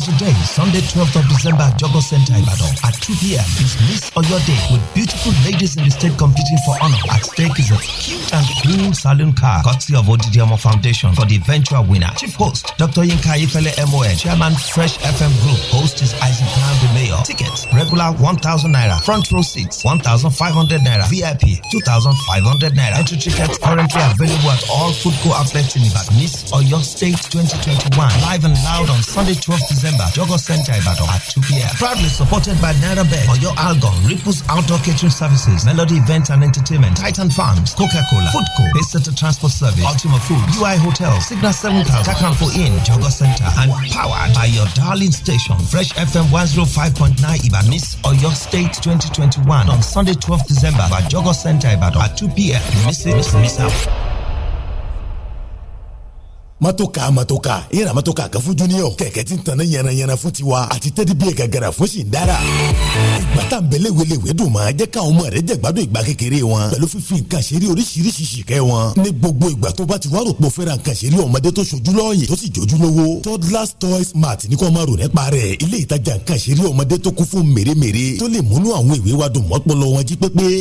Today, Sunday, 12th of December Jogos Jogo Center, Ibadan at 2 p.m. is Miss your Day with beautiful ladies in the state competing for honor. At stake is a cute and cool saloon car courtesy of Odidiomo Foundation for the eventual winner. Chief host, Dr. Yinka Ifele MON, Chairman Fresh FM Group. Host is Isaac the Mayor. Tickets, regular 1,000 Naira. Front row seats, 1,500 Naira. VIP, 2,500 Naira. Entry tickets currently available at all food co outlets in Ibadan. Miss your State 2021. Live and loud on Sunday, 12th December November, Jogo Center Ibadan at 2 p.m. Proudly supported by NaraBet, Oyo Algon, Ripple's Outdoor Catering Services, Melody Events and Entertainment, Titan Farms, Coca-Cola, Foodco, Pacesetter Transport Service, Ultima Food, UI Hotel, Signal 7000, Kakanfo Inn, Jogo Center, and powered by your darling station, Fresh FM 105.9 Ibadan. Miss Oyo State 2021 on Sunday, 12th December at Jogo Center Ibadan at 2 p.m. You miss it, miss, miss out. Matoka matoka, ẹ matoka mọ́tòkà fún junior kẹ̀kẹ́ tí ń tanná yànnayànna fún tiwa àti tẹ́tí bíi gàgàrà fún sì ń dára. ìgbà tá à ń bẹ léwelèwe dùn máa jẹ́ káwọn ọmọ rẹ jẹ̀gbádùn ìgbà kékeré wọn pẹ̀lú fífi nǹkan ṣeré oríṣiríṣi ṣìkẹ́ wọn. ní gbogbo ìgbà tó bá ti wá rògbò fẹ́ra nǹkan ọmọdé tó ṣojú lọ́ọ̀yẹ̀ tó sì jójú lówó. toddlers toys mart ní kò máa rò nípa rẹ̀ ilé ìtajà nǹkan ṣeré ọmọdé tó kún fún mèremère tó lè múnú àwọn ìwé wa dùn mọ́pọlọ wọn jí pépé.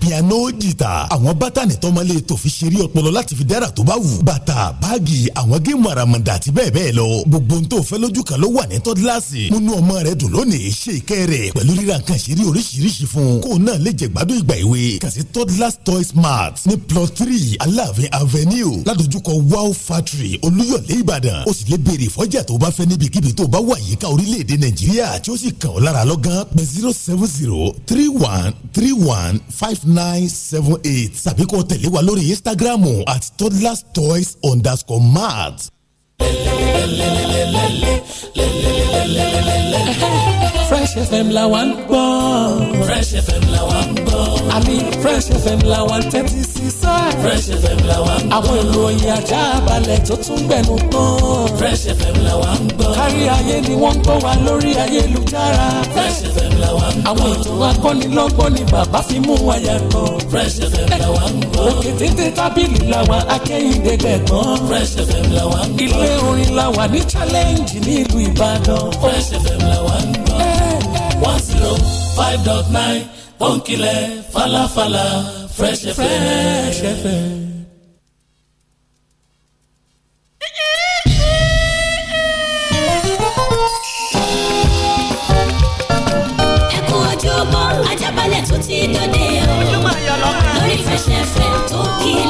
piano jìtà àwọn bátànì tọ́mọlé ṣètò fi ṣeré ọpọlọ láti fi dára tó bá wù. bàtà báàgì àwọn géèmù àràmàǹdà àti bẹ́ẹ̀ bẹ́ẹ̀ lọ. gbogbo n tó fẹ́ lójú kan ló wà ní tọ́dílàsì. múnú ọmọ rẹ dùn lónìí ṣe ìkẹ́ rẹ̀ pẹ̀lú ríra nǹkan ṣeré oríṣiríṣi fún. kó náà lè jẹ gbádùn ìgbà ìwé. kàn sí toddlers toys ní plot three aláàfin avenue ládojúkọ wow factory olúyọ̀lé ìbàdàn. ó sì lè béèrè ìfọ́jà tó bá fẹ́ níbikíbi lórí Instagram at toddlerstoys underscore mart fresh fm la wa ń gbọ́. fresh fm la wa ń gbọ́. àmì fresh fm la wa ń tẹ́tí sí sá. fresh fm la wa ń gbọ́. àwọn ìròyìn ajá balẹ̀ tó tún gbẹnu tán. fresh fm la wa ń gbọ́. kárí ayé ni wọ́n ń gbọ́ wa lórí ayélujára. fresh fm la wa ń gbọ́. àwọn ìtàn akọ́nilọ́gbọ́n ni bàbá fi mú wa yàtọ̀. fresh fm la wa ń gbọ́. òkè tètè tábìlì la wa akẹ́yìndé gbẹ̀gbọ́n. fresh fm la wa ń gbọ́. ilé ilé orin la wà ní challenge ní ìlú Ìbàdàn. Fresh FM la wà ń gbọ́ one zero five dot nine pọ́ńkìlẹ̀ falafala Fresh FM. Fresh FM. tó ti dòde o lórí fẹsẹ̀fẹ̀ tó kílẹ̀.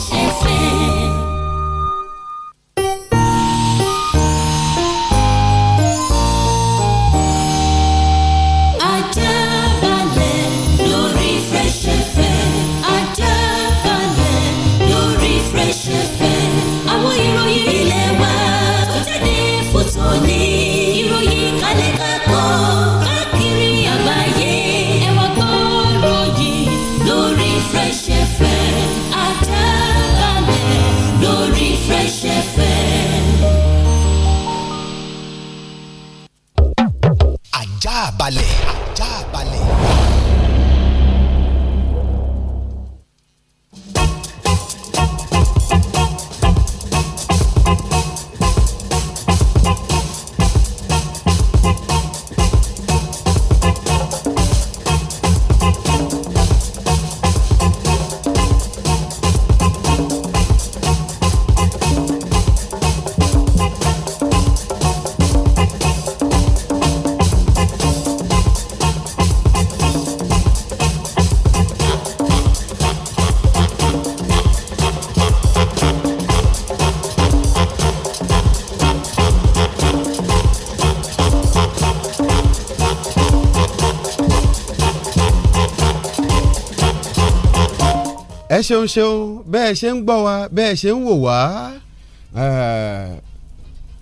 ṣeun ṣeun bẹ́ẹ̀ ṣe ń gbọ́ wa bẹ́ẹ̀ ṣe ń wò wá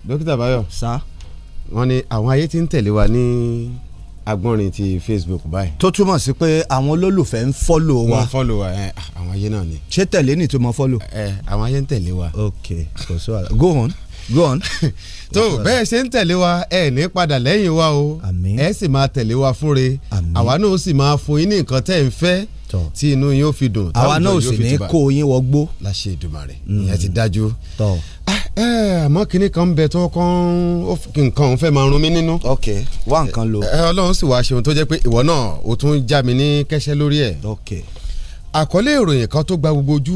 dókítà Báyọ̀ sá wọ́n ní àwọn ayé tí ń tẹ̀lé wa ní agbọ́nrin ti Facebook báyìí. tó túmọ̀ sí pé àwọn olólùfẹ́ ń fọ́lò wa wọ́n fọ́lò wa ẹ àwọn ayé náà ni. ṣé tẹ̀lé ni tó mọ fọ́lò. ẹ àwọn ayé ń tẹ̀lé wa. ok kò sí wàhálà go on go on. tó bẹ́ẹ̀ ṣe ń tẹ̀lé wa ẹ ní padà lẹ́yìn wa o ẹ sì máa tẹ̀lé wa fúnre àwa náà sì máa fún yín ní nǹkan tẹ́ ń fẹ́ tí inú yín ó fi dùn àwa náà ò sì ní kó yín wọgbó. láṣẹ Èdùmàrè mm. ìyẹn ti dájú. Ah, àmọ́ kinní kan ń bẹ tó kàn nǹkan òun fẹ́ máa run mí nínú. ok wá nǹkan lò. ọlọ́run sì wá ṣeun tó jẹ́ pé ìwọ náà o tún já mi ní kẹ́sẹ́ lórí ẹ̀. ok àkọlé ìròyìn kan tó gba gbogbo ojú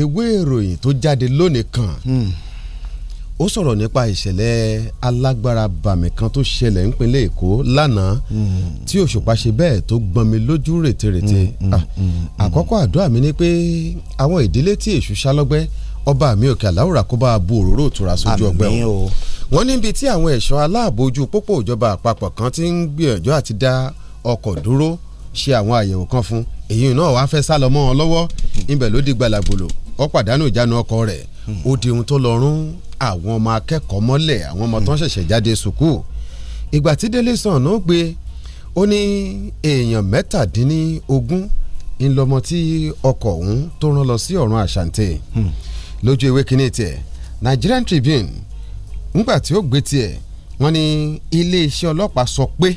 ewé ìròyìn tó jáde lónìí kan. Hmm ó sọ̀rọ̀ nípa ìṣẹ̀lẹ̀ alágbára bàmì kan tó ṣẹlẹ̀ nípínlẹ̀ Èkó lánàá mm. tí òṣùpá ṣe bẹ́ẹ̀ tó gbọnmi lójú rètérètè mm, mm, ah, àkọ́kọ́ àdúrà mi ni pé àwọn ìdílé tí èṣù ṣálọ́gbẹ́ ọba mi òkè aláwòrán kó bá a bu òróró òtura sójú ọgbẹ́ o wọ́n níbi tí àwọn ẹ̀ṣọ́ aláàbò ojú pópó ìjọba àpapọ̀ kan ti ń gbìyànjú àti dá ọkọ̀ dúró ṣe àwọn àyẹ̀wò kan fún èyí náà wàá fẹ́ sálọ mọ́ ọ lọ́wọ́ ibẹ̀ ló di gbalagbolo ọ pàdánù ìjánu ọkọ rẹ̀ hmm. ó di ohun tó lọ àwọn ọmọ akẹ́kọ̀ọ́ mọ́lẹ̀ àwọn ọmọ tó ń jáde sùkúù ìgbà tí délé sàn náà gbé ó ní èèyàn mẹ́tàdínlógún ńlọmọ tí ọkọ̀ ọ̀hún tó rán lọ sí ọ̀run àṣàǹtẹ̀ hmm. lójú ewé kínní Nigerian Tribune ńgbà tí ó gbé iléeṣẹ́ ọlọ́pàá sọ pé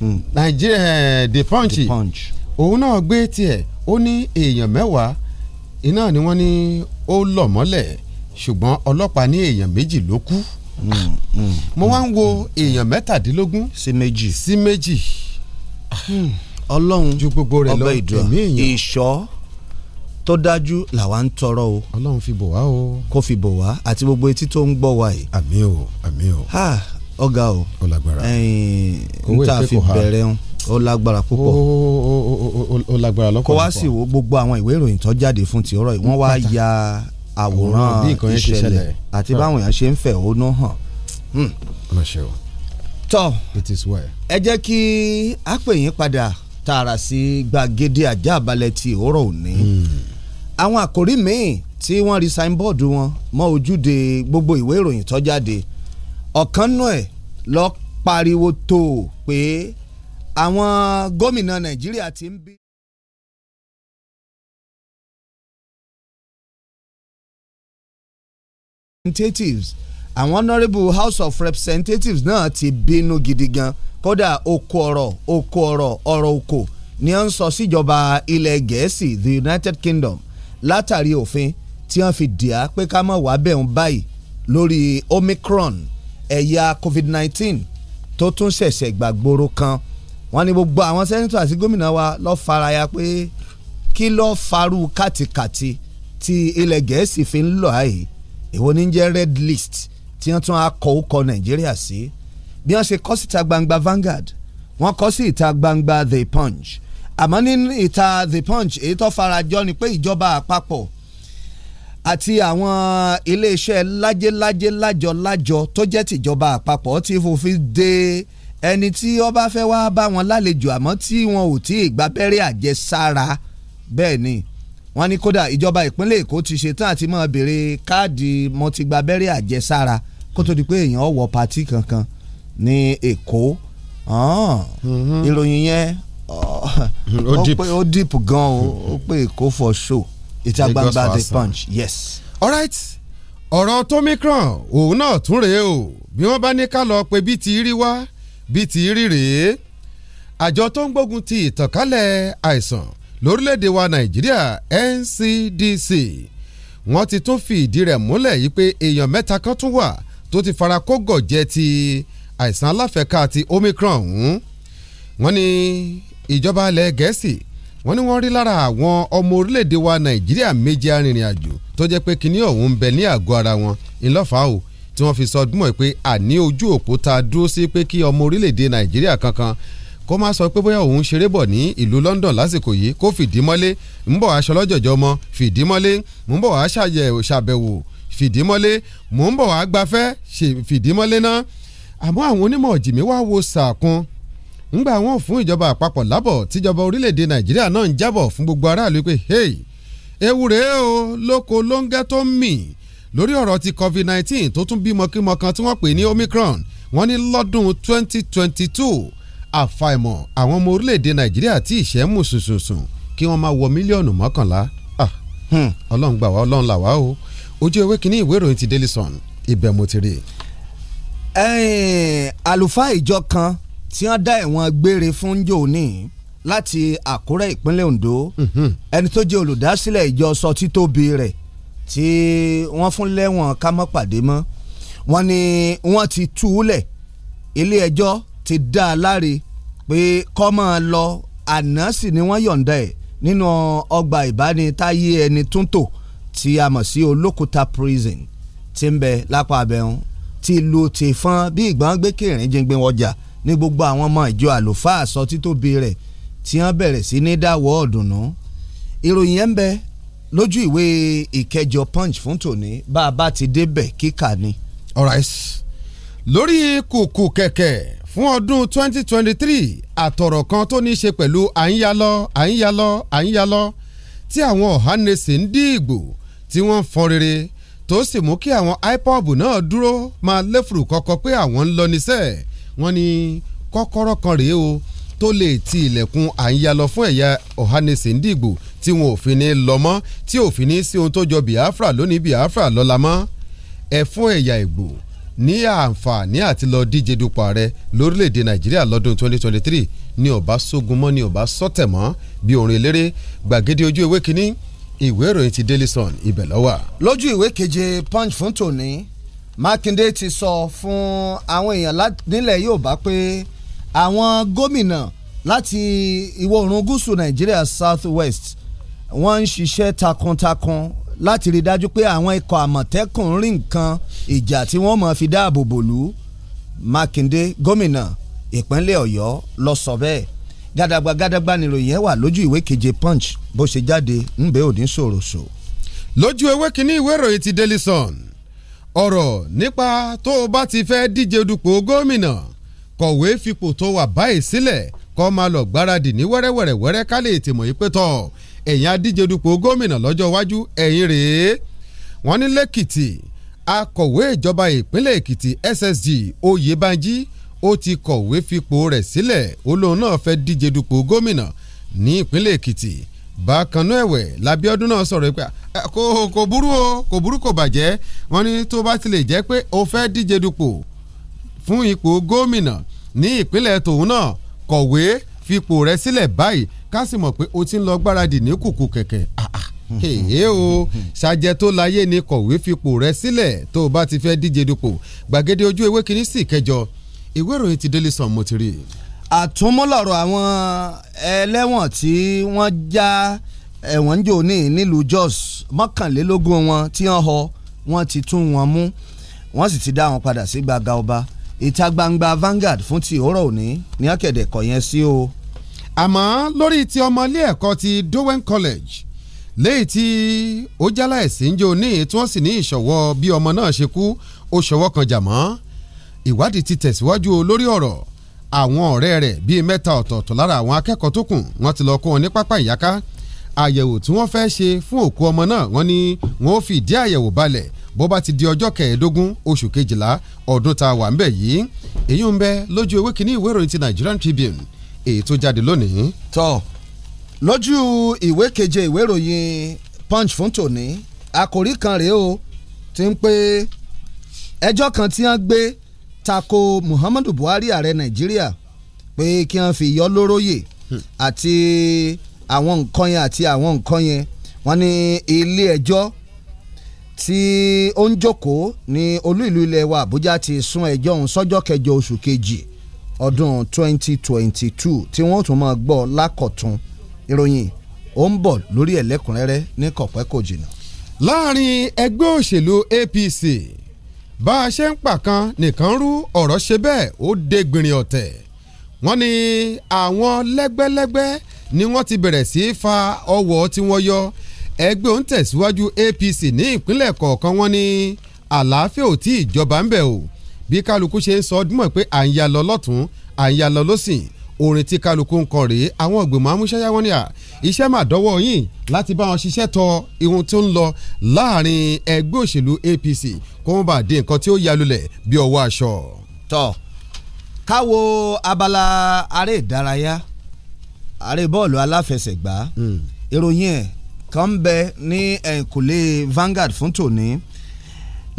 Hmm. Nigeria eh, the punch òun náà gbé tiẹ̀ ó ní èèyàn mẹ́wàá iná ni wọ́n ní ó lọ̀ mọ́lẹ̀ ṣùgbọ́n ọlọ́pàá ní èèyàn méjì ló kú hmm, hmm, mo wá ń wo èèyàn mẹ́tàdínlógún sí méjì sí méjì ọlọ́run ju gbogbo rẹ̀ lọ ẹ̀mí èèyàn ìṣọ́ tó dájú làwa ń tọrọ o ọlọ́run fi bò wá o kó fi bò wá àti gbogbo etí tó ń gbọ́ wa yìí àmì o àmì o ọ̀gá o n ta fi bẹ̀rẹ̀ ń ó lágbára púpọ̀ ó lágbára kó wá sì wo gbogbo àwọn ìwé ìròyìn tó jáde fún ti ọ̀rọ̀ yìí wọ́n wá ya àwòrán ìṣẹ̀lẹ̀ àti báwọn èèyàn ṣe ń fẹ̀hónú hàn. Hmm. tọ́ ẹ jẹ́ kí a pè yín padà tààrà sí gbàgede àjà àbálẹ̀ ti òórọ̀ òní hmm. àwọn àkòrí míì tí wọ́n rí signboard wọn mọ́ ojúde gbogbo ìwé ìròyìn tó jáde ọ̀kan ẹ̀ lọ pariwo tó o pé àwọn gómìnà nàìjíríà ti ń bí. representatives àwọn honourable house of representatives náà ti bínú gidi gan kódà oko ọ̀rọ̀ oko ọ̀rọ̀ ọ̀rọ̀ oko ni wọ́n sọ síjọba ilẹ̀ gẹ̀ẹ́sì the united kingdom látàrí òfin tí wọ́n fi dìá pé ká má wàá bẹ̀ ń báyìí lórí omicron ẹ̀yà covid-19 tó tún ṣẹ̀ṣẹ̀ gbàgbóró kan wọ́n ní gbogbo àwọn sẹ́nitọ̀ àti gómìnà wa lọ faraya pé kí lọ́ọ́ farú kàtìkàtì tí ilẹ̀ gẹ̀ẹ́sì fi ń lọ àyè èwo ní jẹ́ red list tí wọ́n tún á kọ orúkọ nàìjíríà sí bí wọ́n ṣe kọ síta gbangba Vanguard wọ́n kọ sí ìta gbangba The Punch àmọ́ ní ìta The Punch èyí tó farajọ ni pé ìjọba àpapọ̀ àti àwọn iléeṣẹ́ lájẹ́lájẹ́ lájọ lájọ tó jẹ́ tìjọba àpapọ̀ tí fòfin de ẹni tí ó bá fẹ́ wá bá wọn lálejò àmọ́ tí wọn ò tí ì gbábẹ́rẹ́ àjẹsára bẹ́ẹ̀ ni wọ́n ní kódà ìjọba ìpínlẹ̀ èkó ti ṣetán àti máa béèrè káàdì mọ́tìgbàbẹ́rẹ́ àjẹsára kó tó di pé èèyàn ọ̀wọ́ patí kankan ní èkó mhm. ìròyìn yẹn ó dìpù gan o ó pé èkó for show ìta gbangba the punch yes. alright ọ̀rọ̀ tomicron òun náà tún rèé o bí wọ́n bá ní ká lọ pé bí ti rí wá bí ti rí rèé àjọ tó ń gbógun ti ìtànkálẹ̀ àìsàn lórílẹ̀‐èdè wa nàìjíríà NCDC wọ́n ti tún fi ìdí rẹ̀ múlẹ̀ yìí pé èèyàn mẹ́ta kan tún wà tó ti fara kó gọ̀jẹ́ ti àìsàn aláfẹ́ká ti Omicron ọ̀hún wọ́n ní ìjọba alẹ́ gẹ̀ẹ́sì wọ́n ní wọ́n rí lára àwọn ọmọ orílẹ̀-èdè wa nàìjíríà méje arìnrìn àjò tó jẹ́ pé kinní ọ̀hún ń bẹ ní àgọ́ ara wọn ńlọ́fà o tí wọ́n fi sọ dúnmọ̀ pé àní ojú òpó dúró sí pé kí ọmọ orílẹ̀-èdè nàìjíríà kankan kó má sọ pé bóyá òun ṣeré bọ̀ ní ìlú London lásìkò yìí kó fìdí mọ́lé ń bọ̀ aṣọ lọ́jọ̀jọ́ ọmọ fìdí mọ́lé ń bọ̀ wá ṣàbẹ̀wò fìdí mọ́lé mò ń bọ̀ wá gbafẹ́ fìdí mọ́lé náà àmọ́ àwọn onímọ̀ jìmí wá wo sàkún Ngba wọn fún ìjọba àpapọ̀ lábọ̀ tíjọba orílẹ̀‐èdè nàìjíríà náà ń jábọ̀ fún gbogbo aráàlú pé hey ewu rèé o lóko lóńgẹ́ tó ń mì lórí ọ̀rọ̀ ti covid-19 tó tún bímọ kímọ kan tí wọ́n pè ní omicron wọ́n ní lọ́dún 2022 àfàìmọ̀ àwọn ọmọ orílẹ̀‐èdè nàìjíríà tí ìṣẹ́ mú sùnsùnsùn kí wọ́n máa wọ mílíọ̀nù mọ́kànlá ah, hmm, ọlọ́run gbà wá ọlọ́run là wá o ojú ewé kínní ìwé ìròyìn ti Daily Sun ibẹ̀ mo ti rí àlùfáà ìjọ kan tí wọ́n dá ẹ̀wọ̀n gbére fún jòní láti àkúrẹ́ ìpínlẹ̀ ondo mhm. ẹni tó jẹ́ olùdásílẹ̀ ìjọ sọ títóbi rẹ̀ tí wọ́n fún lẹ́wọ̀n ká mọ́ pàdé mọ́ wọ́n ní wọ́n ti tú u lẹ̀ ilé ẹjọ́ ti dá a láre pé kó máa lọ àná sì ni wọ́n yọ̀ǹda ẹ̀ nínú ọgbà ìbánitáyé ẹni túntò tí a mọ̀ sí olókùúta prison ti ń bẹ lápá abẹ́hùn ti lu ti bí ìgbọ́n gbé kìrìn jíngbìn wọjà ní gbogbo àwọn ọmọ ìjọ àlùfáà sọ títóbi rẹ̀ tí wọ́n bẹ̀rẹ̀ sí ní dáwọ́ ọ̀dùnnú ìròyìn yẹn bẹ lójú ìwé ìkẹjọ punch fún tòní bá a bá ti débẹ̀ kíkà ni. alright lórí kùkù kẹ̀kẹ́ fún ọdún 2023 àtọ̀rọ̀ kan tó ní í ṣe pẹ̀lú àyíyálọ́ àyíyálọ́ àyíyálọ́ tí àwọn ọ̀hánẹsì ń dí ìgbò tí wọ́n ń fọn rere tó sì mú kí àwọn IPOB náà dúró máa léfùrù kọ́kọ́ pé àwọn ń lọ níṣẹ́ wọ́n ní kọ́kọ́rọ́ kan rèé o tó lè ti ilẹ̀kùn àyíyá lọ fún ẹ̀yà ọ̀hánẹsẹ̀ ndígbò tí wọn ò fi ní lọ mọ́ tí ò fi ní sí ohun tó jọ Biafra lónìí Biafra lọ́la mọ́ ẹ fún ẹ̀yà Ìgbò ní àǹfààní àti lọ díje dupò ààrẹ lórílẹ̀‐èdè Nàìjíríà lọ́dún 2023 ni ọ̀bá sógun mọ́ ní ọ̀bá sọ́tẹ̀ mọ́ bí orin eléré gbàgede ojú ewé kínní ìwé ìròyìn ti Daily Sun ibẹ̀ ló lójú ìwé keje punch fún tòní Mákindé ti sọ fún àwọn èèyàn nílẹ̀ Yorùbá pé àwọn gómìnà láti ìwọ̀ oòrùn gúúsù Nàìjíríà South West wọ́n ń ṣiṣẹ́ takuntakun láti rí dájú pé àwọn ikọ̀ àmọ̀tẹ́kùn rí nǹkan ìjà tí wọ́n máa fi dáàbò bò lù Mákindé gómìnà ìpínlẹ̀ Ọ̀yọ́ lọ sọ bẹ́ẹ̀ gàdàgbà gàdàgbà nìròyìn ẹ̀ wà lójú ìwé keje Punch bó ṣe jáde ńbẹ́ òní ṣòro ṣò. lójú ewé kínní ìwé ìròyìn ti Daily Sun ọ̀rọ̀ nípa tó o bá ti fẹ́ díje dupò gómìnà kọ̀wé fipò tó wà báyìí sílẹ̀ kọ́ máa lọ gbáradì ní wẹ́rẹ́wẹ́rẹ́wẹ́rẹ́ ká lè tìmọ̀ yìí pé tọ̀ ẹ̀yin adíje dupò gómìnà lọ́jọ́ iwájú ẹ̀yin rèé wọ́n ní lẹ́kìtì akọ̀wé ìjọba ìpínlẹ̀ èkìtì ssg oyèbánjí ó ti kọ̀wé fipò rẹ̀ sílẹ̀ ó lóun náà fẹ́ díje dupò gómìnà ní ìpínlẹ̀ èkìtì bákan náà ẹ̀wẹ̀ l'Abíọ́dún náà sọ̀rọ̀ pé kò kò burú o kò burú kò bàjẹ́ wọ́n ní tó bá tilẹ̀ jẹ́ pé o fẹ́ díje dupò fún ipò gómìnà ní ìpínlẹ̀ tòun náà kọ̀wé fipò rẹ sílẹ̀ báyìí ká sì mọ̀ pé o ti ń lọ gbáradì ní kùkù kẹ̀kẹ́ èyí o ṣàjẹ tó láyé ni kọ̀wé fipò rẹ sílẹ̀ tó o bá ti fẹ́ díje dupò gbàgede ojú ewé kìíní sí ìkẹjọ ìwé ìròyìn ti Daily Sun mo ti rí i àtúmúlọ̀rọ̀ àwọn ẹlẹ́wọ̀n tí wọ́n já ẹ̀wọ̀n ń jò ní nílùú Jos mọ́kànlélógún wọn tí wọ́n họ wọ́n ti tún wọn mú wọ́n sì ti dá wọn padà sí gbàgà ọba ìta gbangba Vanguard fún ti òórọ̀ òní ní ọ̀kẹ́dẹ̀ kọ̀ yẹn sí o. àmọ́ lórí ti ọmọ ẹ̀kọ́ ti Dowen College léyìí tí ó jálá ẹ̀sìn jò ní tí wọ́n sì ní ìṣọ̀wọ́ bí ọmọ náà ṣe kú ó ṣọwọ́ kan jà mọ́ ìwádìí àwọn ọ̀rẹ́ rẹ̀ bíi mẹ́ta ọ̀tọ̀ọ̀tọ̀ lára àwọn akẹ́kọ̀ọ́ tó kù wọ́n ti lọ kó wọn ní pápá ìyáká àyẹ̀wò tí wọ́n fẹ́ ṣe fún òkú ọmọ náà wọ́n ní wọ́n ó fìdí àyẹ̀wò balẹ̀ bó bá ti di ọjọ́ kẹẹ̀ẹ́dógún oṣù kejìlá ọdún tá a wà ńbẹ̀ yìí èyí ń bẹ lójú ewé kínní ìwé ìròyìn ti Nigerian Tribune èyí tó jáde lónìí. tọ́ lójú ìwé keje ìwé ìròyìn Punch fún tòní àkòrí kan rèé o ti ń pé ẹjọ́ kan tí wọ́n gbé tako Muhammadu Buhari ààrẹ Nàìjíríà pé kí wọ́n fi yọ́ lóróyè hmm. àti àwọn nǹkan yẹn àti àwọn nǹkan yẹn wọ́n ní ilé ẹjọ́ tí ó ń jókòó ní olú ìlú ilẹ̀ wa Àbújá ti sún ẹjọ́ ọ̀hún sọ́jọ́ kẹjọ oṣù kejì ọdún 2022 tí wọ́n tún máa gbọ́ lákọ̀tún ìròyìn ó ń bọ̀ lórí ẹ̀lẹ́kùnrẹ́rẹ́ ní kọ̀pẹ́ jìnnà. láàrin ẹgbẹ́ òṣèlú APC bá a ṣe ń pàkan nìkan rú ọ̀rọ̀ ṣe bẹ́ẹ̀ ó dé gbìnrín ọ̀tẹ̀ wọ́n ní àwọn lẹ́gbẹ́lẹ́gbẹ́ ni wọ́n ti bẹ̀rẹ̀ sí í fa ọwọ́ tí wọ́n yọ ẹgbẹ́ òun tẹ̀síwájú APC ní ìpínlẹ̀ kọ̀ọ̀kan wọ́n ní àlàáfíà ò tí ìjọba ń bẹ̀ o bí kálukú ṣe ń sọ ọdún mọ̀ pé à ń ya lọ lọ́tún à ń ya lọ lọ́sìn orin tí kálukú ń kọ rèé àwọn ìgbìmọ̀ amúṣẹ́yá wọn ni à iṣẹ́ mà dọ́wọ́ yín láti bá wọn ṣiṣẹ́ tọ ihun tó ń lọ láàrin ẹgbẹ́ òṣèlú APC kó wọ́n bá dé nǹkan tí ó yalulẹ̀ bí ọwọ́ aṣọ. tọ káwo abala aré ìdárayá aré bọ́ọ̀lù aláfẹsẹ̀gbá hmm. ìròyìn ẹ̀ kan bẹ ní ẹ̀kúlé Vanguard fún tòní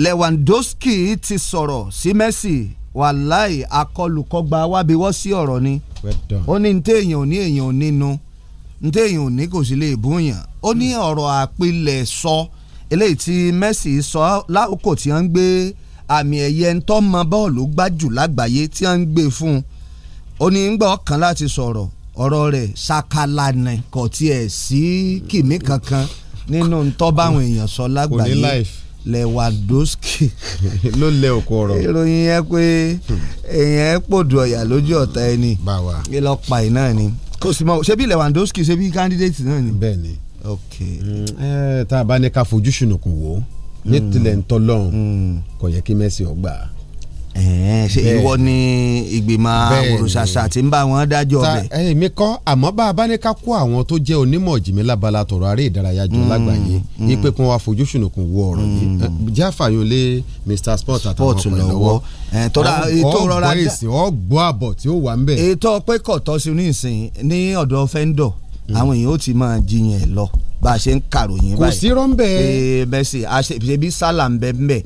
Lewandowski ti sọ̀rọ̀ sí Messi wàláì akọlùkọgba wábiwọ́ sí ọ̀rọ̀ ni ó ní ní téèyàn ò ní èèyàn ò nínú ní téèyàn ò ní kò sí lè búyàn ó ní hmm. ọ̀rọ̀ àpilẹ̀ sọ eléyìí tí Messi sọ lákòókò tí wọ́n ń gbé àmì ẹ̀yẹ ń tọ́mọ bọ́ọ̀lù gbájù lágbàáyé tí wọ́n ń gbé fún un ó ní gbọ́ kan láti sọ̀rọ̀ ọ̀rọ̀ rẹ̀ ṣàkàlànà kò tiẹ̀ sí kìmí kankan nínú ntọ́ báwọn èèyàn sọ lágbàáyé Lewandowski. ló lẹ òkú ọ̀rọ̀. ìròyìn yẹn pé èèyàn pòdù ọ̀yà lójú ọ̀tá ẹni ìlọpa yìí náà ni kò sì mọ ṣebí Lewandowski ṣebí candidate náà ni. bẹ́ẹ̀ni ok. Mm, tá a bá ní ká fojú sunukun wò ó ní mm. tilẹ̀ ń tọ́ lọ́hùn mm. kò yẹ kí Messi ó ṣe ìwọ ni ìgbìmọ̀ àwòrán tí ń bá wọn dájọ́ bẹ̀. èmi kọ́ àmọ́ bá a bá ní ká kó àwọn tó jẹ́ onímọ̀ jìmí tọ̀rọ̀ aré ìdárayá jọ mm, lágbàáyé mm. ipe kan wàá fojú sunukun wo ọ̀rọ̀ yìí mm. jáfàyò lé Mr Sport àtàwọn ọkọ̀ ìlọ́wọ́ tọ́lá ètò rọra dá ọgbọ́ àbọ̀ tí ó wà ń bẹ̀. ètò ọpẹ́ kọ̀tọ́ sí oníṣìn ní ọ̀dọ̀ fẹ́ńdọ̀ àwọn èèyàn ó ti máa jiyàn lọ bá a ṣe ń kàròyìn báyìí. kò sí rọ́ńbẹ́. ee àṣebí Salah ń bẹ ń bẹ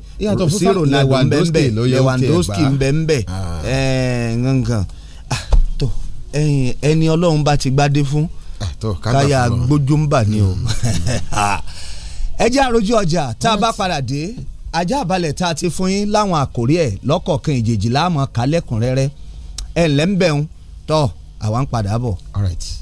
sí Ronaldo ń bẹ ń bẹ Lewandowski ń bẹ ń bẹ ah. ngangan ah, ẹni ọlọ́run bá ti gbádé fún ah, káyà gbójúmbà ni o hmm. ẹ jẹ́ ọjà tá a bá padà dé ajá balẹ̀ tá a ti fún yín láwọn àkórí ẹ̀ lọ́kọ̀ọ̀kan ìjèjì láàmú kálẹ̀kùnrẹ́rẹ́ ẹ̀ ń bẹ̀rùn tọ́ àwa ń padà bọ̀. All right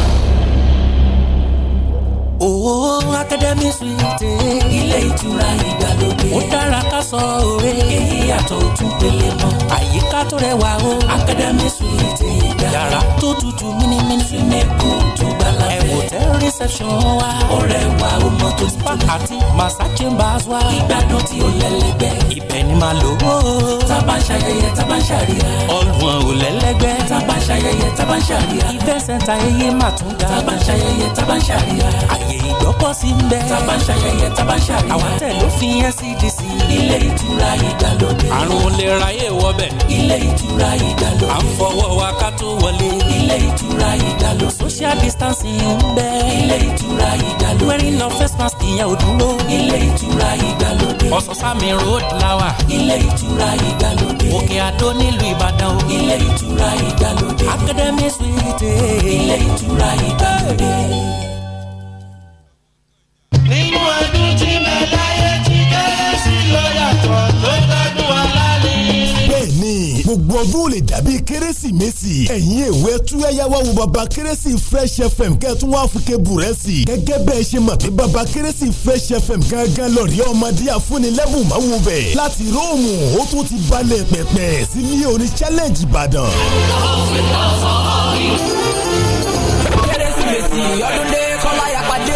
Owó oh, Akademi Suite. Ilé ìtura ìgbàlódé. Ó dára ká sọ òwe. Èyí yàtọ̀ òtún pélé mọ́. Àyíká tó rẹwà o. Akademi Suite ìgbà. Yàrá tó tutù mímímí. Súnmẹ́kù tó gbàlá fẹ́. Ẹ̀wò tẹ́ reception wa. Ọ̀rẹ́ wa ó mọ tó ti tó. Àti Massa Chambers wa. Ìgbádùn tí ó lẹ́lẹ́gbẹ́. Ibẹ̀ ni màá lò ó. Tábà ń ṣayẹyẹ, tábà ń ṣàríyá. Ọ̀gbun ò lẹ́lẹ́gbẹ́. Tábà ń ṣayẹyẹ, tábà ń ṣàríyá. Ìfẹsẹ̀ta ààyè ìgbọ́pọ̀ sí ń bẹ. tábà ń ṣayẹyẹ tábà ń ṣàríyá. àwọn tẹ̀ ló fi NCDC. E ilé ìtura ìgbàlódé. àrùn lè ráyè wọbẹ̀. ilé ìtura ìgbàlódé. à ń fọwọ́ wa ká tó wọlé. ilé ìtura ìgbàlódé. social distancing ń bẹ. ilé ìtura ìgbàlódé. wearing of face mask ìyẹn ò dúró. ilé ìtura ìgbàlódé. ọ̀sán-sámi road lawa. ilé ìtura ìgbàlódé. òkè àdó nílùú ìbàdàn ilé ìtura ìgbàlódé. academy suite. ilé ìtura ìgbàlódé gbogbo ọdún ò lè dàbí kérésìmesì ẹ̀yin èwe túyáyáwá wo baba kérésì fresh fm kẹ́tún wá fúnkẹ́ búrẹ́sì gẹ́gẹ́ bẹ́ẹ̀ ṣe mọ̀ pé baba kérésì fresh fm gángan lọ́ọ̀rì ọmọdé àfúnilẹ́bùn máa wo bẹ̀ láti róòmù ó tún ti balẹ̀ pẹ̀pẹ̀ sí ní orin challenge ìbàdàn. kérésìmesì ọdún dé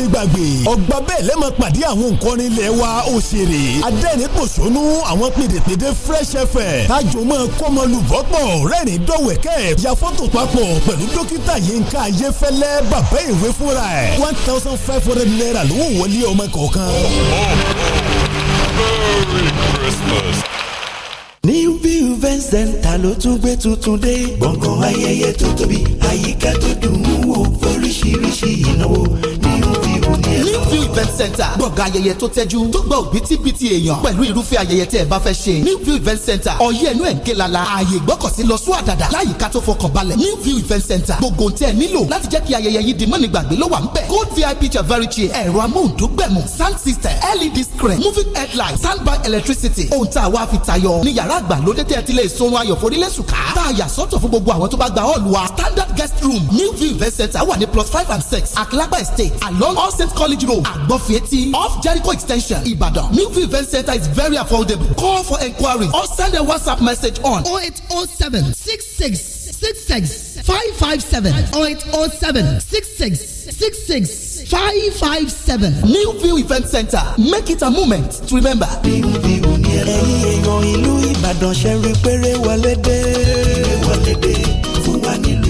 ní gbàgbé ọgbà bẹ́ẹ̀ lẹ́mọ̀ pàdé àwọn nǹkan ilẹ̀ wa òṣèré adẹ́rìnpòṣónú àwọn pèdèpèdè fresh fm tájò máa kọ́mọ lùbọ́pọ̀ rẹ́rìn dọ́wẹ̀kẹ́ ya fọ́tò papọ̀ pẹ̀lú dókítà yínká ayéfẹ́lẹ́ bàbá ìwé fúnra ẹ̀ one thousand five hundred naira ló wọlé ọmọ kọ̀ọ̀kan. Merry Christmas new view event center ló tún gbé tuntun dé. gbọ̀ngàn ayẹyẹ tó tóbi àyíká tó dùn ún wò fóríṣiríṣi ìnáwó new view irú ni ẹ. Newview event center gbọ̀ngàn ayẹyẹ tó tẹ́jú tó gba òbítíbitì èèyàn pẹ̀lú irúfẹ́ ayẹyẹ tẹ́ ẹ bá fẹ́ ṣe. Newview event center ọyẹ́ ẹnu ẹ̀ ń ké lala ààyè gbọ́kọ̀sí lọ sún àdàdà láyìíká tó fọkàn balẹ̀. Newview event center gbogbo ohun tẹ́ ẹ nílò láti jẹ́ kí ayẹyẹ yìí di mọ́ni gbàgbé ló wà ń bẹ̀. gold vip chavarichi ẹ̀rọ amóhundógbẹ̀mù sound system led screen moving headlight standby electricity ohun tá a wá fi tayọ ní yàrá àgbàlódé tẹ́ ẹ ti lè sunrun ayọ̀ forílẹ̀sùká tá a yà sọ́tọ̀ fún gbogbo àwọn tó bá gba hall wa standard guest room Newview event center wà ní plus five and six àkìlágbà estate along all state college road agbofieti off jericho extension ibadan milview event center is very affordable call for enquiry or send a whatsapp message on 0807 66 66 557 0807 66 66 557 milview event center make it a moment to remember. ẹ̀yin èèyàn ìlú ìbàdàn ṣe rí péré wọlé dé fún wa nílùú.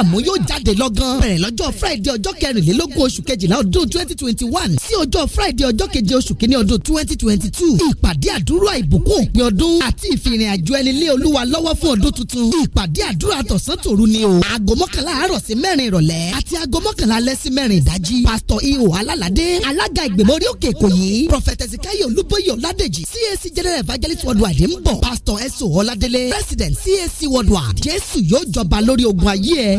dààmú yóò jáde lọ́gán. bẹ̀rẹ̀ lọ́jọ́ friday ọjọ́ kẹrìnlélógún oṣù kejìlá ọdún twenty twenty one sí ọjọ́ friday ọjọ́ keje oṣù kínní ọdún twenty twenty two. ìpàdé àdúrà ìbùkún òpin ọdún àti ìfìrìn àjò ẹni lé olúwa lọ́wọ́ fún ọdún tuntun. ìpàdé àdúrà tọ̀sán tòru ni o. aago mọ́kànlá àárọ̀ sí mẹ́rin ìrọ̀lẹ́ àti aago mọ́kànlá alẹ́ sí mẹ́rin ìdájí. pásítọ̀ ihò alálàdé alága ìgbìmọ̀ orí òkè èkó yìí. prọfẹtẹ sikayo olúbóyè ọládèjì cac general evangelist worldwide ń bọ̀. pásítọ̀ ẹ̀sùn president cac worldwide jésù yóò jọba lórí ogun ayé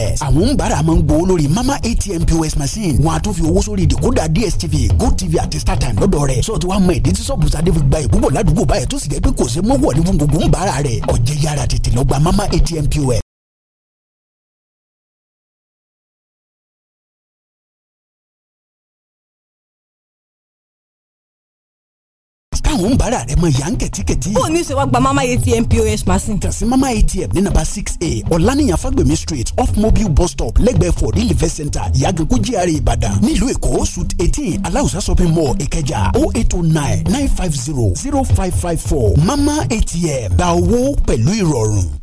pos àwọn ń bára máa ń gbowó lórí mama atm pos machine wọn a tún fi owó sórí ìdìkúdà dstv gotv àti startime lọ́dọ̀ rẹ̀ sọ ti wá mọ ìdí tí sọ́bùsàdé fi gba ìbúbọ̀ ládùúgbò báyìí tó sì jẹ́ pé kò ṣe mọ́wọ́ ní gbogbo ń bára rẹ̀ ó jẹ́ yára tètè lọ gba mama atm pos káwọn bàárà rẹ mọ yàn kẹ̀tíkẹ̀tí. ó ní sèwá gba mama atm pos machine. kàn sí mama atm ní nàbà six a ọ̀lànìyàn fagbemi street off mobile bus stop lẹ́gbẹ̀ẹ́ for real event center ìyàgànkú GRA ìbàdàn nílùú èkó suit eighteen aláùsá shopping mall ìkẹjà o oh eight o oh nine nine five zero zero five five four mama atm gba owó pẹ̀lú ìrọ̀rùn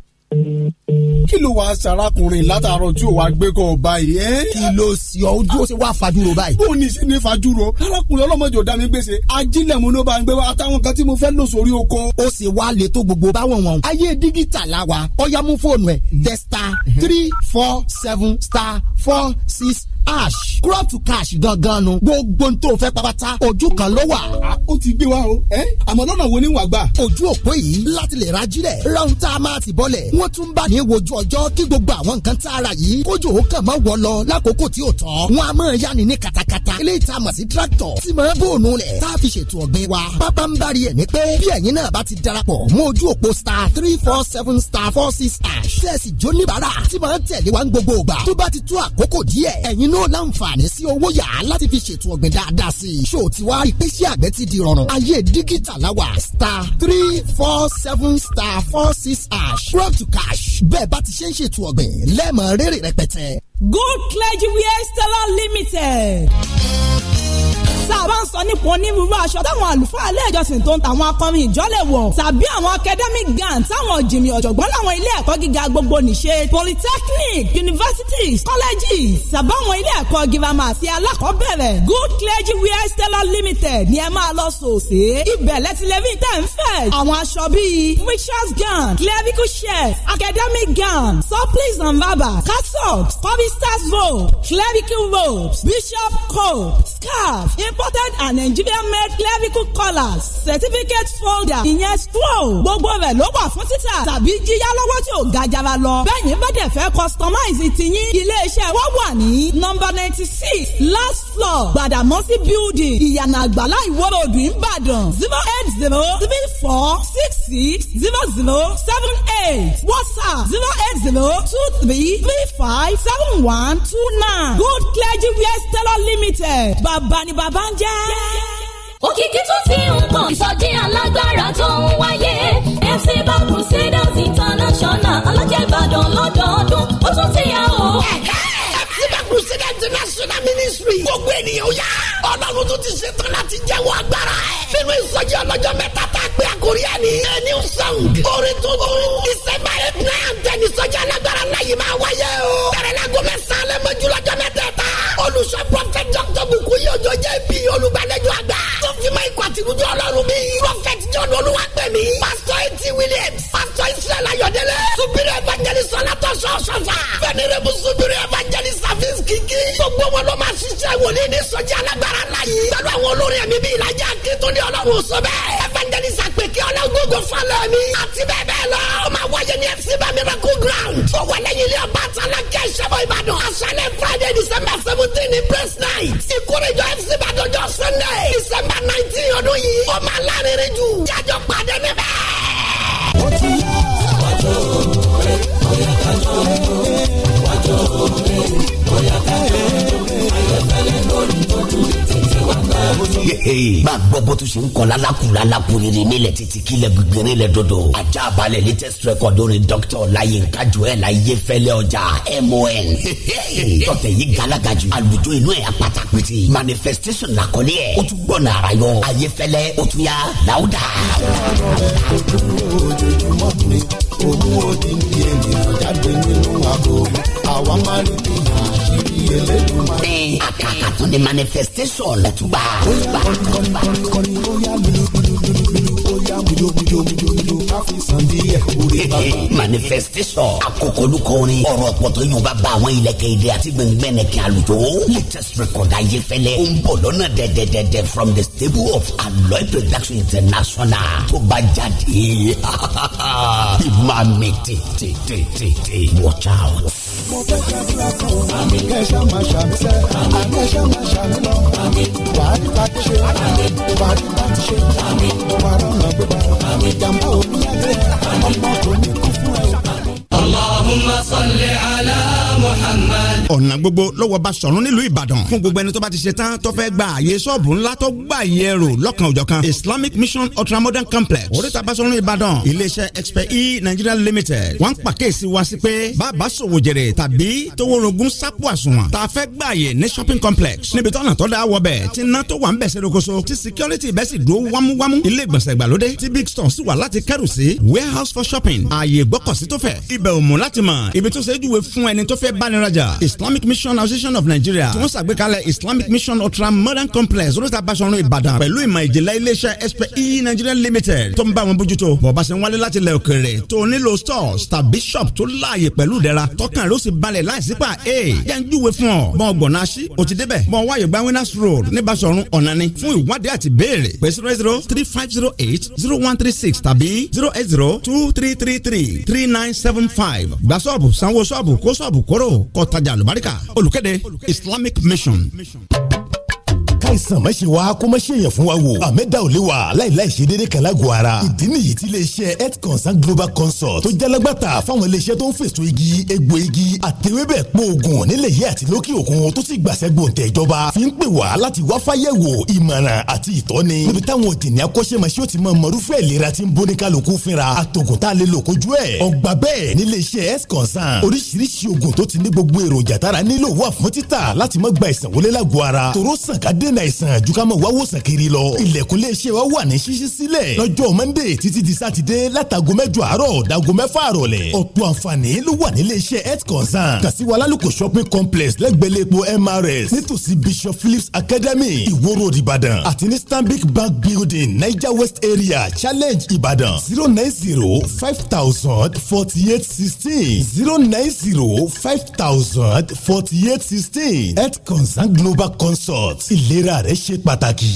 kí ló wàá sàrákùnrin látàárọ̀ tí o wàá gbé kọ́ ọ báyìí. kí ló sì ọ ojú ó sì wá fajúro báyìí. bó ní sí fajúro arákùnrin ọlọ́mọdé ọ̀dà mi gbèsè ajílẹ̀ mo ló bá ń gbé wa àtàwọn kan tí mo fẹ́ lò sórí oko. ó sì wá lè tó gbogbo báwọn wọn. ayé dígítà wa ọ̀yá fóònù ẹ̀ tẹ star three four seven star four six ash crop to cash gangan nu gbogbo n tó fẹ́ pàpàtà ojú kan ló wà. ó ti gbé wa o ẹ àmọ́ lọ́nà wo ni wà gbà. ojú òpó yìí láti lè ra jílẹ̀ ráhùn tá a máa ti bọ́lẹ̀ wọ́n tún bá ní wojú ọjọ́ kí gbogbo àwọn nǹkan tá a ra yìí kójú ó kàn máa wọ lọ lákòókò tí ò tọ́ wọn a máa yá ni ní katakata eléyìí tá a mọ̀ sí tractor tí máa bóònù rẹ̀ tá a fi ṣètò ọ̀gbìn wa pápá ń bari ẹ̀ ní pé bí ẹ̀yin náà bá ti darapọ̀ mọ́ ojú òpó star three four seven star four six star ṣẹ́ẹ̀sì jóníbàárà tí máa ń tẹ̀lé wa ń gbogbo ògbà tó bá ti tó àkókò díẹ̀ ẹ̀yin yóò láǹfààní sí owó yá láti fi ṣètò ọ̀gbìn dáadáa sí i. ṣó ti wá ìpèsè àgbẹ̀ ti di rọrùn. ayé dígítà la wà star three four seven star four six ash crop to cash bẹ́ẹ̀ bá ti ṣe ń ṣètò ọ̀gbìn lẹ́ẹ̀mọ rere rẹpẹtẹ. Gold Clergy Wear Stellar Limited tá a bá ń sọ nípa onírúurú aṣọ táwọn àlùfáà ilé ìjọsìn tó ń tàwọn akọrin ìjọ lè wọ̀ tàbí àwọn academic gown táwọn jìnnì ọ̀jọ̀gbọ́n láwọn ilé ẹ̀kọ́ gíga gbogbo nìṣe polytechnic universities colleges tàbáwọn ilé ẹ̀kọ́ girama àti alákọ̀ọ́bẹ̀rẹ̀ good clergy wear stellar limited ni ẹ máa lọ sòsè ibẹ̀ lẹ́tìlẹ́bí tẹ̀ ń fẹ́ àwọn aṣọ bíi preachers gown clerical shirt academic gown surplice and rubber cassock covisters robe clerical robes bishop coat scarf imported and Nigerian made clerical collars certificate folder ìyẹn scroll gbogbo rẹ̀ ló wà fún títà tàbí jíyá lọ́wọ́ tí ò ga jara lọ bẹ́ẹ̀ yín bá dẹ̀ fẹ́ customize tiyín iléeṣẹ́ wa wà ní number ninety six last floor Gbàdàmọ́sí building ìyànà àgbàlá ìwọ́rọ̀dù Ìbàdàn zero eight zero three four six six zero zero seven eight WhatsApp zero eight zero two three three five seven one two nine Good Clergy Wear Tailor Limited bàbá ni bàbá ń jẹ́. òkìkí tún ti ń pọ̀ ìsọjí alágbára tó ń wáyé FC Bank Crusaders International alájẹ̀bàdàn lọ́dọọdún ó tún ti yà ó. FC Bank Crusaders International Ministry gbogbo ènìyàn ó yá. ọlọ́run tún ti ṣetán láti jẹ́wọ́ agbára ẹ̀. nínú ìsọjí ọlọ́jọ́ mẹ́ta tá a pé àkórí ẹ̀ ní. a new song orin tuntun ìsẹ́mbà ẹ̀dínlẹ̀ àǹtẹ̀ni ìsọjí alágbára náà yìí máa wáyé o. bẹ̀rẹ̀ lágọ́ mẹ́sàn-án lẹ́mọ́jú lọ́jọ́ mẹ́tẹ̀ẹ̀ta olùṣọ́ prọf ìjọ lọ́lúwa pè mí. pásítọ̀ etí williams. pásítọ̀ israel ayọ̀dẹ́lẹ̀. subiri evangelist ọlátọ̀sọ̀ ọ̀ṣọ́fà. venerable subiri evangelist service kìkì. gbogbo wọn ló máa ṣiṣẹ́ wòlíì ní sọ́jà alágbára la yìí. pẹ̀lú àwọn olórin ẹ̀mí bíi ìlàjà akéto ní ọlọ́run sọ bẹ́ẹ̀. evangelist apèké ọlọ́gbọ̀gbọ̀ falẹ̀ mi. àti bẹ́ẹ̀ bẹ́ẹ̀ lọ. ó máa wáyé ní fc bamiraku ground. tó wà lẹ́yìn ilé ọba àtàlà kẹ́ ìṣẹ́bọ̀ ìbàdàn. aṣálẹ̀ friday december seventeen ní praise night. ìkórèjọ fc bàdànjọ sunday december nineteen tọdún yìí ó máa lárinrin jù. jájọ pàdé ní bá a gbọ́ bó tún ṣe ń kọ́ lálákùn lálákùn rere nílẹ̀ títí kílẹ̀ gbẹ̀rẹ̀ lẹ̀ dodo ajá balẹ̀ latest record orin doctor ọláyínká joel ayéfẹ́lẹ́ ọjà mon tọ́tẹ̀ yìí galaga jù àlùjọ inú ẹ̀ apata pété manifestation làkọ́lé ẹ̀ ó tún gbọ́nà ara yọ ayéfẹ́lẹ́ ó tún yá láwùdà. òun ò dín ní ènìyàn jáde nínú àbò àwa máa ń bí àkàkà tó ní manifestation lọ́tùgbà. manifestation akokolukọ orin ọ̀rọ̀ ọ̀pọ̀tọ̀ yóò bá ba àwọn ilẹ̀kẹ̀ èdè àti gbẹngbẹ̀nẹ̀kẹ̀ àlùjọ. latest record ayéfẹ́lẹ́ ó ń bọ̀ lọ́nà dẹ̀dẹ̀dẹ̀dẹ̀ from the stable of Aloy production international tó bá jáde. ìmọ̀ àmì tètè tètè watch out mo fẹ́ ṣàdúrà kan àmì kẹ́ṣà máa ṣàmì sẹ́ àmì kẹ́ṣà máa ṣàmì lọ àmì wàhálì bá ti ṣe àmì wàhálì bá ti ṣe àmì wàhálì ọ̀nà gbígbà àmì ìjàmbá òbí yá lé ọmọ tó ní kọ́. Allahumma salli ala Muhammad. ọ̀nà gbogbo lọ́wọ́ Basọ̀rún nílùú Ìbàdàn fún gbogbo ẹni tó bá ti ṣe tán tó fẹ́ gba àyè sọ́ọ̀bù ńlá tó gbà yẹ rò lọ́kàn òjọ̀kan Islamic Mission Ultramodern Complex oríta Basọ̀rún Ìbàdàn iléeṣẹ́ expert e Nigeria Limited wọ́n ń pàkíyèsí wa sí pé bàbá sòwò jèrè tàbí toworogun sápò àsùnwọ̀n tá a fẹ́ gba àyè ní shopping complex níbi tọ́nà tó dáa wọ bẹ̀ tí iná tó wà ń bẹ̀ ṣe rokoṣo tí security bẹ́ẹ̀ sì dúró wámúwámú ilé ìgbọ̀nsẹ̀ ìgbàlódé tí big store sì wà láti kẹ́rù sí warehouse for shopping àyè gbọ́kọ̀sí tó fẹ̀ ibẹ̀ òmù láti fatima ibi tó ṣe júwe fún ẹni tó fẹ́ báni rajà islamic mission association of nigeria tí wọ́n ṣàgbékalẹ̀ islamic mission ultra modern complex olóòtú abáṣọrun ìbàdàn pẹ̀lú ìmọ̀ ìjìnlẹ̀ iléeṣẹ́ SPE nigeria limited tó ń bá wọn bójútó bọ̀bá ṣe ń wálé láti ilẹ̀ òkèèrè tó nílò stores tàbí shop tó láàyè pẹ̀lú ìdẹ̀ra tọkàn ló sì balẹ̀ láìsí pa e jẹ́ ń júwe fún ọ bọ́n gbọ̀nà sí o ti débẹ̀ bọ́n wáyé gba winners road ní Basọ̀run ọ̀nani fún ìwádìí àti béèrè pé zero zero three five zero eight zero one three six tàbí zero eight zero two three three three three nine seven five gba sọ́ọ̀bù sanwó sọ́ọ̀bù kó sọ́ọ̀bù kóró kọ́ tajà lùbáríkà olùkéde Islamic Mission. Mission káìsàn má wa kó má ṣe yẹn fún wa wò àmẹ́dá ò lè wa láìláì ṣe déédéé kan lágọ̀ọ́ ara ìdí nìyí tí iléeṣẹ́ health consult global consult tó jalagbàtà fáwọn iléeṣẹ́ tó ń fèsò igi egbò igi àtẹwébẹ̀ pòògùn nílẹ̀ yìí àti lókè òkun tó sì gbàṣẹ́ gbòǹtẹ̀ ìjọba fi ń pè wá láti wá fáyẹ̀wò ìmọ̀ràn àti ìtọ́ni níbi táwọn òdìní akọ́ṣẹ́mọṣẹ́ ò ti mọ mọ̀rúfẹ́ ìlera tí ń bóni kálukú fínra àtògùn tá a lè lò kojú ẹ̀ ọgbà bẹ́ẹ̀ níléeṣẹ́ health consult oríṣiríṣi ògùn tó ti ní gbogbo èròjà tára nílò wà fún ń la ìsàn àjùkámọ̀ wá wòsàn kiri lọ. ilẹ̀kùn lè ṣe wa wà ní ṣíṣí sílẹ̀ lọ́jọ́ mọ́ndé títí di sátidé látago mẹ́jọ àárọ̀ dago mẹ́fà rọ̀lẹ́. ọ̀pọ̀ àǹfààní ló wà nílé iṣẹ́ health concern kàṣíwá lálùkò shopping complex lẹ́gbẹ̀lẹ́ epo mrs nítòsí bishop phillips academy ìwòrò ìbàdàn àti ní stanbic bank building niger west area challenge ìbàdàn zero nine zero five thousand forty eight sixteen zero nine zero five thousand forty eight sixteen health concern global consult ìlera ìlera rẹ ṣe pàtàkì.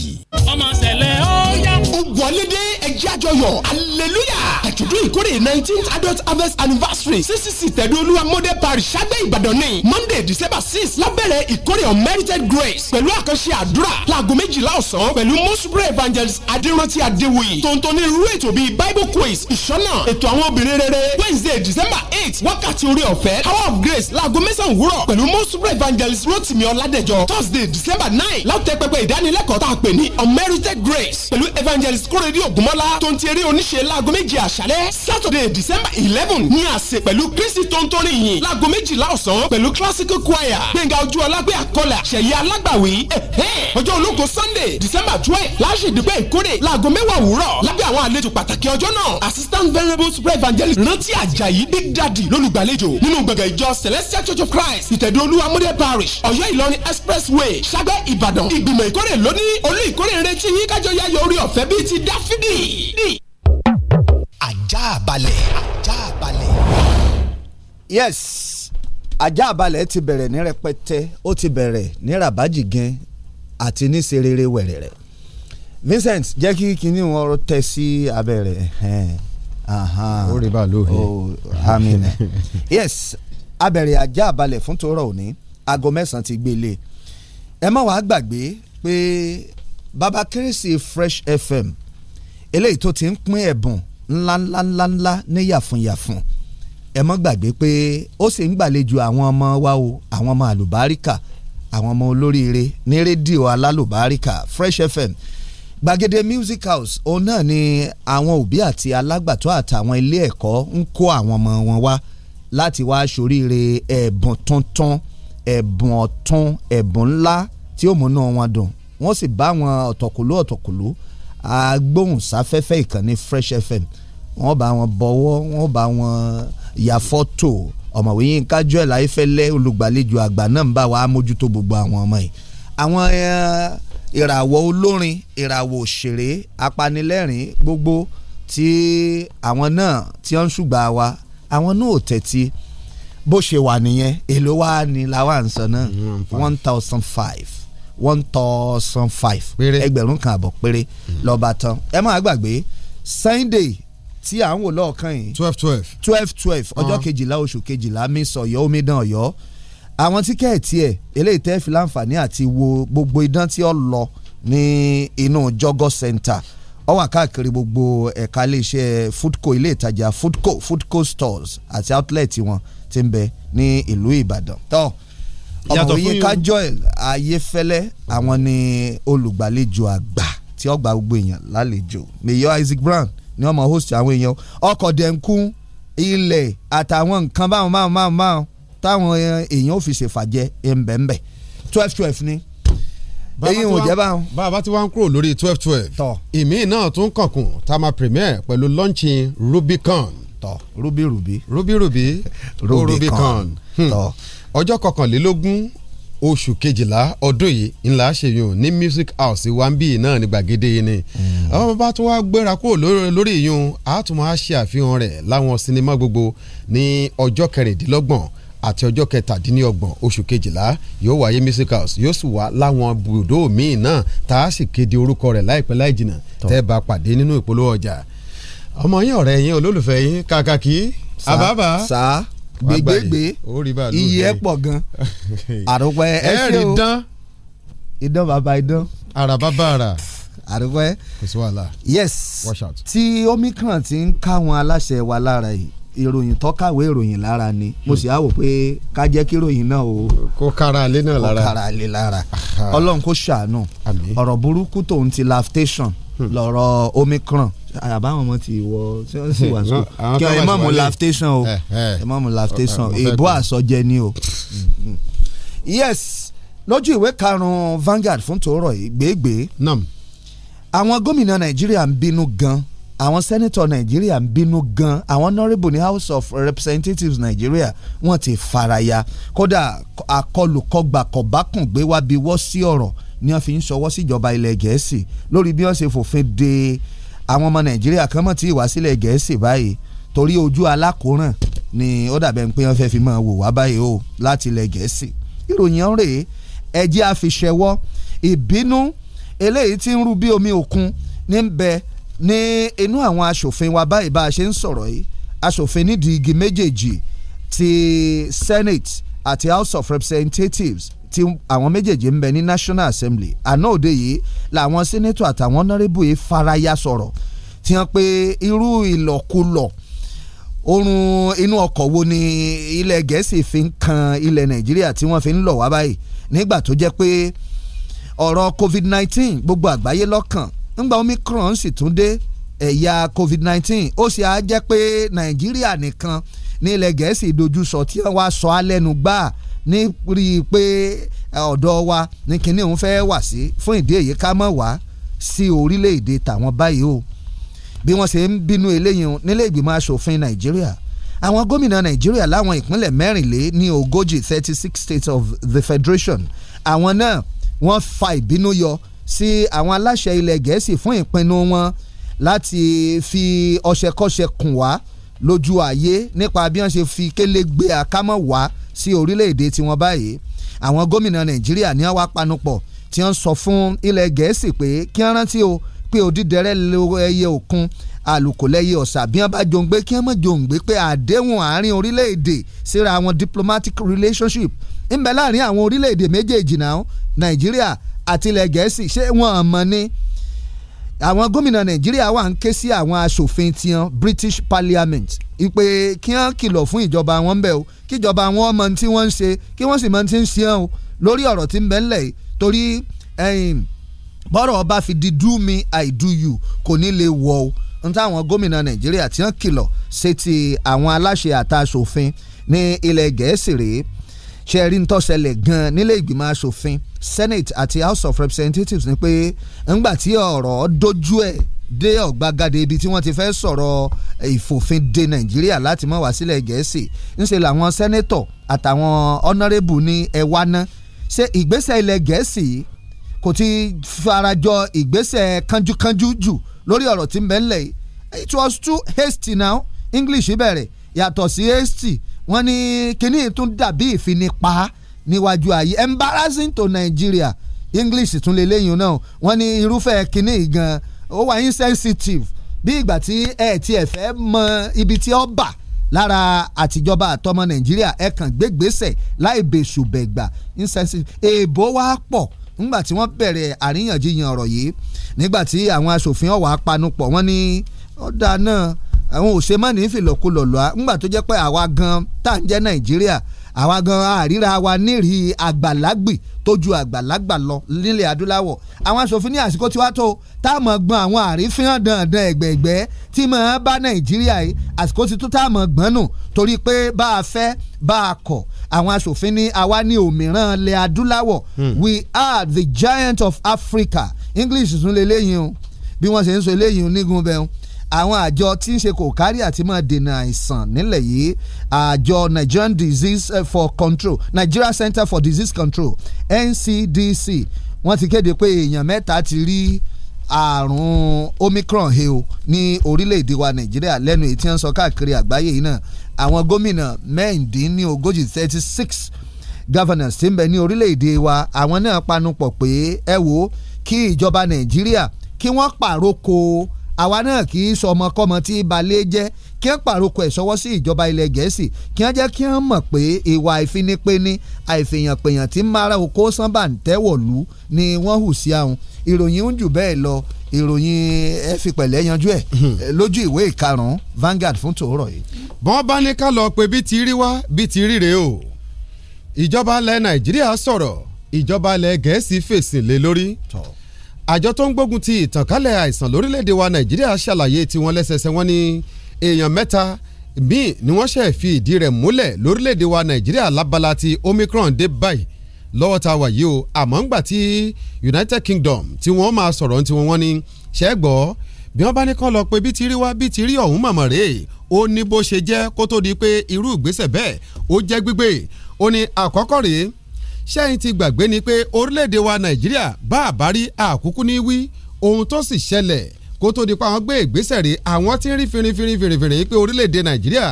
ọmọ ṣẹlẹ̀ ó yá. ó wọlé ẹjẹ́ àjọyọ̀ aleluya àjọ̀dún ìkórè nineteenth adult harvest anniversary ccc tẹ̀dúolúwa model parish ṣágbé ìbàdàn ní monday december six lábẹ̀rẹ̀ ìkórè unmerited grace pẹ̀lú àkànṣe àdúrà láago méjìlá ọ̀sán pẹ̀lú mosbre evangelist adéròtí adéwòye tòǹtòní irú ètò bíi bible quiz ìṣọ́nà ètò àwọn obìnrin rere wednesday december eight wákàtí orí ọ̀fẹ́ hour of grace láago mẹ́sàn-án òwúrọ̀ pẹ̀lú mosbre evangelist rotimi ọládẹjọ thursday december nine láwùjẹ́ pẹpẹ ìdánilẹ́kọ̀ọ́ tá a pè ní unmerited grace pẹ̀lú evangelist kórèdí ògùnmọ́ bọ́lá tó ń ti eré oníṣe láago méje àṣálẹ́ saturday december eleven ní àsè pẹ̀lú kristi tó ń torí yìn láago méjìlá ọ̀sán pẹ̀lú classical choir gbẹ̀ngà ojú ọlágbé àkọlà ṣẹ̀yẹ alágbàwí ọjọ́ ológo sunday december twelve láṣẹ ìdìgbẹ́ ìkórè láago mẹ́wàá òwúrọ̀ lábẹ́ àwọn àlejò pàtàkì ọjọ́ náà assistant venerable super evangelist rántí àjàyí big daddy lólùgbàlejò nínú gbọ̀ngàn ìjọ celestial church of christ ìtẹ̀dọ́lú amúdé parish ọ̀yọ́ ìlọrin expressway ṣágbẹ́ ìbàdàn ìgbìmọ̀ ìkórè lónìí olú ìkórè retí yín kájọ yáyọ orí ọ̀fẹ́ bíi ti dáfídì ajá balẹ̀ ajá balẹ̀. yes ajá balẹ̀ ti bẹ̀rẹ̀ ní rẹpẹtẹ ó ti bẹ̀rẹ̀ ní rabaji gan àti ní serere wẹ̀rẹ̀rẹ̀ Vincent jẹ́ kí kinní wọn tẹ sí abẹ́ rẹ̀ ó rí bá lóhùn amina yes abẹ̀rẹ̀ ajá balẹ̀ fún tòrọ̀ òní aago mẹ́sàn-án ti gbélé ẹ má wàá gbàgbé pé baba kérésì Fresh FM eléyìí tó ti ń pín ẹ̀bùn ńláńláńláńlá ní yàfùnyàfùn ẹ mọ́ gbàgbé pé ó sì ń gbàlejò àwọn ọmọ wa o àwọn ọmọ àlùbáríkà àwọn ọmọ olóríire ní rédíò alálùbáríkà Fresh FM gbàgede music house òun náà ni àwọn òbí àti alágbàtọ́ àtàwọn ilé ẹ̀kọ́ ń kó àwọn ọmọ wọn wá láti wá ṣoríire ẹ̀bùn tuntun ẹ̀bùn ọ̀tun ẹ̀bùn ńlá tí ó múnú wọn dùn wọ́n sì bá wọn ọ̀tọ̀kùlú ọ̀tọ̀kùlú agbóhùnsáfẹ́fẹ́ ìkànnì Fresh FM wọ́n bá wọn bọ̀wọ́ wọ́n bá wọn ya fọ́tò ọ̀mọ̀wé Yínká Joel Ayéfẹ́lẹ́ olùgbàlejò àgbà náà ń bá wa mójútó gbogbo àwọn ọmọ yìí àwọn eh, ìràwọ̀ olórin ìràwọ̀ òṣèré apanilẹ́rìn gbogbo tí àwọn náà tí wọ́n ń ṣùgbà wa àwọn náà ò tẹ́tí bó ṣe wà nìyẹn èló wa ni làwọn à ń sọ náà one thousand five one thousand five ẹgbẹ̀rún kan àbọ̀ péré hmm. lọ́ba tán ẹ máa gbàgbé Sunday tí à ń wò lọ́ọ̀kan yìí twelve twelve twelve twelve ah. ọjọ́ kejìlá oṣù kejìlá mi sọ ọ̀yọ́ omi dán ọ̀yọ́ àwọn tíkẹ́ẹ̀tì ẹ̀ eléyìí tẹ́ fi láǹfààní àti wo gbogbo idán tí ó lọ ní inú jọgọ center ó wà káàkiri gbogbo ẹ̀ka iléeṣẹ́ foodco ilé ìtajà foodco foodco stores àti outlet wọn tí ń bẹ ní ìlú Ìbàdàn tó ọmọ òye kájọ ayéfẹ́lẹ́ àwọn ni olùgbàlejò àgbà tí ó gba gbogbo èèyàn lálejò mayor Isaac Brown ni wọ́n mọ host àwọn èèyàn ọkọ̀ dẹ̀kun ilẹ̀ àtàwọn nǹkan báwọn báwọn báwọn báwọn táwọn èèyàn ò fi ṣèfàjẹ ẹ̀ńbẹ̀ńbẹ̀ twelve twelve ni èyí ò jẹ́ báwọn. bá a bá ń kúrò lórí twelve twelve ìmíì náà tún kànkùn tá premier pẹ̀lú launching Rubicon tọ rubi rubi rubi rubi rubicon hmm. tọ ọjọ́ kọkànlélógún oṣù kejìlá ọdún yìí ńlá ṣèyàn ní music house wambi náà ní gbàgede yìí ni mm. àwọn bàbá tó wá gbéra kúrò lórí ìyún àtúmọ̀ á ṣe àfihàn rẹ̀ láwọn sinimá gbogbo ní ọjọ́ kẹrìndínlọ́gbọ̀n àti ọjọ́ kẹtàdínlọ́gbọ̀n oṣù kejìlá yóò wáyé music house yóò sì wá láwọn bùdó míì náà tá a sì kéde orúkọ rẹ̀ láìpẹ́ láì jìnnà tẹ́ bá pàdé nínú ìpolówó ọjà ọmọ yín ọ̀rẹ́ yín olólùfẹ́ yín kàkàkí àbábà gbégbégbé iyì ẹ pọ̀ gan àrùpẹ ẹ ṣe o idán bàbá idán. ara bàbá ara. àrùpẹ. kò sí wàhálà. yes tí omicron ti ń ká wọn aláṣẹ wa lára yìí ìròyìn tó kàwé ìròyìn lára ni mo sì á wò pé ká jẹ́ kí ìròyìn náà o. kó kára alé náà lára kó kára alé lára ọlọ́run kó ṣàánú ọ̀rọ̀ burúkú tòun ti laftation hmm. lọ́rọ̀ omicron àbáwọn ọmọ ti wọ tí wọ́n sì wà so kí ẹ mọ̀ mú laftation o eh, eh. ẹ mọ̀ mú laftation èbó àsọjẹ ni o. Mm. Mm. yes lójú ìwé karùn-ún Vanguard fún tòórọ̀ yìí gbégbé àwọn gómìnà Nàìjíríà ń bínú gan-an àwọn sẹ́nẹ́tọ̀ nàìjíríà ń bínú gan àwọn honourable ní house of representatives nàìjíríà wọ́n ti faraya kódà àkọlùkọgbà kọ̀bákùngbé wá bí wọ́ sí ọ̀rọ̀ ni wọ́n fi ń ṣọwọ́ síjọba ilẹ̀ gẹ̀ẹ́sì lórí bí wọ́n ṣe fòfin de àwọn ọmọ nàìjíríà kan mọ̀ tí ìwà sílẹ̀ gẹ̀ẹ́sì báyìí torí ojú alákòóràn ni ó dàbẹ̀ pé wọ́n fẹ́ fi máa wò wá báyìí o láti ilẹ̀ gẹ̀ẹ́sì ìròyìn rèé ẹjẹ́ àfiṣẹ́wọ́ ìbínú eléyìí tí ń rú bí omi òkun ní bẹ ní inú àwọn aṣòfin wa báyìí bá a ṣe ń sọ̀rọ̀ yìí aṣòfin nídìí igi méjèèjì ti Senate àti House of Representatives tí àwọn méjèèjì ń bẹ ní National Assembly àná òde yìí làwọn sẹ́nẹ́tọ̀ àtàwọn ọ̀nàrẹ́bù yìí faraya sọ̀rọ̀ tí wọ́n pe irú ìlọ̀kulọ̀ oorun inú ọkọ̀ wo ni ilẹ̀ Gẹ̀ẹ́sì fi ń kan ilẹ̀ Nàìjíríà tí wọ́n fi ń lọ̀ wá báyìí nígbà tó jẹ́ pé ọ̀rọ̀ COVID-19 gbogbo àgbáyé lọ́kàn ńgbà Omicron sì tún dé ẹ̀yà COVID-19 ó sì á jẹ́ pé Nàìjíríà nìkan ní ilẹ̀ Gẹ̀ẹ́sì dojú sọ tí wọ́n wá sọ á lẹ́nu gbáà nítorí pé ọ̀dọ̀ wa ní kinní òun fẹ́ wà sí fún ìdí èyí ká mọ̀ wá sí orílẹ̀-èdè tàwọn báyìí o bí wọ́n ṣe ń bínú eléyìí nílé ìgbìmọ̀ asòfin nàìjíríà àwọn gómìnà nàìjíríà láwọn ìpínlẹ̀ mẹ́rìnlé ní ogójì thirty six states of the federation àwọn náà wọ́n fa ìbínú yọ sí àwọn aláṣẹ ilẹ̀ gẹ̀ẹ́sì fún ìpinnu wọn láti fi ọṣẹkọ́ṣẹ kùn wá lójú ayé nípa bí wọ́n ṣe fi kélé gbé akámọ̀ wá sí orílẹ̀-èdè tiwọn báyìí àwọn gómìnà nàìjíríà ní wọ́n wá panupọ̀ tí wọ́n sọ fún ilẹ̀ gẹ̀ẹ́sì pé kí wọ́n rántí o pé odídẹrẹ́ lo ẹyẹ òkun àlùkò lẹ́yẹ ọ̀sà bí wọ́n bá jòǹgbé kí wọ́n mọ̀ jòǹgbé pé àdéhùn àárín orílẹ̀-èdè síra àwọn diplomatic relationship ń bẹ láàrin àwọn orílẹ̀-èdè méjèèjì náà nàìjíríà àti ilẹ̀ gẹ̀ẹ́sì ṣé wọ́n mọ̀ ni àwọn gómìnà nàìjíríà wà ń ké sí àwọn asòfin tiwọn British Parliament ìpè kí wọ́n kìlọ̀ fún ìjọba wọn bẹ́ẹ̀ o kíjọba wọn mọ tí wọ́n ń ṣe kí wọ́n sì mọ tí ń ṣe o lórí ọ̀rọ̀ tí ń bẹ ńlẹ̀ torí bọ́rọ̀ ọba fi di do me I do you kò ní lè wọ̀ o n táwọn gómìnà nàìjíríà tí wọ́n kìlọ̀ ṣe ti àwọn aláṣẹ àtàṣòfin ní ilẹ̀ gẹ̀ẹ́sì rèé ṣe rí ń tọ́sẹ̀lẹ̀ gan-an nílé ìgbìmọ̀ asòfin senate àti house of representatives ni pé ńgbà tí ọ̀rọ̀ dojú ẹ̀ dé ọ̀gbagadé ibi tí wọ́n ti fẹ́ sọ̀rọ̀ ìfòfin de nàìjíríà láti mọ̀ wá sílẹ̀ gẹ̀ẹ́sì ńṣe làwọn sẹ́nẹ́tọ̀ àtàwọn ọ̀nàrẹ́bù ní ẹ̀wá náà ṣe ìgbésẹ̀ ilẹ̀ gẹ̀ẹ́sì kò ti farajọ ìgbésẹ̀ kánjúkánjú jù lórí ọ̀rọ̀ tí ń bẹ ńlẹ̀ it was too hasty now english bẹ̀rẹ̀ yàtọ̀ sí hasty wọ́n ní kíní tún dàbí ìfinipa níwájú ayé embarrassing to Nigeria English tún lè léyìn náà wọ́n ní irúfẹ́ kíní gan ó wà insensitive bí ìgbà tí ẹ ti ẹ̀ fẹ́ mọ ibi tí ó bà lára àtijọba àtọmọ Nàìjíríà ẹ kàn gbégbèsè láì bèṣùbẹ̀gbà insensitive èèbó wa pọ̀ nígbà tí wọ́n bẹ̀rẹ̀ àríyànjiyàn ọ̀rọ̀ yìí nígbà tí àwọn asòfin ọ̀wà panupọ̀ wọ́n ní ọ̀dà náà àwọn òṣèmánì fìlọ̀kulọ̀ lọ́à ńgbà tó jẹ́ pé àwa gan tá ń jẹ́ nàìjíríà àwa gan àríra wa nírì àgbàlagbì tó àgbàlagbà lọ nílẹ̀ adúláwọ̀ àwọn aṣòfin ní àsìkò tí wá tó tá a mọ̀ gbọ́n àwọn àrífín dandan ẹ̀gbẹ̀ẹ̀gbẹ́ tí mọ̀ ọ́n bá nàìjíríà yìí àsìkò tí tó tá a mọ̀ gbọ́n nù torí pé bá a fẹ́ bá a kọ̀ àwọn aṣòfin ní àwa ní òmíràn ilẹ̀ adúláwọ̀ hmm. we are the giant of Africa English tún lè léyìn o bí wọ́n ṣe ń sọ eléyìí nígun bẹ́ẹ̀ àwọn àjọ tí ń ṣe kò kárí àti máa dènà àìsàn nílẹ̀ yìí àjọ Nigerian Disease eh, for Control Nigeria Center for Disease Control NCDC wọ́n ti kéde pé èèyàn mẹ́ta ti rí àrùn Omicron he o ní orílẹ̀-èdè wa Nàìjíríà lẹ́nu èyí tí wọ́n ń sọ káàkiri àgbáyé yìí náà àwọn gómìnà mẹ́rìndínlógójì thirty six governors ti ń bẹ ní orílẹ̀-èdè wa àwọn náà panupọ̀ pé ẹ wo kí ìjọba Nàìjíríà kí wọ́n pàrokò àwa náà kì í sọ ọmọkọ́mọ tí balẹ̀ jẹ́ kí wọ́n pàrokò ẹ̀ sọ́wọ́ sí ìjọba ilẹ̀ gẹ̀ẹ́sì kí wọ́n jẹ́ kí wọ́n mọ̀ pé ìwà ìfinipéni àìfìyànpèyàn tí mara oko sanba ń tẹ́wọ̀lú ni wọ́n hù sí àwọn ìròyìn ń jù bẹ́ẹ̀ lọ ìròyìn ẹ fi pẹ̀lẹ́ yanjú ẹ̀ hmm. lójú ìwé ìkarùn-ún Vanguard fún tòórọ̀ yìí. bọ́n bá ní ká lọ pé bí ti rí wá bí ti rí rèé o ìjọba ilẹ̀ Nàìjíríà sọ̀rọ̀ ìjọba ilẹ̀ gẹ̀ẹ́sì fèsì lé lórí àjọ tó ń gbógun ti ìtànkálẹ̀ àìsàn lórílẹ̀‐èdè wa nàìjíríà ṣàlàyé tiwọn lẹ́sẹsẹ wọn ni èèyàn mẹ́ta míì ni wọ́n ṣẹ̀ fi ìdí rẹ̀ múlẹ̀ lórílẹ̀‐èdè wa nàìjíríà lábala ti omicron dé báyìí lọ́wọ́ ta wà yìí o àmọ́ ń gbà tí united kingdom tí wọ́n máa sọ̀rọ̀ ní tiwọn wọ́n ní ṣẹ́gbọ́ bí wọ́n bá ní kán lọ pé bí ti rí wá bí ti rí ọ̀hún mọ̀mọ́ rèé ó ní bó ṣe jẹ́ kó tó di pé irú ìgbésẹ̀ bẹ́ẹ̀ ó jẹ́ gbígbé ó ní àkọ́kọ́ rèé ṣẹ́yìn ti gbàgbé ni pé orílẹ̀-èdè wa nàìjíríà bá àbárí àkúkú ní wí ohun tó sì ṣẹlẹ̀ kó tó di pa àwọn gbé ìgbésẹ̀ rè àwọn tí ń rí fìrìfìrì fìrìfìrì pé orílẹ̀-èdè nàìjíríà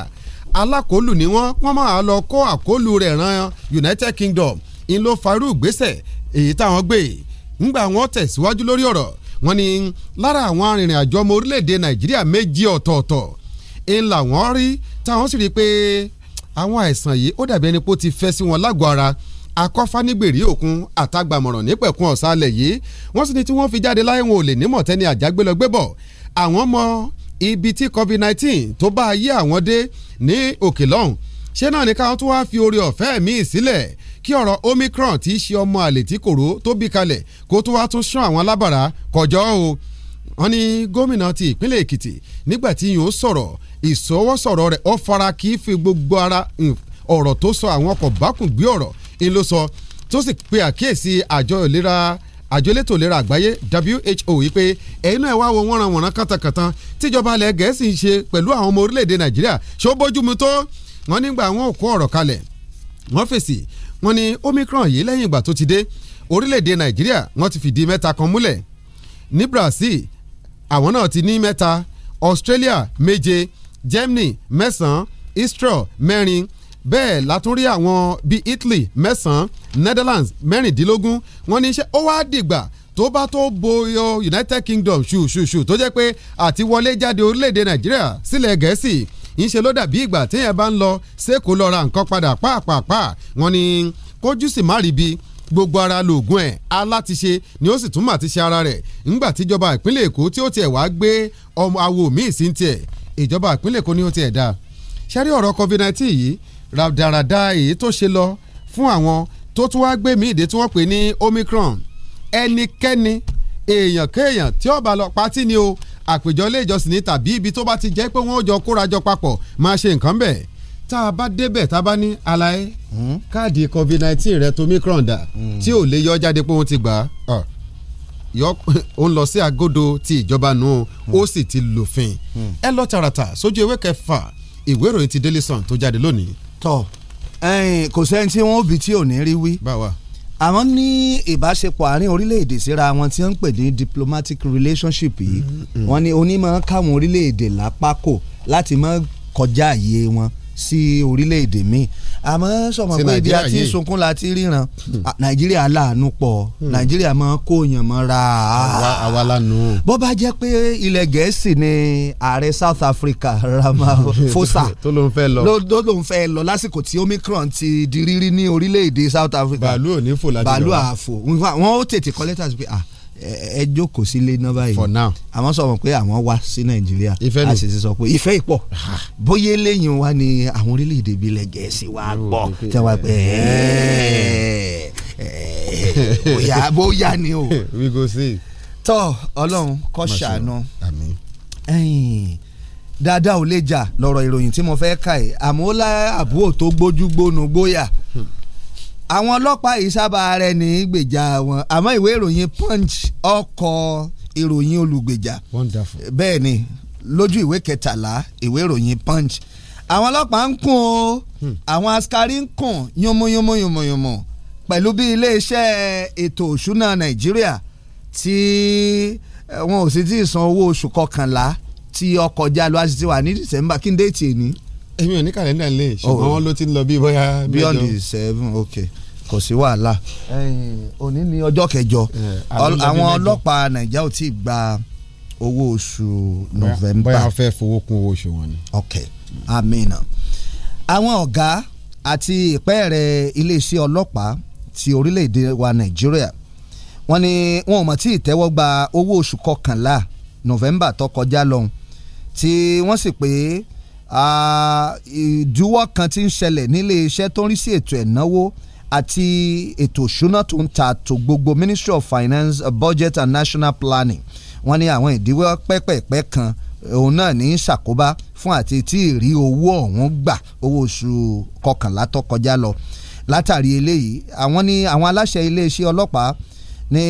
alákòólù ni wọ́n wọ́n máa lọ kó àkóólù rẹ̀ ran united kingdom ń ló farú ìgbésẹ̀ èyí táwọn gbé ńgbà wọn tẹ̀síwájú lórí ọ̀rọ̀ wọn ni lára àwọn arìnrìn-àjò ọmọ orílẹ̀-èdè nàìjíríà méjì ọ̀tọ̀ọ̀tọ̀ ń làwọn rí táwọn sì rí i pé àwọn àìsàn yìí ó dàbí ẹni pé ó ti fẹ́ sí wọn lágọ̀ọ́ ara akọ́fánigbèrè òkun àtàgbàmọ̀ràn nípẹ̀kun ọ̀sálẹ̀ yìí wọ́n sì ní tí wọ́n fi jáde láyé wọn ò lè nímọ̀ tẹ́ni àjágbélọ́gbé bọ̀ àwọn mọ ibi tí covid-19 tó bá ayé àwọn dé ní òkè lọ́hùn ṣé náà ní káwọn tó wáá fi oore ọ̀fẹ́ míì sílẹ̀ kí ọ̀rọ̀ omicron tí í ṣe ọmọ àlè tí kòró tó bí kalẹ̀ kó tó wáá tún ṣán àwọn alábàárà kọjọ́ o wọ́n ní gómìnà ti ìpínlẹ̀ èkìtì nígbà tí yóò sọ̀rọ̀ ìsọwọ́sọ̀rọ̀ rẹ̀ ó fara kì í fi gbogbo ara ọ̀rọ̀ tó sọ àwọn ọkọ̀ bákùn gbé ọ̀rọ̀ ń ló sọ tó sì pe àkíyèsí àjọ ìlera àjọ elétò ìlera àgbáyé WHO wípé ẹ̀yin náà ẹ wá wo wọ́n ran wọ̀nrán kàtàkàtàn tíjọba ilẹ̀ gẹ̀ẹ́sì ń ṣe pẹ̀lú àwọn ọmọ orílẹ̀-èdè nàìjíríà ṣó bójúmu tó wọ́n nígbà wọn ò kó ọ̀rọ̀ kalẹ̀ wọ́n fèsì wọ́n ní Omicron yìí lẹ́yìn ìgbà tó ti dé orílẹ̀-èdè nàìjíríà wọ́n ti fìdí mẹ́ta kan múlẹ̀ ní Brazil àwọn náà ti ní mẹ́ta Australia méje Germany mẹ́sàn-án Israel mẹ́rin bẹ́ẹ̀ látúrí àwọn bíi Italy mẹ́sàn-án Netherlands mẹ́rìndínlógún wọ́n ní iṣẹ́ ó wá dìgbà tó bá tó boyọ United Kingdom ṣùṣùṣù tó jẹ́ pé àti wọlé jáde orílẹ̀-èdè Nàìjíríà sílẹ̀ Gẹ̀ẹ́sì ńṣe ló dàbí ìgbà téèyàn bá ń lọ sékòó lọ ra nǹkan padà pàápàá wọ́n ní kójú sì má ríbi gbogbo ara lògùn ẹ̀ alátiṣe ni ó sì tún mà ti ṣe ara rẹ̀ ńgbà tíjọba ìpínlẹ̀ Èkó tí ó tiẹ̀ wá gbé ọmọ awo míì sí tiẹ̀ ìjọba ìpínlẹ̀ Èkó ni ó tiẹ̀ dáa ṣẹ́rí ọ̀rọ̀ COVID-19 yìí ràdàràdà èyí tó ṣe lọ fún àwọn tó tún wá gbé míì dé tí wọ́n pè ní Omicron ẹnikẹ́ni èèyàn kéèyàn tí ó bá lọ patí ni o àpèjọ ilé ìjọsìn ní tàbí ibi tó bá ti jẹ́ pé wọ́n ó jọ kórajọ papọ̀ máa ṣe nǹkan bẹ́ẹ̀ tá a bá débẹ̀ tá a bá ní alaye hmm? káàdì covid nineteen rẹ tó Omicron dà hmm. tí ò lè yọ jáde pé wọ́n ti gbà á yọ ó ń lọ sí agodo ti ìjọba nù hmm. ó sì ti lòfin ẹ lọ tààràtà sójú ewé kẹfà ìwé ìròyìn ti Daily Sun tó jáde lónìí tọ kò sẹ́ni tí wọ́n bí tí ò ní rí wí. báwa àwọn ní ìbáṣepọ̀ àárín orílẹ̀-èdè síra wọn tí wọ́n ń pè ní diplomatic relationship yìí mm-hmm. wọ́n ní onímọ̀ káwọn orílẹ̀-èdè lápákò láti mọ́ kọjá àyè wọn sí orílẹ̀-èdè míì àmọ́ sọ̀mọ́ pé ibi àti sunkún la ti ríran hmm. nàìjíríà láàánú pọ̀ hmm. nàìjíríà máa kó yàn mọ́ ra àwa lánú. bó bá jẹ́ pé ilẹ̀ gẹ̀ẹ́sì ni ààrẹ South Africa Ramaphosa hmm. tó ló ń fẹ́ lọ tó ló ń fẹ́ lọ lásìkò tí Omicron ti di rírí ní orílẹ̀-èdè South Africa bàálù ò ní fò ládìrọ̀ bàálù àfò wọn ó tètè kọ́ lẹ́tà sí pé ah ẹ jókòó sílé náà báyìí for now àwọn sọ wọn pé àwọn wá sí nàìjíríà a sì ti sọ pé ìfẹ́ ìpọ̀ bóyá lẹ́yìn wa ni àwọn orílẹ̀-èdè ìbílẹ̀ gẹ̀ẹ́sì wa gbọ́ tí wọ́n pẹ́ bóyá bóyá ni o we go see tọ́ ọlọ́run kó ṣàánú àmín dáadáa ò lè jà lọ́rọ̀ ìròyìn tí mo fẹ́ kà ẹ́ àmọ́ ó lá àbúrò tó gbójú gbónú gbóyà. Hmm àwọn ọlọ́pàá yìí sábà rẹ̀ ní gbèjà wọn àmọ́ ìwé ìròyìn punch ọkọ̀ ìròyìn olùgbèjà wonderful bẹ́ẹ̀ ni lójú ìwé kẹtàlá ìwé ìròyìn punch àwọn ọlọ́pàá ń kún o hmm. àwọn askari ń kún yánmọ́yánmọ́yánmọ́yánmọ́ pẹ̀lú bí iléeṣẹ́ ètò òṣùnà nàìjíríà tí eh, wọn ò sì ti san owó oṣù kọkànlá tí ọkọ̀ jálù àti ti wà ní december kí n déètì ẹ̀ ní èmi ò ní kàlẹ́ndà lè ṣùgbọ́n oh. wọn ló ti ń lọ bí bóyá. beyond the seven okay kò sí wàhálà òní ní ọjọ́ kẹjọ àwọn ọlọ́pàá nàìjíríà ò tí ì gba owó oṣù november bóyá a fẹ́ fowó kún owó oṣù wọn ni. ok amina àwọn ọ̀gá àti ìpẹ́ẹ̀rẹ̀ iléeṣẹ́ ọlọ́pàá ti orílẹ̀-èdè wa nàìjíríà wọ́n ní wọn ò mọ̀ tí ì tẹ́wọ́ gba owó oṣù kọkànlá november tó kọjá lọ́hùn tí wọ́n sì pé ìdúwọ́ kan ti ń ṣẹlẹ̀ nílé iṣẹ́ tó ń rí sí ètò ẹ̀náwó e àti ètò òṣúná tó ń ta tó gbogbo Ministry of Finance Budget and National Planning wọ́n ní àwọn ìdíwọ́ pẹ́pẹ̀pẹ́ kan òun náà ní ṣàkóbá fún àti tí ìrí owó ọ̀hún gbà owó oṣù kọkànlá tó kọjá lọ látàrí eléyìí àwọn ní àwọn aláṣẹ iléeṣẹ́ ọlọ́pàá ni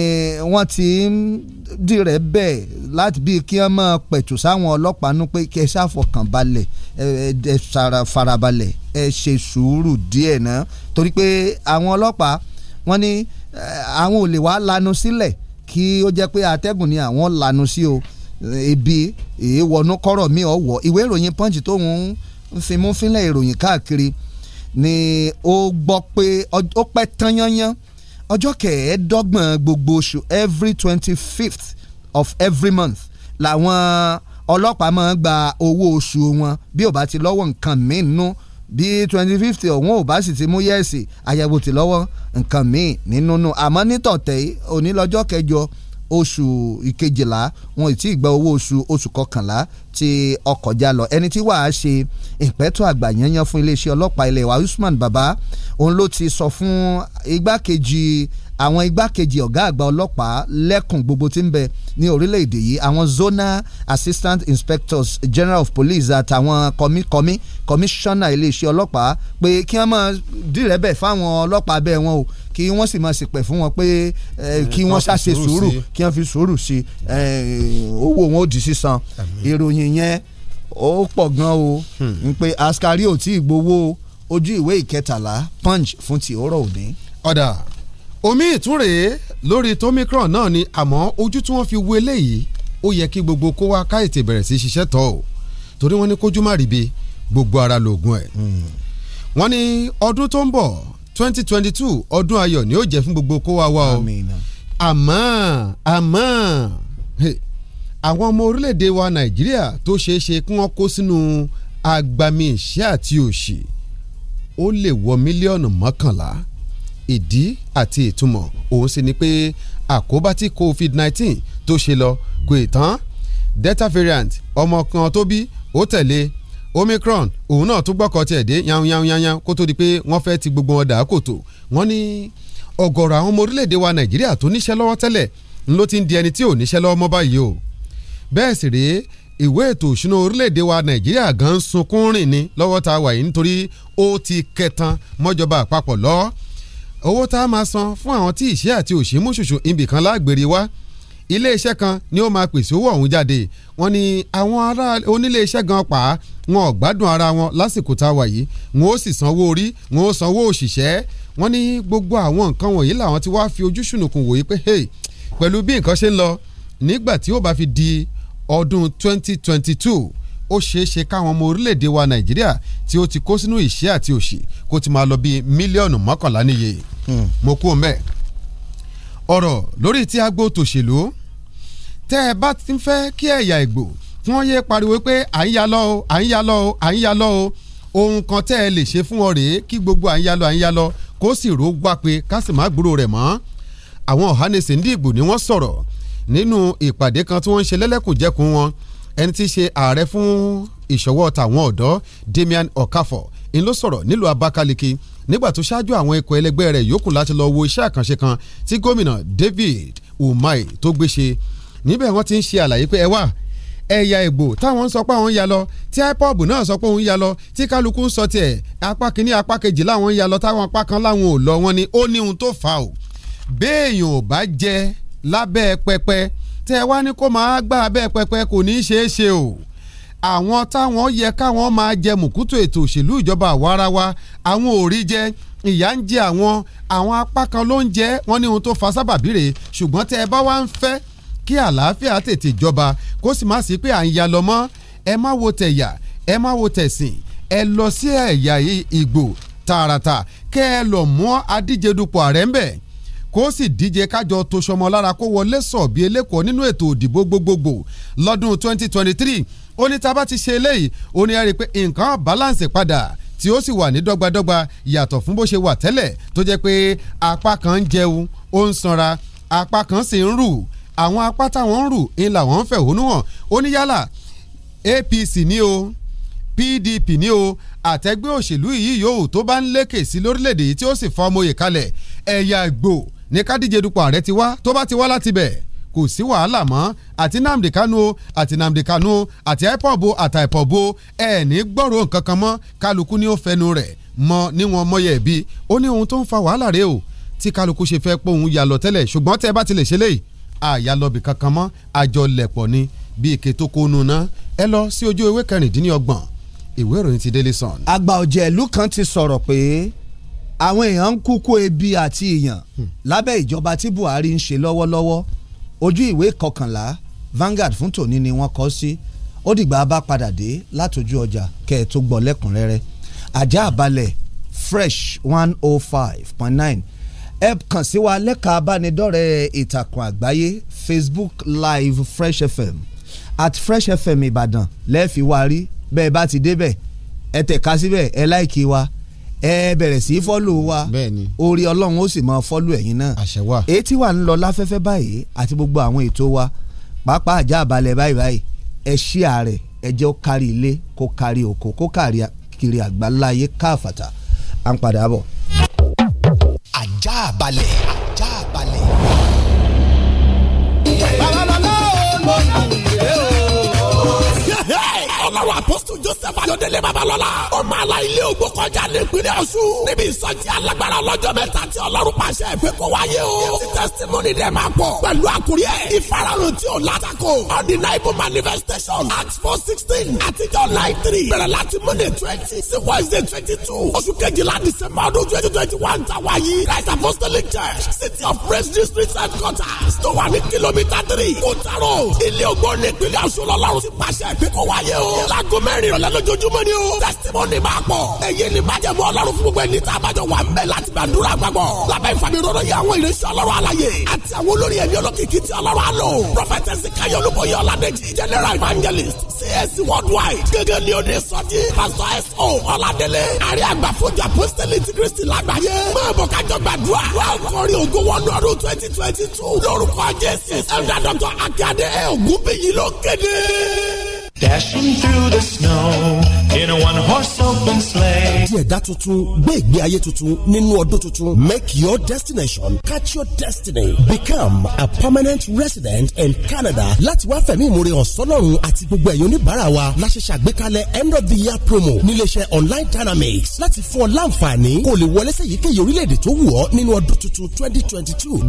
wọ́n ti ń dìrẹ̀ bẹ́ẹ̀ láti bíi kí wọ́n máa pẹ̀tù sáwọn ọlọ́pàá nú pé kẹ́ ẹ ṣàfọkànbalẹ̀ ẹ farabalẹ̀ ẹ ṣe sùúrù díẹ̀ náà torí pé àwọn ọlọ́pàá wọ́n ní àwọn ò lè wá lanu sílẹ̀ kí ó jẹ́ pé atẹ́gùn ni àwọn lanu sí o ebi èèwọ̀nú kọ́rọ̀ mi ọ̀wọ̀ ìwé ìròyìn punch tó ń fimúfínlẹ̀ ìròyìn káàkiri ni ó gbọ́ pé ó pẹ́ tán yányán ọjọ́ kẹẹ̀ẹ́dọ́gbọ̀n gbogbo oṣù every twenty fifth of every month làwọn ọlọ́pàá máa ń gba owó oṣù wọn bí ò bá ti lọ́wọ́ nǹkan míì nú bí twenty fifty ọ̀hún ò bá sì ti mú yẹ́ẹ̀sì àyẹ̀wò ti lọ́wọ́ nǹkan míì nínú nù àmọ́ nítọ̀tẹ̀ òní lọ́jọ́ kẹjọ oṣù ìkejìlá wọn ì tí ì gba owó oṣù oṣù kọkànlá tí ọkọjá lọ ẹni tí wàá ṣe ìpẹ́tọ́ àgbà yanyan fún iléeṣẹ́ ọlọ́pàá ilẹ̀ wa Usman Baba òun ló ti sọ fún igbákejì àwọn igbákejì ọ̀gá àgbà ọlọ́pàá lẹ́kùn gbogbo tí ń bẹ ní orílẹ̀-èdè yìí àwọn zonal assistant inspectors general of police àtàwọn kọ́míkọ́mí kọmíṣánná iléeṣẹ́ ọlọ́pàá pé kí wọ́n máa dìrẹ́bẹ̀ fáwọn ọlọ́pàá bẹ́ẹ̀ wọn o kí wọ́n sì máa ṣèpẹ̀ fún wọn pé kí wọ́n ṣàṣe sùúrù kí wọ́n fi sùúrù sí owó wọn ò di sísan ìròyìn yẹn ó pọ̀ gan o hmm. ń pé askari ò tí ì gbowó ojú ìwé ìkẹtàlá punch fún ti òórọ̀ òní. ọ̀dà omi ìtúnrè lórí tomicron náà ni àmọ́ ojú tí wọ́n fi wo eléyìí ó yẹ kí gbogbo kó wá ká ètè bẹ̀rẹ̀ sí ṣiṣẹ́ tọ̀ o torí wọ́n ní kójú má ríbi gbogbo ara lóògùn ẹ̀. Hmm. wọ́n ní ọdún tó ń bọ̀ twenty ọdún ayọ̀ ni ó jẹ́ fún gbogbo kó wá wá o àmọ́ àmọ́ àwọn ọmọ orílẹ̀-èdè wa nàìjíríà tó ṣeé ṣe kí wọ́n kó sínú agbami ìṣẹ́ àti òṣì ó lè wọ mílíọ̀nù mọ́kànlá. Mm ìdí àti ìtumọ̀ òun sì ni pé àkóbá tí covid-19 tó ṣe lọ kò ì delta variant ọmọ kan tó bí ó tẹ̀lé omicron òun náà tún gbọ́kọ̀ tiẹ̀ dé yanyanyanyan kó tó di pé wọ́n fẹ́ ti gbogbo wọn dà á kòtò wọ́n ní ọ̀gọ̀rọ̀ àwọn ọmọ orílẹ̀-èdè wa nàìjíríà tó níṣẹ́ lọ́wọ́ tẹ́lẹ̀ ń ló ti ń di ẹni tí ò níṣẹ́ lọ́wọ́ mọ́ báyìí o bẹ́ẹ̀ sì rèé ìwé ètò òṣùnà orílẹ̀-èdè wa nàìjíríà gan sunkún rìn ní lọ́wọ́ tá a nítorí ó ti kẹtan mọ́jọba àpapọ̀ lọ́ọ́ owó tá a máa san fún àwọn tí ìṣe àti òṣèmúṣoṣo ibì kan lágbèrè wa iléeṣẹ́ kan ni ó máa pèsè owó ọ̀hún jáde wọ́n ní àwọn ará oníléeṣẹ́ gan pa á wọn ò gbádùn ara wọn lásìkò tá a wà yìí wọn ó sì sanwó orí wọn ó sanwó òṣìṣẹ́ wọ́n ní gbogbo àwọn nǹkan wọ̀nyí làwọn ti wá fi ojú ṣùnùkùn wòye pé hey pẹ̀lú bí nǹkan ṣe ń lọ nígbà tí ó bá fi di ọdún 2022 ó ṣeé káwọn ọmọ orílẹ̀-èdè wa nàìjíríà tí ó ti kó sínú ìṣẹ́ àti òṣì kó ti máa lọ bíi mílíọ̀nù mọ́kànlá níye. Hmm. mo kú ọmọ ẹ ọ̀rọ̀ lórí tí agbo tòṣèlú tẹ́ ẹ bá ti ń fẹ́ kí ẹ̀yà ìgbò tí wọ́n yé pariwo pé à ń ya lọ o à ń ya lọ o à ń ya lọ o ohun kan tẹ́ ẹ lè ṣe fún ọ rèé kí gbogbo à ń ya lọ à ń ya lọ kó sì ró wá pé ká sì má gbúrò rẹ̀ mọ́ àwọn Ọ̀hánẹsẹ̀ ndí ìgbò ni wọ́n sọ̀rọ̀ nínú ìpàdé kan tí wọ́n ń ṣe lẹ́lẹ́kùnjẹkùn wọn ẹni tí í ṣe ààrẹ fún ìṣọwọ́ tàwọn ọ̀dọ́ Damian Okafor ń ló sọ̀rọ̀ nílùú Abakaliki nígbà tó ṣáájú àwọn ikọ̀ ẹlẹgbẹ́ rẹ̀ yòókù láti lọ wo iṣẹ́ àkànṣe kan tí gómìnà David Umahi tó gbé ṣe níbẹ̀ wọ́n ti ń ṣe àlàyé pé ẹ wà ẹ̀yà ìgbò táwọn ń sọ pé àwọn ń ya lọ tí ipob náà sọ pé òun ń ya lọ tí kálukú ń sọ tiẹ̀ apá kínní apá kejì láwọn ń ya lọ táwọn apá kan láwọn ò lọ wọn ni ó ní ohun tó fà o béèyàn ò bá jẹ lábẹ́ pẹpẹ tẹ́ ẹ wá ní kó máa gbà bẹ́ẹ̀ pẹpẹ kò ní í ṣeé ṣe o àwọn táwọn yẹ káwọn máa jẹ mùkútù ètò òṣèlú ìjọba àwarawa àwọn ò rí jẹ ìyà ń jẹ àwọn àwọn apá kan ló ń jẹ wọn ní ohun tó fa sábàbí rèé ṣùgbọ́n ẹ bá wá ń fẹ́ kí àlàáfíà tètè jọba kó sì má sí pé à ń ya lọ mọ́ ẹ má wo tẹ̀yà ẹ má wo tẹ̀sìn ẹ lọ sí ẹ̀yà Ìgbò tààràtà kẹ́ ẹ lọ mú adíje dupò ń bẹ̀ kó sì díje kájọ tó sọmọ lára kó wọlé sọ bí elékòó nínú ètò òdìbò gbogbogbò lọ́dún 2023 ó ní tá a bá ti ṣe eléyìí ó ní ẹ pé nǹkan balance padà tí ó sì wà ní dọ́gbadọ́gba yàtọ̀ fún bó ṣe wà tẹ́lẹ̀ tó jẹ́ pé apá kan ń jẹun ó ń sanra apá kan sì ń rù àwọn apá táwọn ń rù ń làwọn ń fẹ̀hónú hàn ó ní yálà APC ni o PDP ni o àtẹgbẹ́ òṣèlú yìí yòówù tó bá ń lékè sí lórílẹ̀‐èdè yìí tí ó sì fa ọmọ kalẹ̀ ẹ̀yà gbòó ní kádíje dupò ààrẹ ti wá tó bá ti wá láti bẹ̀ kò sí wàhálà mọ́ àti Nnamdi Kanu o àti Nnamdi Kanu o àti IPOB o àti IPOB o ẹ̀ ní gbọ́rọ̀ nǹkan kan mọ́ kálukú ní ó fẹnu rẹ̀ mọ níwọ̀n mọ́yẹ̀ bí ó ní ohun tó ń fa wàhálà rèé o tí kálukú ṣe fẹ́ pòun yàlọ̀ tẹ́lẹ̀ ṣùgbọ́n tẹ́ bá tilẹ̀ ṣe léyìí àyàlọ́bì kankan mọ́ àjọlẹ̀pọ̀ ni bí èké tó kó nu ná ẹ lọ sí ojú ewé kẹrìndínlọ́gbọ̀n ìwé ìròyìn ti Daily Sun. àgbà ọ̀jẹ̀lú kan ti sọ̀rọ̀ pé àwọn èèyàn ń kúkú ebi àti ìyàn lábẹ́ ìjọba tí Buhari ń ṣe lọ́wọ́lọ́wọ́ ojú ìwé kọkànlá Vanguard fún tòní ni wọ́n kọ sí ó dìgbà bá padà dé látòjú ọjà kẹ́ ẹ̀ gbọ́ lẹ́kùnrẹ́rẹ́ ajá àbálẹ̀ fresh one oh five point nine ẹ kàn sí wa lẹ́ka abánidọ́rẹ̀ẹ́ ìtàkùn àgbáyé Facebook live Fresh FM at Fresh FM Ìbàdàn lẹ́ẹ̀fi wa rí bẹ́ẹ̀ bá ti débẹ̀ ẹ tẹ̀ka síbẹ̀ ẹ láìkí wa ẹ bẹ̀rẹ̀ sí í fọ́lù wa orí ọlọ́run ó sì máa fọ́lù ẹ̀yin náà etí wa ń lọ láfẹ́fẹ́ báyìí àti gbogbo àwọn ètò wa pàápàá àjà àbálẹ̀ báyìí báyìí ẹ ṣí ààrẹ ẹ jẹ́ ó kárí ilé kó kárí oko kó kárí kiri àgbáláyé káfàtà à ń padà bọ̀. àjà àbálẹ̀ àjà àbálẹ̀. babalọ́lá ò lọ́nà ọlọ́run apọ́sítù joseph ayọ̀délé babalọ́lá ọmọ àlà ilé ògbó kọjá ní ìpínlẹ̀ ọ̀ṣun níbi ìsọjí alágbára ọlọ́jọ́ mẹ́ta tí ọlọ́run pàṣẹ ìpè kó wáyé o ti testimony dẹ̀ máa pọ̀ pẹ̀lú àkúrí ẹ̀ ìfarahàn tí ò látàkò undeniable manifestation acts four sixteen àtijọ́ nine three bẹ̀rẹ̀ láti monday twenty sí wednesday twenty two oṣù kejìlá december ọdún twenty twenty one tàwa yìí christ apostolic church city of praise district headquarters tó wà ní kìlómítà three kò tààrọ̀ ilé ògbó ní ìpínlẹ̀ ọ̀ṣun lọ́lọ́run ti pàṣẹ ìpè kó wáyé o o. láago mẹ́rin ìrọ̀lẹ́ lójoojúmọ́ ni o. testimony máa pọ̀. ẹ̀yẹ ni májẹ̀mú ọlọ́run fún gbogbo ẹni tá a bá jọ wà ń bẹ̀ láti gbàdúrà gbàgbọ́. lábẹ́ ìfàmì rọrọ yẹ àwọn ìrẹsì ọlọ́run aláyè àti àwọn olórí ẹ̀mí olókìkí ti ọlọ́run àlọ́. prophetess kayo olúbọyọ ọ̀làdẹ́jì general evangelist cs worldwide gẹ́gẹ́ ni òde sọ́jí pastor s.o. ọ̀làdẹ́lẹ̀ àrí àgbàfọ́jú apostolic christy lágbàáyé. Dashing through the snow in a one horse open sleigh. Di ẹ̀dá tuntun gbé ìgbé ayé tuntun nínú ọdún tuntun. Make your destination catch your destiny. Become a permanent resident in Canada. Láti wá fẹ̀mí ìmúre ọ̀sọ́lọ́run àti gbogbo ẹ̀yin oníbàárà wa la ṣe ṣàgbékalẹ̀ end of the year promo níléeṣẹ́ online dynamics láti fún ọ láǹfààní kó lè wọlé sí èyíkéyìí orílẹ̀-èdè tó wù ọ́ nínú ọdún tuntun twenty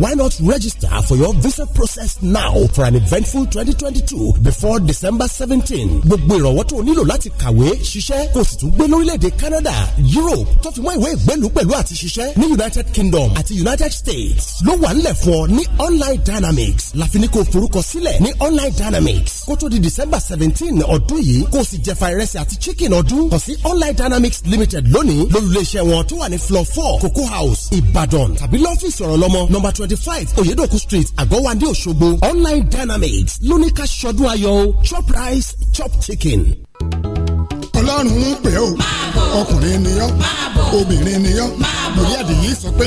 Why not register for your visa process now for an eventful 2022 before December 17. Gbogbo ìrànwọ́ tó o nílò láti kàwé ṣiṣẹ́ kò sì tún gbé lórílẹ̀‐èdè Canada Europe tó fi mọ́ ìwé ìgbélú pẹ̀lú àti ṣiṣẹ́ ní United Kingdom àti United States ló wà nílẹ̀ fún ọ ní Online Dynamics láfi ní kò forúkọ sílẹ̀ ní Online Dynamics kó tó di December seventeen ọdún yìí kó o sì jẹ̀fà ìrẹsì àti chicken ọdún kàn sí Online Dynamics Limited lónìí lólùléeṣẹ́ wọn tó wà ní floor four Cocoa House Ibadan. tàbí lọ́fíìsì ọ̀rọ̀ lọ́mọ number twenty five Oyedoku Street Àgọ́wandé Òṣogbo Online Dynamics lóníkà ṣọdún ayọ̀ chop rice chop chicken ọlọ́run ń pè ó ọkùnrin ni ọ́ obìnrin ni ọ́ lórí àdìyí sọ pé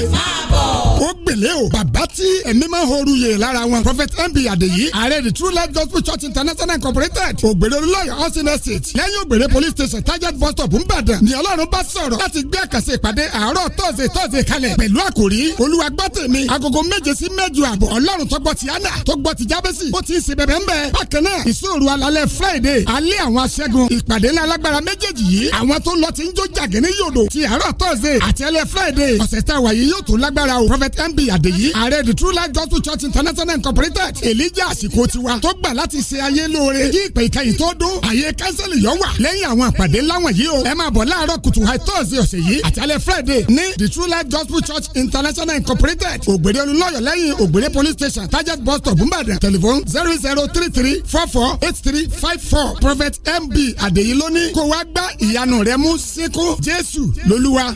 ó gbèlè o bàbá tí ẹ̀mí máa ń horu yè lára wọn prophet mb adeyi ààrẹ the true life gospel church international incorporated ògbèrè olùlọ́yọ̀ housing estate lẹ́yìn ògbèrè police station target bus stop ńbàdàn ni ọlọ́run bá sọ̀rọ̀ láti gbé àkàsẹ ìpàdé àárọ̀ tọ́sẹ̀ tọ́sẹ̀ kalẹ̀ pẹ̀lú àkòrí olúwa agogo méje sí mẹ́jọ àbọ̀ ọlọ́run tó ti ana tó ti jábẹ́sì ó ti ń ṣe bẹ̀bẹ̀ ńbẹ bákan náà ìṣòro alalẹ́ friday alẹ́ àwọn aṣẹ́gun méjèèjì yìí àwọn tó lọ ti ń jó jàgínní yòdò ti àárọ̀ thursday àti ẹlẹ́ friday ọ̀sẹ̀ tá a wà yìí yóò tó lágbára o prophet mb adeyi ààrẹ the true life gospel church international incorporated elijah àsìkò tiwa tó gbà láti ṣe ayé lóore kí ìpè ìkẹyìn tó dó àyè kánsẹ́lì yọ wà lẹ́yìn àwọn àpàdé láwọn yìí o ẹ máa bọ̀ láàárọ̀ kùtù high thursday ọ̀sẹ̀ yìí àti alẹ́ friday ní the true life gospel church international incorporated ògbèrè olùlọ́yọ̀ lẹ́yìn ògbèrè police station target bus stop nìbàdàn telephone zero zero three three four four eight three five four prophet mb adeyi lóní kó w wá gbá ìyanu rẹ mú seko jésù lolúwa.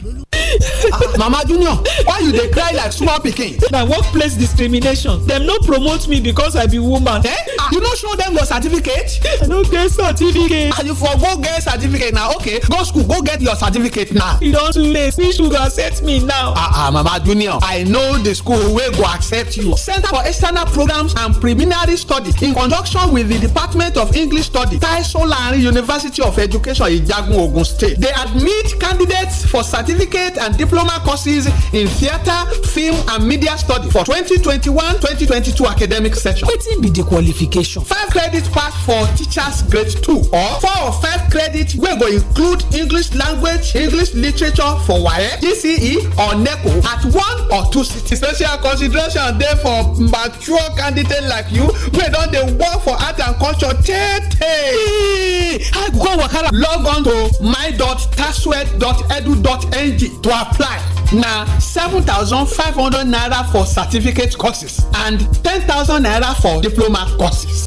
mama junior why you dey cry like small pikin. na workplace discrimination dem no promote me because i be woman. Eh? Ah, you no show dem your certificate. i no get certificate. and ah, you for go get certificate na okay go school go get your certificate now. e don too late me sugar set me now. ah ah mama junior i know the school wey go accept you. center for external programs and preliminary studies in conjunction with the department of english studies taisolari university of education wọ̀nyí Ogun State. They admit candidates for certificate and diploma courses in theatre, film and media studies for 2021-2022 academic session. What is the qualification? Five credit pass for teachers grade two or four or five credit wey go include English language, English literature for WAEC, GCE or NECO at one or two cities. Special consideration there for mature candidates like you wey don't dey work for art and culture Tete. I go waka la log on to my.tasweb.edu.ng to apply na seven thousand five hundred naira for certificate courses and ten thousand naira for diploma courses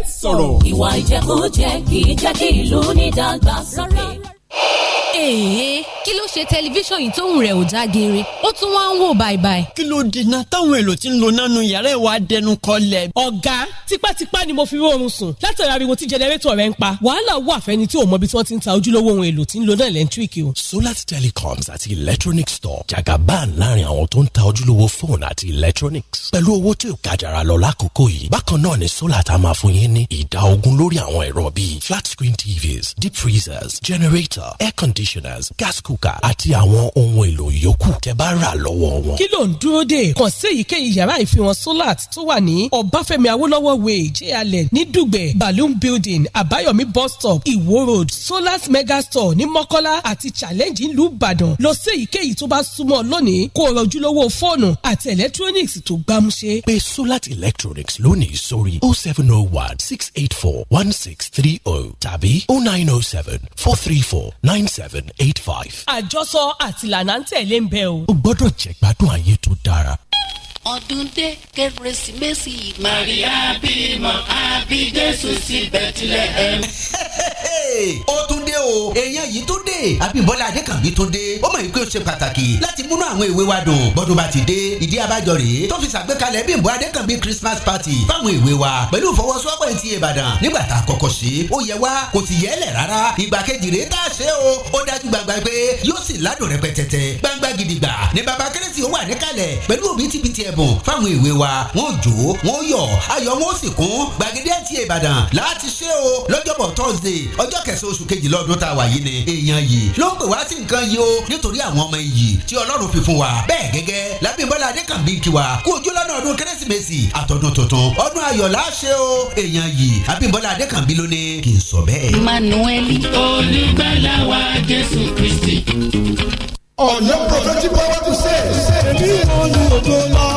sọ̀rọ̀. ìwà ìjẹkújẹ kì í jẹ́ kí ìlú ní dàgbàsókè èèyàn kí ló ṣe tẹlifíṣàn yìí tóun rẹ̀ ò já geere ó tún wá ń wò bàìbàì. kí ló dènà táwọn èlò tí ń lo nánú yàrá ìwà dẹnu kọlẹ̀. ọ̀gá tipátipá ni mo fi rọrùn sùn látara ariwo tí jẹnẹrétọ̀ rẹ̀ ń pa wàhálà wà fẹ́ni tí ò mọ ibi tí wọ́n ti ń ta ojúlówó ohun èlò tí ń lo náà lẹ́ńtíríkì o. solar telecoms àti electronic store jagaban láàrin àwọn tó ń ta ojúlówó fóònù àti electronics pẹ̀lú owó tí ò gàjàrà lọ lákòókò yìí bákan náà ni solar ta máa fún yín ní ìdá ogún lórí àwọn ẹ̀rọ bíi flat screen tvs deep freezers generators freezer air conditioners gas cooker àti àwọn ohun èlò yòókù tẹ́ bá rà lọ́wọ́ wọn. kí ló ń dúró dè kàn sí èyíkéyìí yàrá ìfihàn solar tó wà ní ọbáfẹ́mi awólọ́wọ̀ way jalen ní dùgbẹ̀ balloon building àbáyọ̀mí bus stop iwo road solat mega store ní mọ́kọ́lá àti challenge ìlú ìbàdàn lọ sí èyíkéyìí tó bá súnmọ́ lónìí kó o rọjú lọ́wọ́ fóònù àti electronics tó gbámúṣé. pé solat electronics lónìí sórí oh seven oh one six eight four one six three oh tàbí oh nine oh seven four three four 9785. àjọsọ àtìlànà ń tẹ̀lé ń bẹ o. o gbọ́dọ̀ jẹ́ gbádùn ayé tó dára ọdún dé kérésìmesì màríà bímọ àbí jésù sí bẹ́tìlẹ́hẹ́mù ó tún dé o èèyàn yìí tún dé Abímbọ́lá Adékànbí tún dé ó mọ̀ wípé ó ṣe pàtàkì láti múnú àwọn èwe wa dùn bọ́dún bá ti dé ìdí abájọ rèé tó fi ṣàgbékalẹ̀ Bímbọ́ Adékànbí Christmas party fáwọn èwe wa pẹ̀lú ìfọwọ́sowọ́pọ̀ ti Ìbàdàn nígbà tá a kọ́kọ́ ṣe ó yẹ wá kò sì yẹ lẹ̀ rárá ìgbà kejì rèé tá a ṣe o ó dájú gbangba pé yóò sì ládùn rẹpẹtẹtẹ gbangba gidigba ni baba kérésì ó wà níkàlẹ̀ ẹ̀bùn fáwọn ìwé wa wọ́n jó wọ́n yọ̀ ayọ̀ wọn ó sì kún gbàgede àti ìbàdàn láti ṣe o lọ́jọ́bọ̀ tọ́sídẹ̀ ọjọ́ kẹsàn oṣù kejìlá ọdún tá a wà yìí ni èèyàn yìí ló ń pè wá sí nǹkan yìí o nítorí àwọn ọmọ iyì tí ọlọ́run fi fún wa bẹ́ẹ̀ gẹ́gẹ́ lábímbọ́lá adékànbí kí wa kú ojú lọ́nà ọdún kérésìmesì àtọ̀dún tuntun ọdún ayọ̀ láṣẹ o èèyàn yìí abímbọ́lá adékànbí ló ní kì í sọ bẹ́ẹ̀. manueli olùgbàlà wa jésù kristi. ọ̀yọ́ prophetic power to save. èmi ò ní òjò lọ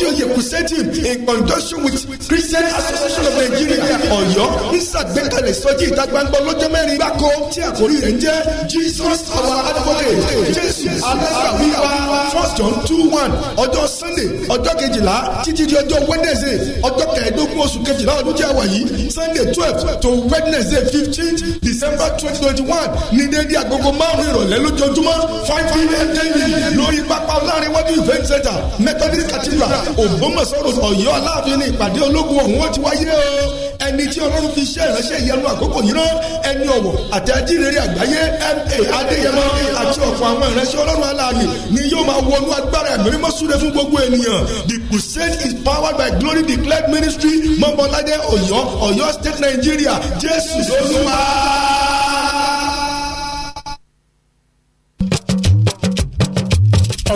akínyòye kùsẹ́tìm in conjunction with christian association of nigeria ọ̀yọ́ ń ṣàgbékalẹ̀ sọ́jí ìta gbangba ọlọ́jọ́ mẹ́rin gbáko tí àkórí rẹ̀ ń jẹ́ jesus our advocate jésù alásàwíwá first john two one ọjọ́ sunday ọjọ́ kejìlá títí di ọjọ́ wednesday ọjọ́ kẹẹ̀ẹ́dógún oṣù kejìlá ọdún tí a wà yìí sunday twelve to wednesday fifteen december twenty twenty one ní déédéé agogo márùn-ún ìrọ̀lẹ́ lójoojúmọ́ five pm daily lórí pápá ọlárinwájú event center methodist cathedral Ògbómọ̀ṣọ́ Ọ̀yọ́ aláàfin ní ìpàdé ológun ọ̀hún ó ti wáyé o ẹni tí Ọlọ́run fi ṣe ìránṣẹ́ ìyanu àkókò yìí rán ẹni ọ̀wọ̀ àti àgbáyé ma Adéyẹmọ àti ọ̀pọ̀ àwọn ìránṣẹ́ Ọlọ́run aláàbì ni yóò máa wọnú agbára ẹ̀mí mímọ́ súre fún gbogbo ènìyàn the crusade is powered by glory declared ministry mọ́bọ́ládé Ọ̀yọ́ Ọ̀yọ́ state Nigeria Jésù lóluwàá.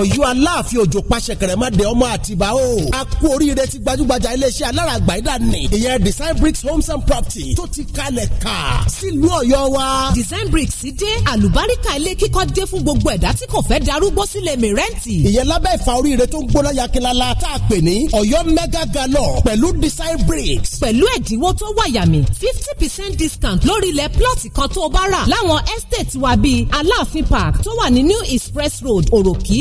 ọ̀yọ́ aláàfin òjò pàṣẹ kẹrẹmàdé ọmọ àtibá o. a kú oríire ti gbajúgbajà iléeṣẹ́ alára àgbáyédà ni. ìyẹn design bricks homes and property tó ti kalẹ̀ ká sílùú ọ̀yọ́ wa. design bricks dé àlùbáríkà ilé kíkọ́ dé fún gbogbo ẹ̀dá tí kò fẹ́ darúgbó sílẹ̀ mi rẹ́ǹtì. ìyẹn lábẹ́ ìfà oríire tó ń gbóná yakinlala tá a pè ní ọ̀yọ́ mega gallon pẹ̀lú design bricks. pẹ̀lú ẹ̀dínwó tó wàyàmì fifty percent discount lórí ilẹ̀ plọ́ọ̀tì kan tó bá rà láwọn estate wa bíi aláàfin park tó wà ní new express road òròkì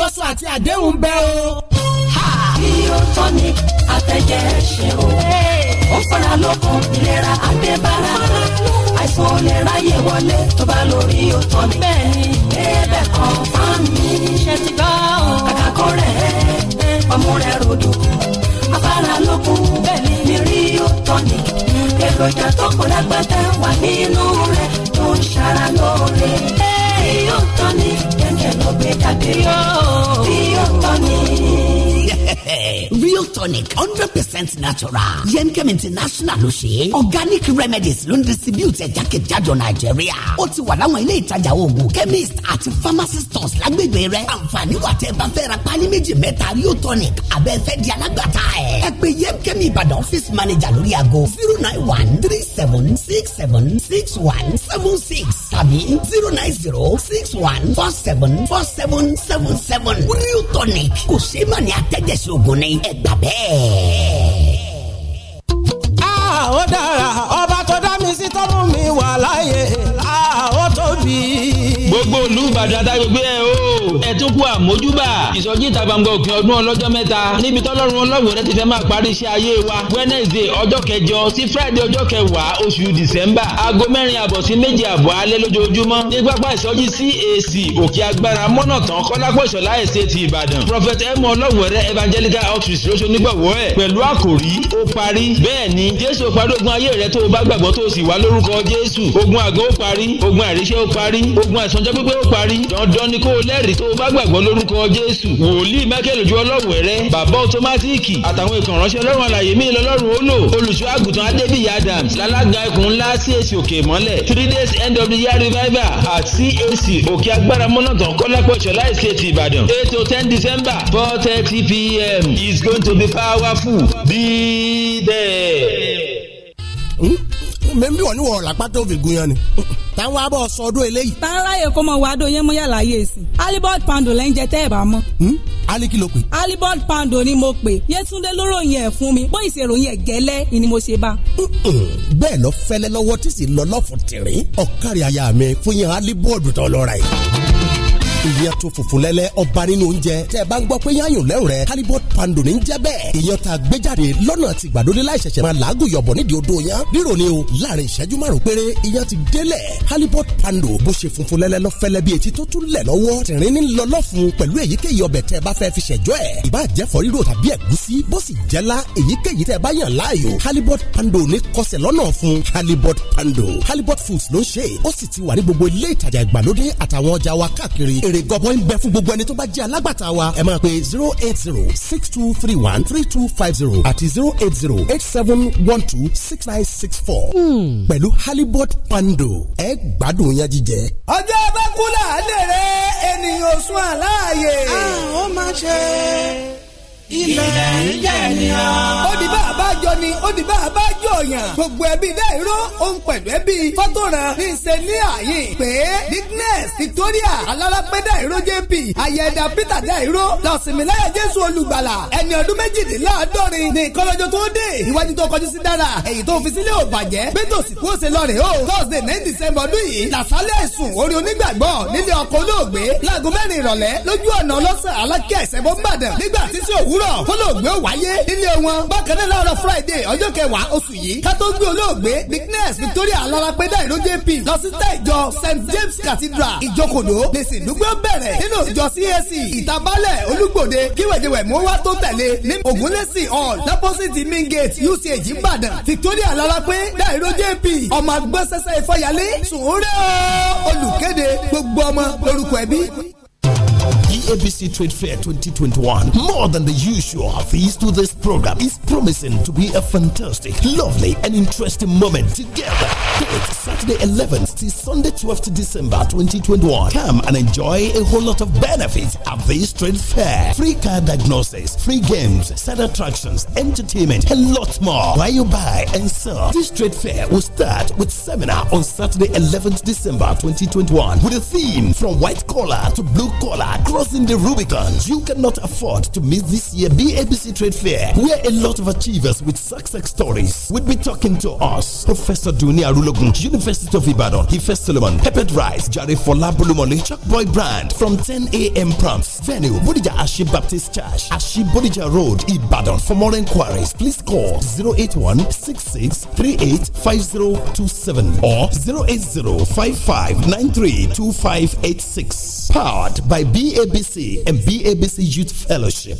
àjọsọ àti àdéhùn bẹ́ẹ̀ o. Biotonic àtẹ̀jẹ́ ṣe o ó fara lókun ìlera àtẹ̀bára àìsàn ò lè ráyè wọlé tó bá lórí Biotonic. bẹ́ẹ̀ni bẹ́ẹ̀ kan fáàmì ṣe ti gbọ́ o kàkà kó rẹ̀ ọmú rẹ̀ rodo afara lókun bẹ́ẹ̀ni ni mm. èròjà tó kọ́ lágbàtà wà nínú rẹ̀ tó ń ṣara lóore tí yóò tọ́ ni kẹ̀kẹ́ ló gbé jáde yóò tí yóò tọ́ real tonic hundred percent natural yemkem international ló ṣe organic remedies ló ń distribute ẹ̀ jákèjádò nàìjíríà ó ti wà láwọn ilé ìtajà oògùn chemist àti pharmacy stores lágbègbè rẹ àǹfààní wà tẹ́ bá fẹ́ ra pálí méjì mẹ́ta real tonic abẹ́ fẹ́ di alágbàtà ẹ̀ ẹ pé yemkem ìbàdàn office manager lórí aago zero nine one three seven six seven six one seven six tàbí zero nine zero six one four seven four seven seven seven real tonic kò ṣe é mà ní atẹ́jẹsí ṣoògùn ni ẹ gbà bẹ́ẹ̀. a ó dára ọba tó dá mi sí tó mi wà láàyè ó tóbi gbogbo olùbàdàn àtàgbègbè ẹ̀ o ẹ̀ tún kú àmójúbà ìsọjí ìta gbangba òpin ọdún ọlọ́jọ́ mẹ́ta níbi tọ́lọ́run ọlọ́run rẹ ti fẹ́ máa parí iṣẹ́ ayé wa wednesday ọjọ́ kẹjọ sí friday ọjọ́ kẹwàá oṣù december aago mẹ́rin àbọ̀ sí méje àbọ̀ alẹ́ lójoojúmọ́ ní pápá ìsọjí cac òkè agbára mọ́nàtàn kọ́lápọ̀ ìṣọ̀lá ẹ̀sẹ̀ ti ìbàdàn prophet emu ọlọ́wẹ̀rẹ̀ evangelical outreach lóṣù nígbàwọ́ ẹ̀ pẹ̀lú àkòrí ó parí bẹ́ẹ̀ ni jésù parí ogun ayé rẹ tó o bá gbàgbọ́ tó o sì wá lórúkọ jésù ogun àgọ́ ó ọjọ́ pípé ó parí dandan ni kó o lẹ́rìí tó o bá gbàgbọ́ lórúkọ Jésù wòlíì Michael ojú ọlọ́wọ̀ rẹ bàbá ọtọmátìkì àtàwọn ìkànránṣẹ́ ọlọ́run àlàyé mi lọ́lọ́run ó lò olùṣọ́ àgùntàn Adébíyì Adams lálága ikùn ńlá CAC òkè ìmọ́lẹ̀ three days end of the year revival at CAC òkè agbára mọ́nàtàn kọ́lápọ̀ ṣọlá ìṣètì Ìbàdàn eight to ten December four thirty pm is going to be powerful be there. Hmm? mẹ́mbí wọ̀ ní wọ̀ làpá tó fi táwọn abọ́ sọ eléyìí. tá a mọ wàá dó yẹn mú sí. alibod pando lẹ́ ń jẹ tẹ́ ẹ̀ bá mọ́. Hmm? ali ló pè. alibod pando ni mo pè yétúndé lóró yẹn fún mi bó ìṣèròyìn ẹ̀ gẹ́lẹ́ ni mo ṣe bá. bẹ́ẹ̀ lọ fẹ́lẹ́ lọ́wọ́ tí sì lọ lọ́fọ̀ọ́ tẹ̀rín ọ̀kárí aya mi fún yẹn alibod tó lọ́ra yìí ìyẹn tó funfun lẹ́lẹ́ ọba nínú oúnjẹ tẹ́ ẹ bá ń gbọ́ pé yáyùn lẹ́rù rẹ halibut pando ní jẹ́ bẹ́ẹ̀ ìyẹn tá a gbé jáde lọ́nà àti ìgbàlódé láìṣẹ̀ṣẹ̀ máa làágùn yọ̀bọ̀ nídìí odò yẹn rírò ni o láàrin ìṣẹ́jú márùn péré ìyẹn ti délẹ̀ halibut pando bó ṣe funfun lẹ́lẹ́ lọ fẹ́lẹ́ bí etí tó tún lẹ̀ lọ́wọ́ tìrín ní lọ lọ́fun pẹ̀lú èyíkéyìí ọbẹ̀ tẹ́ ẹ èrè gọbọi ń bẹ fún gbogbo ẹni tó bá jẹ́ alágbàtà wa ẹ máa pe zero eight zero six two three one three two five zero àti zero eight zero eight seven one two six nine six four hmm. pẹ̀lú halibut pando ẹ gbádùn yẹn jíjẹ. ọjọ́ bá kú làálẹ̀ ènìyàn sún àlàyé. àwọn máa ṣe é ilẹ̀ ìjẹ́ ni a. ó di bá a bá jọ ni ó di yàn. gbogbo ẹbí dẹ́ irọ́ pẹ̀lú ẹbí fọ́tòràn ní sẹ́nià yìí pé dignes victoria alárápẹ́ dẹ́ jp ayẹ̀dà peter dẹ́ irọ́ lọ́sìmìláyà jésù olùgbàlà ẹni ọdún méjìléláàádọ́rin ní kọ́lọ́jọ tó dé ìwájú tó kọjú sí dára èyí tó fi sílẹ̀ ò bẹ́tòsí kú ó ṣe o thursday 9 december ọdún yìí làṣálẹ̀ ẹ̀sùn orí onígbàgbọ́ nílé ọkọ̀ olóògbé láago mẹ́rin ìrọ̀lẹ́ lójú ọ̀nà ọlọ́sàn alákẹ́ ẹ̀sẹ̀ bó ń bàdàn nígbà òwúrọ̀ fọlọ́ọ̀gbé ò wáyé nílé wọn bákan náà láàárọ̀ friday ọjọ́ kẹwàá oṣù yìí ká tó gbé olóògbé bigness victoria alarapẹ dairo jp lọ sí tẹ́ ìjọ st james cathedral ìjókòdó lè sì dúpẹ́ bẹ̀rẹ̀ nínú ìjọ cac ìtabalẹ̀ olúgbòde kíwèjèwè mú wá tó tẹ̀lé ní ògúnlẹ́sìn hall lọ́pọ̀sìtì main gate uch ìbàdàn victoria alarapẹ dairo jp ọmọ agbọ́sẹsẹ ìfọyàlé sùn ó rẹ́ olùkéde gbogbo ọmọ lórúkọ ẹbí. The EABC Trade Fair 2021. More than the usual fees to this program is promising to be a fantastic, lovely, and interesting moment together. Date Saturday 11th to Sunday 12th December 2021. Come and enjoy a whole lot of benefits at this trade fair. Free car diagnosis, free games, sad attractions, entertainment, and lots more. Why you buy and sell. This trade fair will start with seminar on Saturday 11th December 2021 with a theme from white collar to blue collar crossing the Rubicon. You cannot afford to miss this year BABC Trade Fair, where a lot of achievers with success stories will be talking to us. Professor Duni Arulogun, University of Ibadan, Ife Solomon, Peppered Rice, Jare Folabulumole, Chuck Boy Brand, from 10 a.m. prompts. Venue, Bodija Ashi Baptist Church, Ashi Bodija Road, Ibadan. For more inquiries, please call 081 66 or 080 5593 2586. Powered by BABC BABC and BABC Youth Fellowship.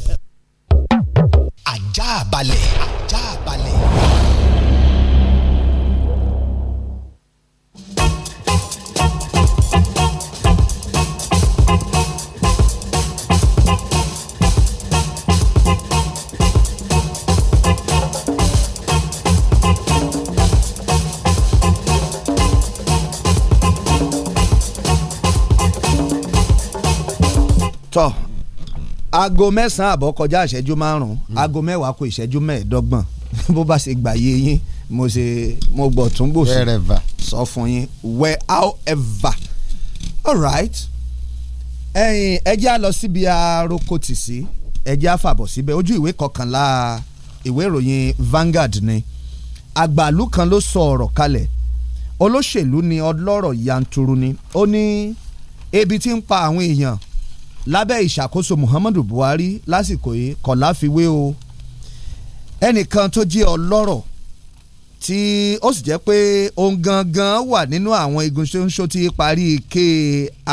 aago mẹ́sàn-án àbọ̀ kọjá ìṣẹ́jú márùn-ún hmm. aago mẹ́wàá kó ìṣẹ́jú mẹ́ẹ̀ẹ́dọ́gbọ̀n bó bá ṣe gbàyè yín mo ṣe mo gbọ̀ tún gbò sọ fún yín where however alright ẹyin ẹjẹ́ á lọ síbi aroko tì sí ẹjẹ́ á fàbọ̀ síbẹ̀ ojú ìwé kọkànlá ìwé ìròyìn Vanguard ni àgbàlú kan ló sọ ọ̀rọ̀ kalẹ̀ olóṣèlú ni ọlọ́rọ̀ yanturu ni ó ní ebi tí ń pa àwọn èèyàn lábẹ́ ìṣàkóso Muhammadu Buhari lásìkò yìí kọ̀ láfiwé o ẹnìkan tó jẹ́ ọlọ́rọ̀ tí ó sì jẹ́ pé òun gangan wà nínú àwọn igun ṣoṣo ti parí ike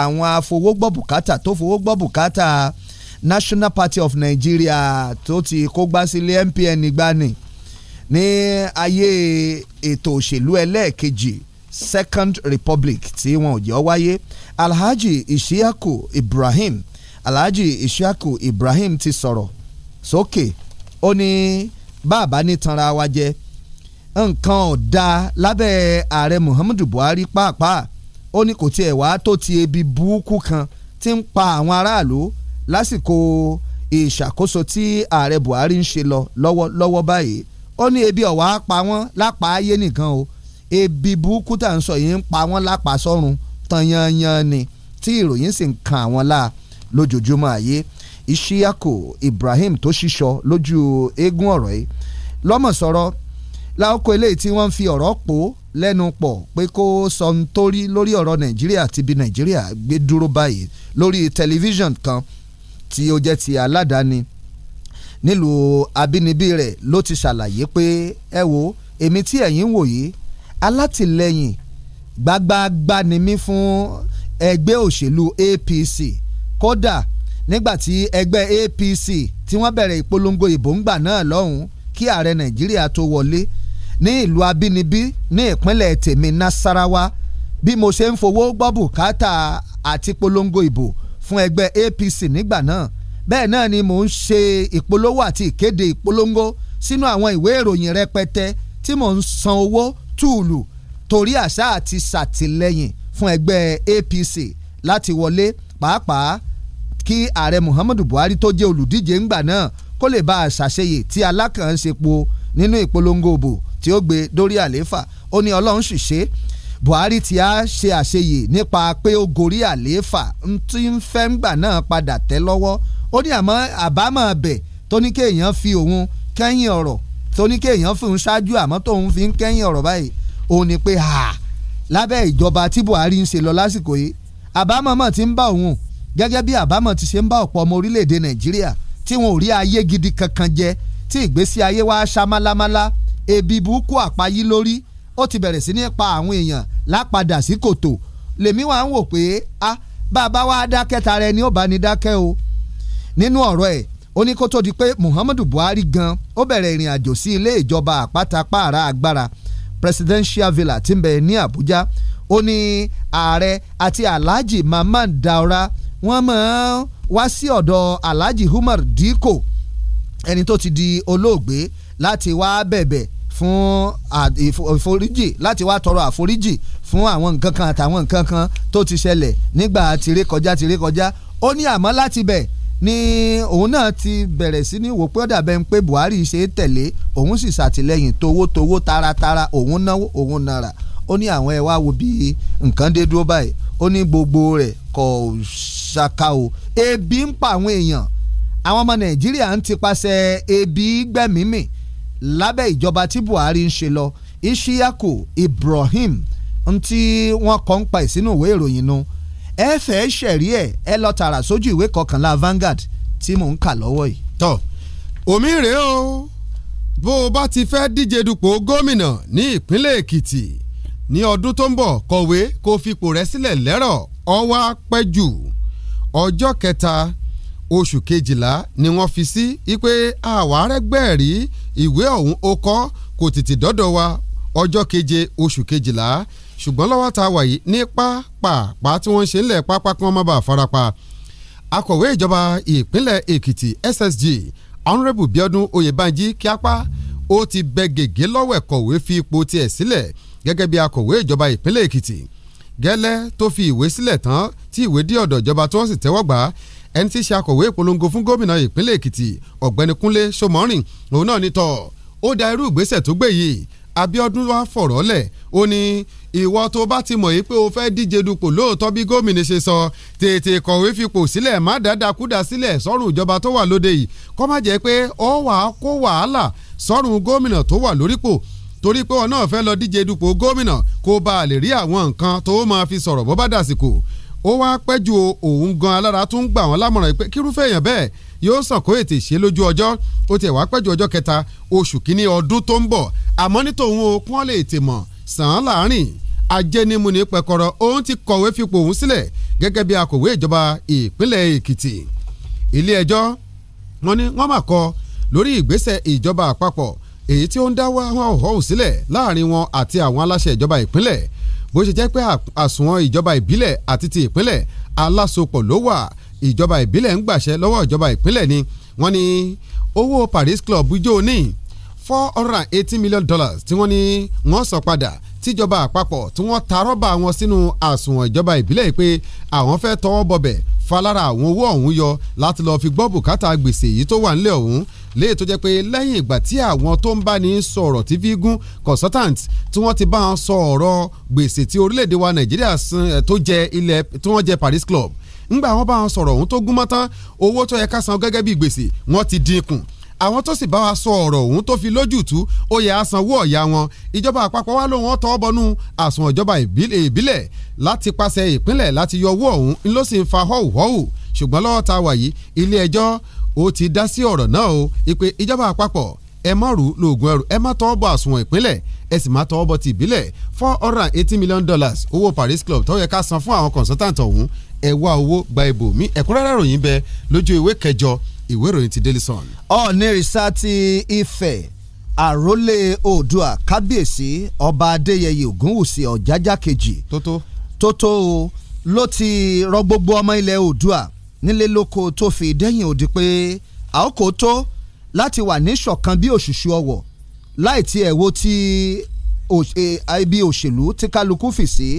àwọn afowógbọ́ tó fowógbọ́ National Party of Nigeria tó ti kógbá sílé NPN gbani ní ayé ètò òṣèlú ẹlẹ́ẹ̀kejì Second Republic tí wọn ò jẹ́ wáyé Alhaji Ishiyaku Ibrahim Alhaji Ishaku Ibrahim ti sọ̀rọ̀ sókè ó ní bàbá ní tanra wa jẹ nǹkan ò dáa lábẹ́ ààrẹ Muhammadu Buhari pàápàá ó ní kò tiẹ̀ wá tó ti ebi burúkú kan ti ń pa àwọn aráàlú lásìkò ìṣàkóso tí ààrẹ Buhari ń ṣe lọ lọ́wọ́lọ́wọ́ báyìí ó ní ebi ọ̀wá pa wọ́n lápá ayé nìkan o ebi burúkú tá à ń sọ yìí ń pa wọ́n lápá sọ́run tanyanyan ni tí ìròyìn sì ń kan àwọn láà lójoojúmọ́ ayé Ishiyaku Ibrahim tó ṣíṣọ lójú eégún ọ̀rọ̀ yìí lọ́mọ̀ sọ̀rọ̀ láòkó eléyìí tí wọ́n fi ọ̀rọ̀ pò lẹ́nu pọ̀ pé kó sọ̀n torí lórí ọ̀rọ̀ Nàìjíríà ti bí Nàìjíríà gbé dúró báyìí lórí tẹlifíṣàn kan tí ó jẹ́ ti aládàáni nílùú abínibí rẹ̀ ló ti ṣàlàyé pé ẹ wo èmi tí ẹ̀yin ń wò yìí alátìlẹyìn gbágbáágbá ni mí fún ẹgbẹ́ òṣèlú APC kódà nígbà tí ẹgbẹ́ APC tí wọ́n bẹ̀rẹ̀ ìpolongo ìbò ńgbà náà lọ́hùn kí ààrẹ Nàìjíríà tó wọlé ní ìlú abínibí ní ìpínlẹ̀ tèmi Nasarawa bí mo ṣe ń fowó gbọ́ bùkátà àti polongo ìbò fún ẹgbẹ́ APC nígbà náà bẹ́ẹ̀ náà ni mò ń ṣe ìpolówó àti ìkéde ìpolongo sínú àwọn ìwé ìròyìn rẹpẹtẹ tí mò ń san owó túùlù torí àṣà àti ṣàtìlẹ́yìn fún ẹgbẹ́ APC láti wọlé pàápàá kí ààrẹ Muhammadu Buhari tó jẹ́ olùdíje ńgbà náà kó lè bá a ṣàṣeyè tí alákànṣepo nínú ìpolongo òbò tí ó gbé dórí àlééfà ó ní ọlọ́run ṣìṣe Buhari ti a ṣe àṣeyè nípa pé ó gorí àlééfà tí ń fẹ́ ńgbà náà padà tẹ́ lọ́wọ́ ó ní àmọ́ àbámọ̀ bẹ̀ tó ní kéèyàn fi òun kẹ́yìn ọ̀rọ̀ tó ní kéèyàn fi òun ṣáájú àmọ́ tóun fi ń kẹ́yìn ọ̀rọ̀ báyìí òun ni pé ha lábẹ́ ìjọba tí Buhari ń ṣe lọ lásìkò yìí àbámọ̀ mọ̀ ti ń bá òun gẹ́gẹ́ bí àbámọ̀ ti ṣe ń bá ọ̀pọ̀ ọmọ orílẹ̀-èdè nàìjíríà tí wọn ò rí ayé gidi kankan jẹ tí ìgbésí ayé wa ṣá málámálá ebi burúkú àpáyí lórí ó ti bẹ̀rẹ̀ sí ní pa àwọn èèyàn lápadà sí kòtò lèmi wà ń wò pé ah, a bàbá wa dákẹ́ tara ẹni ó bá ní dákẹ́ o nínú ọ̀rọ̀ ẹ̀ ó ní kó tó di pé Muhammadu Buhari gan ó bẹ̀rẹ̀ ìrìn àjò sí ilé ìjọba àpáta pààrà agbára presidential villa tí ń bẹ ní Abuja ó ní ààrẹ àti Alhaji Mamman Daura wọ́n máa wá sí ọ̀dọ̀ Alhaji Umar Dikko ẹni tó ti di olóògbé láti wá bẹ̀bẹ̀ fún àforíjì láti wá tọrọ àforíjì fún àwọn nǹkan kan àtàwọn nǹkan kan tó ti ṣẹlẹ̀ nígbà tiré kọjá tiré kọjá ó ní àmọ́ láti bẹ̀ ni òun náà ti bẹ̀rẹ̀ sí ní wò pé ó dàbẹ̀ ń pé Buhari ṣe é tẹ̀lé òun sì ṣàtìlẹ́yìn towótowó taratara òun náwó òun nara ó ní àwọn ẹ wá wo bí nǹkan dé dúró báyìí ó ní gbogbo rẹ̀ kò ṣàkà o ebi ń pa àwọn èèyàn àwọn ọmọ nàìjíríà ń tipasẹ̀ ebi gbẹ̀mímì lábẹ́ ìjọba tí buhari ń ṣe lọ ishiyaku ibrahim ntí wọ́n kọ́ ń pa ìsínú ìwé ìròyìn nu ẹ fẹ́ ṣẹ̀rí ẹ̀ ẹ lọ tààrà sójú ìwé kọkànlá Vanguard tí mò ń kà lọ́wọ́ yìí. tọ́ omi rèé o bó o bá ti fẹ́ díje dupò gómìnà ní ìpínlẹ̀ èkìtì ní ọdún tó ń bọ̀ kọ̀wé kó fipò rẹ̀ sílẹ̀ lẹ́rọ̀ ọwá pẹ́ jù ọjọ́ kẹta oṣù kejìlá ni wọ́n fi sí wípé àwárẹ́gbẹ́ẹ̀rí ìwé ọ̀hún ó kọ́ kò tètè dọ́dọ̀ wa ọjọ́ keje oṣù kejìlá ṣùgbọ́n lọ́wọ́ tá a wà yìí ní pápá tí wọ́n ń ṣe ńlẹ̀ pápá kí wọ́n má bàa farapa akọ̀wé ìjọba ìpínlẹ̀ èkìtì ssg honourable biodun oyèbánjí kíápá ó ti bẹ gègé lọ́wọ́ ẹ̀kọ́wé fi ipò tiẹ̀ sílẹ̀ si gẹ́gẹ́ bí akọ̀wé ìjọba ìpínlẹ̀ Èkìtì gẹ́lẹ́ tó fi ìwé sílẹ̀ tán tí ìwé dí ọ̀dọ̀ ìjọba tí wọ́n sì tẹ́wọ́ gbà á ẹni tí í ṣe akọ̀wé ìpolongo fún gómìnà ìpínlẹ̀ Èkìtì ọ̀gbẹ́ni Kúnlé Ṣomọ́rìn òun náà ní tọ̀ ó da irú ìgbésẹ̀ tó gbé yìí Abíọ́dún wa fọ̀rọ̀ lẹ̀ ó ní ìwọ tó bá ti mọ̀ yìí pé o fẹ́ díje dupò lóòótọ́ bí gómìnà ṣe sọ tètè kọ̀wé fipò sílẹ̀ má dáadáa kúdà sílẹ̀ sọ́rùn ìjọba tó wà lóde yìí kó má jẹ́ pé ọ wàá kó wàhálà sọ́rùn gómìnà tó wà lórípò torí pé wọn náà fẹ́ lọ díje dupò gómìnà kó bá a lè rí àwọn nǹkan tó máa fi sọ̀rọ̀ bó bá dàsìkò ó wáá pẹ́jù òun gan alára tún gbà wọ́n lámọ̀ràn pé kírúfẹ́ èèyàn bẹ́ẹ̀ yóò sànkó ètè ṣe lójú ọjọ́ ó tiẹ̀ wáá pẹ́jù ọjọ́ kẹta oṣù kínní ọdún tó ń bọ̀ àmọ́ ní tòun o kún ọ́ lè tè mọ̀ sàn án láàrin ajẹnimúni pẹkọrọ òun ti kọ̀wé fipò òun sílẹ̀ gẹ́gẹ́ bí akọ̀wé ìjọba ìpínlẹ̀ Èkìtì ilé ẹjọ́ wọn ni wọ́n mà kọ lórí ìgbésẹ̀ ìjọba àpapọ̀ èyí tí ó ń dá wáhọ́họ́ sílẹ̀ láàrin wọn àti àwọn aláṣẹ ìjọba ìpínlẹ̀ bó ṣe jẹ́ pé àsùnwọ̀n ìjọba ìbílẹ̀ àti ti ìpínlẹ̀ alásopọ̀ ló wà ìjọba ìbílẹ̀ ń gbàṣẹ lọ́wọ́ ìjọba ìpínlẹ̀ ni wọ́n ní owó Paris Club ijó ní four hundred and eighty million dollars tí wọ́n ní wọ́n sọ padà tíjọba àpapọ̀ tí wọ́n ta rọ́bà wọn sínú àsùnwọ̀n ìjọba ìbílẹ̀ pé àwọn fẹ́ tọwọ́ bọbẹ̀ falára àwọn owó ọ̀hún yọ láti lọ́ọ́ fi gbọ́ bùkátà gbèsè yìí tó wà nílẹ̀ ọ̀hún léè tó jẹ́ pé lẹ́yìn ìgbà tí àwọn tó ń bá ní sọ̀rọ̀ tí fi consultant tí wọ́n ti bá wọn sọ gbèsè tí orílẹ̀-èdè wa Nàìjíríà san eh, tó jẹ ilẹ̀ tí wọ́n jẹ Paris Club ńgbà wọn bá wọn sọ̀rọ̀ òun tó gún mọ́ tán owó tó yẹ ká san gẹ́gẹ́ bí gbèsè wọ́n ti dínkù àwọn tó sì bá wa sọ ọ̀rọ̀ ọ̀hún tó fi lójútùú ó yẹ àsanwó ọ̀yà wọn ìjọba àpapọ̀ wa lóun ọ̀tọ̀ bọnú àsùnwọ̀n ìjọba ìbílẹ̀ láti pàṣẹ ìpínlẹ̀ láti yọ owó ọ̀hún ló fa họ́wùhọ́wù ṣùgbọ́n lọ́wọ́ ta wà yìí ilé ẹjọ́ ó ti dá sí ọ̀rọ̀ náà o ìpè ìjọba àpapọ̀ ẹ má rú lóògùn ẹrù ẹ má tọwọ́ bọ̀ àsùnwọ̀n ìpínlẹ̀ ẹ sì má tọwọ́ bọ̀ ti ìbílẹ̀ four hundred and eighty million dollars owó Paris Club tó yẹ ká san fún àwọn consultant ọ̀hún ẹ wá owó gba ibò mí ẹ̀kúnrẹ́rẹ́ ròyìn bẹ lójú ìwé kẹjọ ìwé ìròyìn ti Daily Sun. ọ̀ọ́nì rìsá ti Ifẹ̀ àrólé oòdùà kábíyèsí ọba adéyẹyè ògúnwùsì ọ̀jájá kejì tótó tótó ló ti rọ gbogbo ọmọ ilẹ̀ oòdùà nílé lóko tó fi dẹ́yìn òdi pé àókò tó láti wà ní ṣọ̀kan bí òṣùṣù ọwọ̀ láì tí ẹ̀ wo ti e, ibi òṣèlú tí kálukú fì sí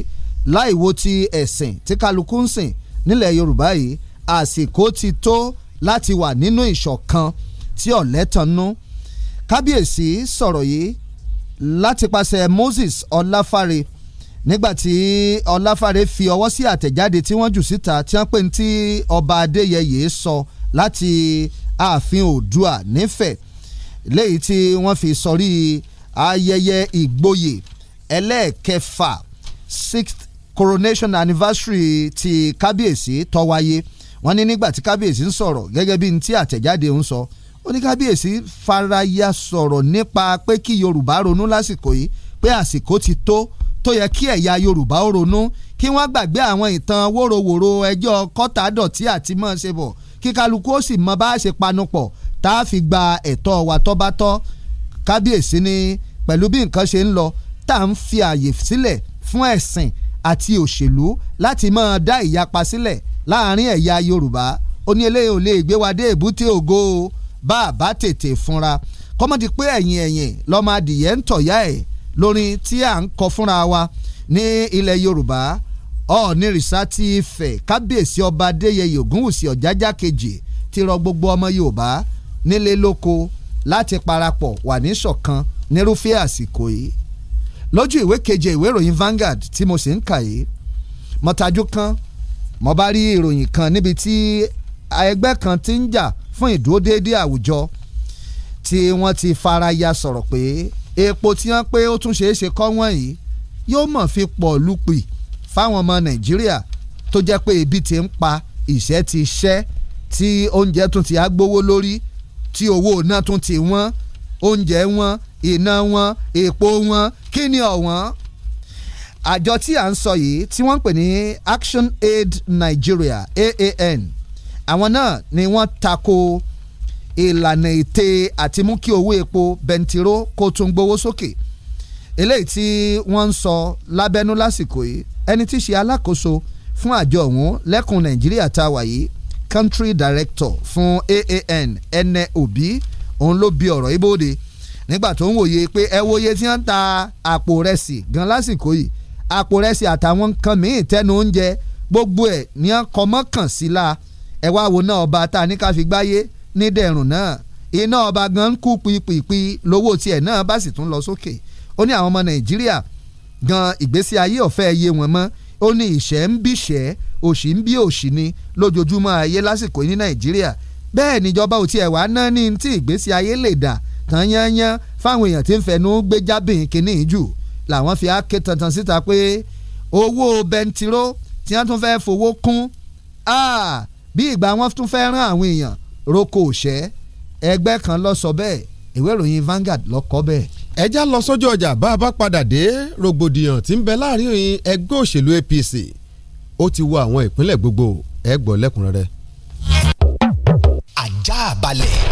láì wo ti ẹ̀sìn tí kálukú ń sìn nílẹ̀ Yorùbá yìí àsìkò ti tó láti wà nínú ìṣọ̀kan tí ọ̀lẹ́tànú kábíyèsí sọ̀rọ̀ yìí láti pàṣẹ Moses Ọláfáre nígbàtí ọláfàrẹ fi ọwọ́ sí àtẹ̀jáde tí wọ́n jù síta tí wọ́n pè ní tí ọba adéyẹyẹ sọ láti ààfin oòdùà nífẹ̀ẹ́ léyìí tí wọ́n fi sọrí ayẹyẹ ìgboyè ẹlẹ́ẹ̀kẹfà sixth coronation anniversary ti kábíyèsí tó wáyé wọ́n ní nígbà tí kábíyèsí ń sọ̀rọ̀ gẹ́gẹ́ bí ti àtẹ̀jáde ń sọ ó ní kábíyèsí faraya sọ̀rọ̀ nípa pé kí yorùbá ronú lásìkò yìí pé àsìkò ti tó tó yẹ kí ẹ̀yà Yorùbá ó ronú kí wọ́n gbàgbé àwọn ìtàn wóróworó ẹjọ́ kọ́tàdọ̀tí àti mọ́ ṣe bọ̀ kí kálukú ó sì mọ bá a ṣe panupọ̀ tá a fi gba ẹ̀tọ́ wa tọ́ bá tọ́ kábíyèsí ni pẹ̀lú bí nǹkan ṣe ń lọ tá à ń fi àyè sílẹ̀ fún ẹ̀sìn àti òṣèlú láti máa dá ìyapa sílẹ̀ láàrin ẹ̀yà Yorùbá ó ní eléyìí ò lè gbé wa dé èbúté ògo bá a bá tètè fúnra kọ́mọ́dé pé ẹ̀yìn ẹ̀yìn lọ́mọ adìyẹ ń tọ̀yá ẹ̀ lórin tí à ń kọ fúnra wa ní ilẹ̀ Yorùbá ọ̀ọ́ni rìsá ti fẹ̀ kábíyèsí ọba adéyẹyè ògúnwùsì ọ̀jájá kejì ti rọ gbogbo ọmọ Yorùbá nílé lóko láti parapọ̀ wà ní ṣọ̀kan nírúfẹ́ àsìkò yìí lójú ìwé keje ìwé ìròyìn Vanguard tí mo sì ń kà yìí mọ̀tàjú kan mo bá rí ìròyìn kan níbi tí ẹgbẹ́ kan ti ń jà fún ìdúródédé àwùjọ tí wọ́n ti faraya sọ̀rọ̀ pé epo tí wọ́n pé ó tún ṣeé ṣe kọ́ wọ́n yìí yóò mọ̀ fi pọ̀ lùpì fáwọn ọmọ nàìjíríà tó jẹ́ pé ebi ti ń pa ìṣẹ́ ti ṣẹ́ tí oúnjẹ tún ti á gbówó lórí tí owó iná tún ti wọ́n oúnjẹ wọn iná wọn epo wọn kí ni ọ̀wọ́n àjọ tí à ń sọ yìí tí wọ́n pè ní Action Aid Nigeria AAN àwọn náà ni wọ́n tako ìlànà ète àti mú kí owó epo bẹntiró kó tún gbowó sókè eléyìí tí wọ́n ń sọ lábẹ́nú lásìkò yìí ẹni tí ṣe alákòóso fún àjọ ọ̀hún lẹ́kùn nàìjíríà tá a wà yìí country director fún AAN ẹnẹ òbí òun ló bi ọ̀rọ̀ ibòde nígbà tó ń wòye pé ẹ wòye tí wọ́n ń ta àpò rẹsì gan lásìkò yìí àpò rẹsì àtàwọn nǹkan míì tẹnu oúnjẹ gbogbo ẹ̀ ní ọkọ̀ mọ́kànsílá ẹ̀ wá wo náà ọba tá a ní ká fi gbáyé ní dẹ̀rùn náà iná ọba gan ń kú pípípí lówó tiẹ̀ náà bá sì tún lọ sókè ó ní àwọn ọmọ nàìjíríà gan ìgbésí ayé ọ̀fẹ́ yé wọn mọ́ ó ní ìṣẹ́ ń bí ìṣẹ́ òṣì ń bí òṣì ni lójoojúmọ́ ayé lásìkò ní nàìjíríà bẹ́ẹ̀ níjọba ò tiẹ̀ wá ná ní tí ìgbésí ayé lè dà tán yányán fáwọn èèyàn tí ń fẹnu gbé jábìn kínní jù làwọn fi áké tantan síta pé owó bẹntiró tí wọ́n tún fẹ́ fowó kún bí ìgbà wọn tún fẹ́ rán àwọn èèyàn roko òṣẹ́ ẹgbẹ́ kan lọ sọ bẹ́ẹ̀ ìwé ìròyìn Vanguard ló kọ bẹ́ẹ̀. ẹja lọ sójú ọjà bá a bá padà dé rògbòdìyàn tí ń bẹ láàrin ẹgbẹ́ òṣèlú APC ó ti wọ àwọn ìpínlẹ̀ gbogbo ẹ gbọ́ lẹ́kùnrẹ́rẹ́. ajá balẹ̀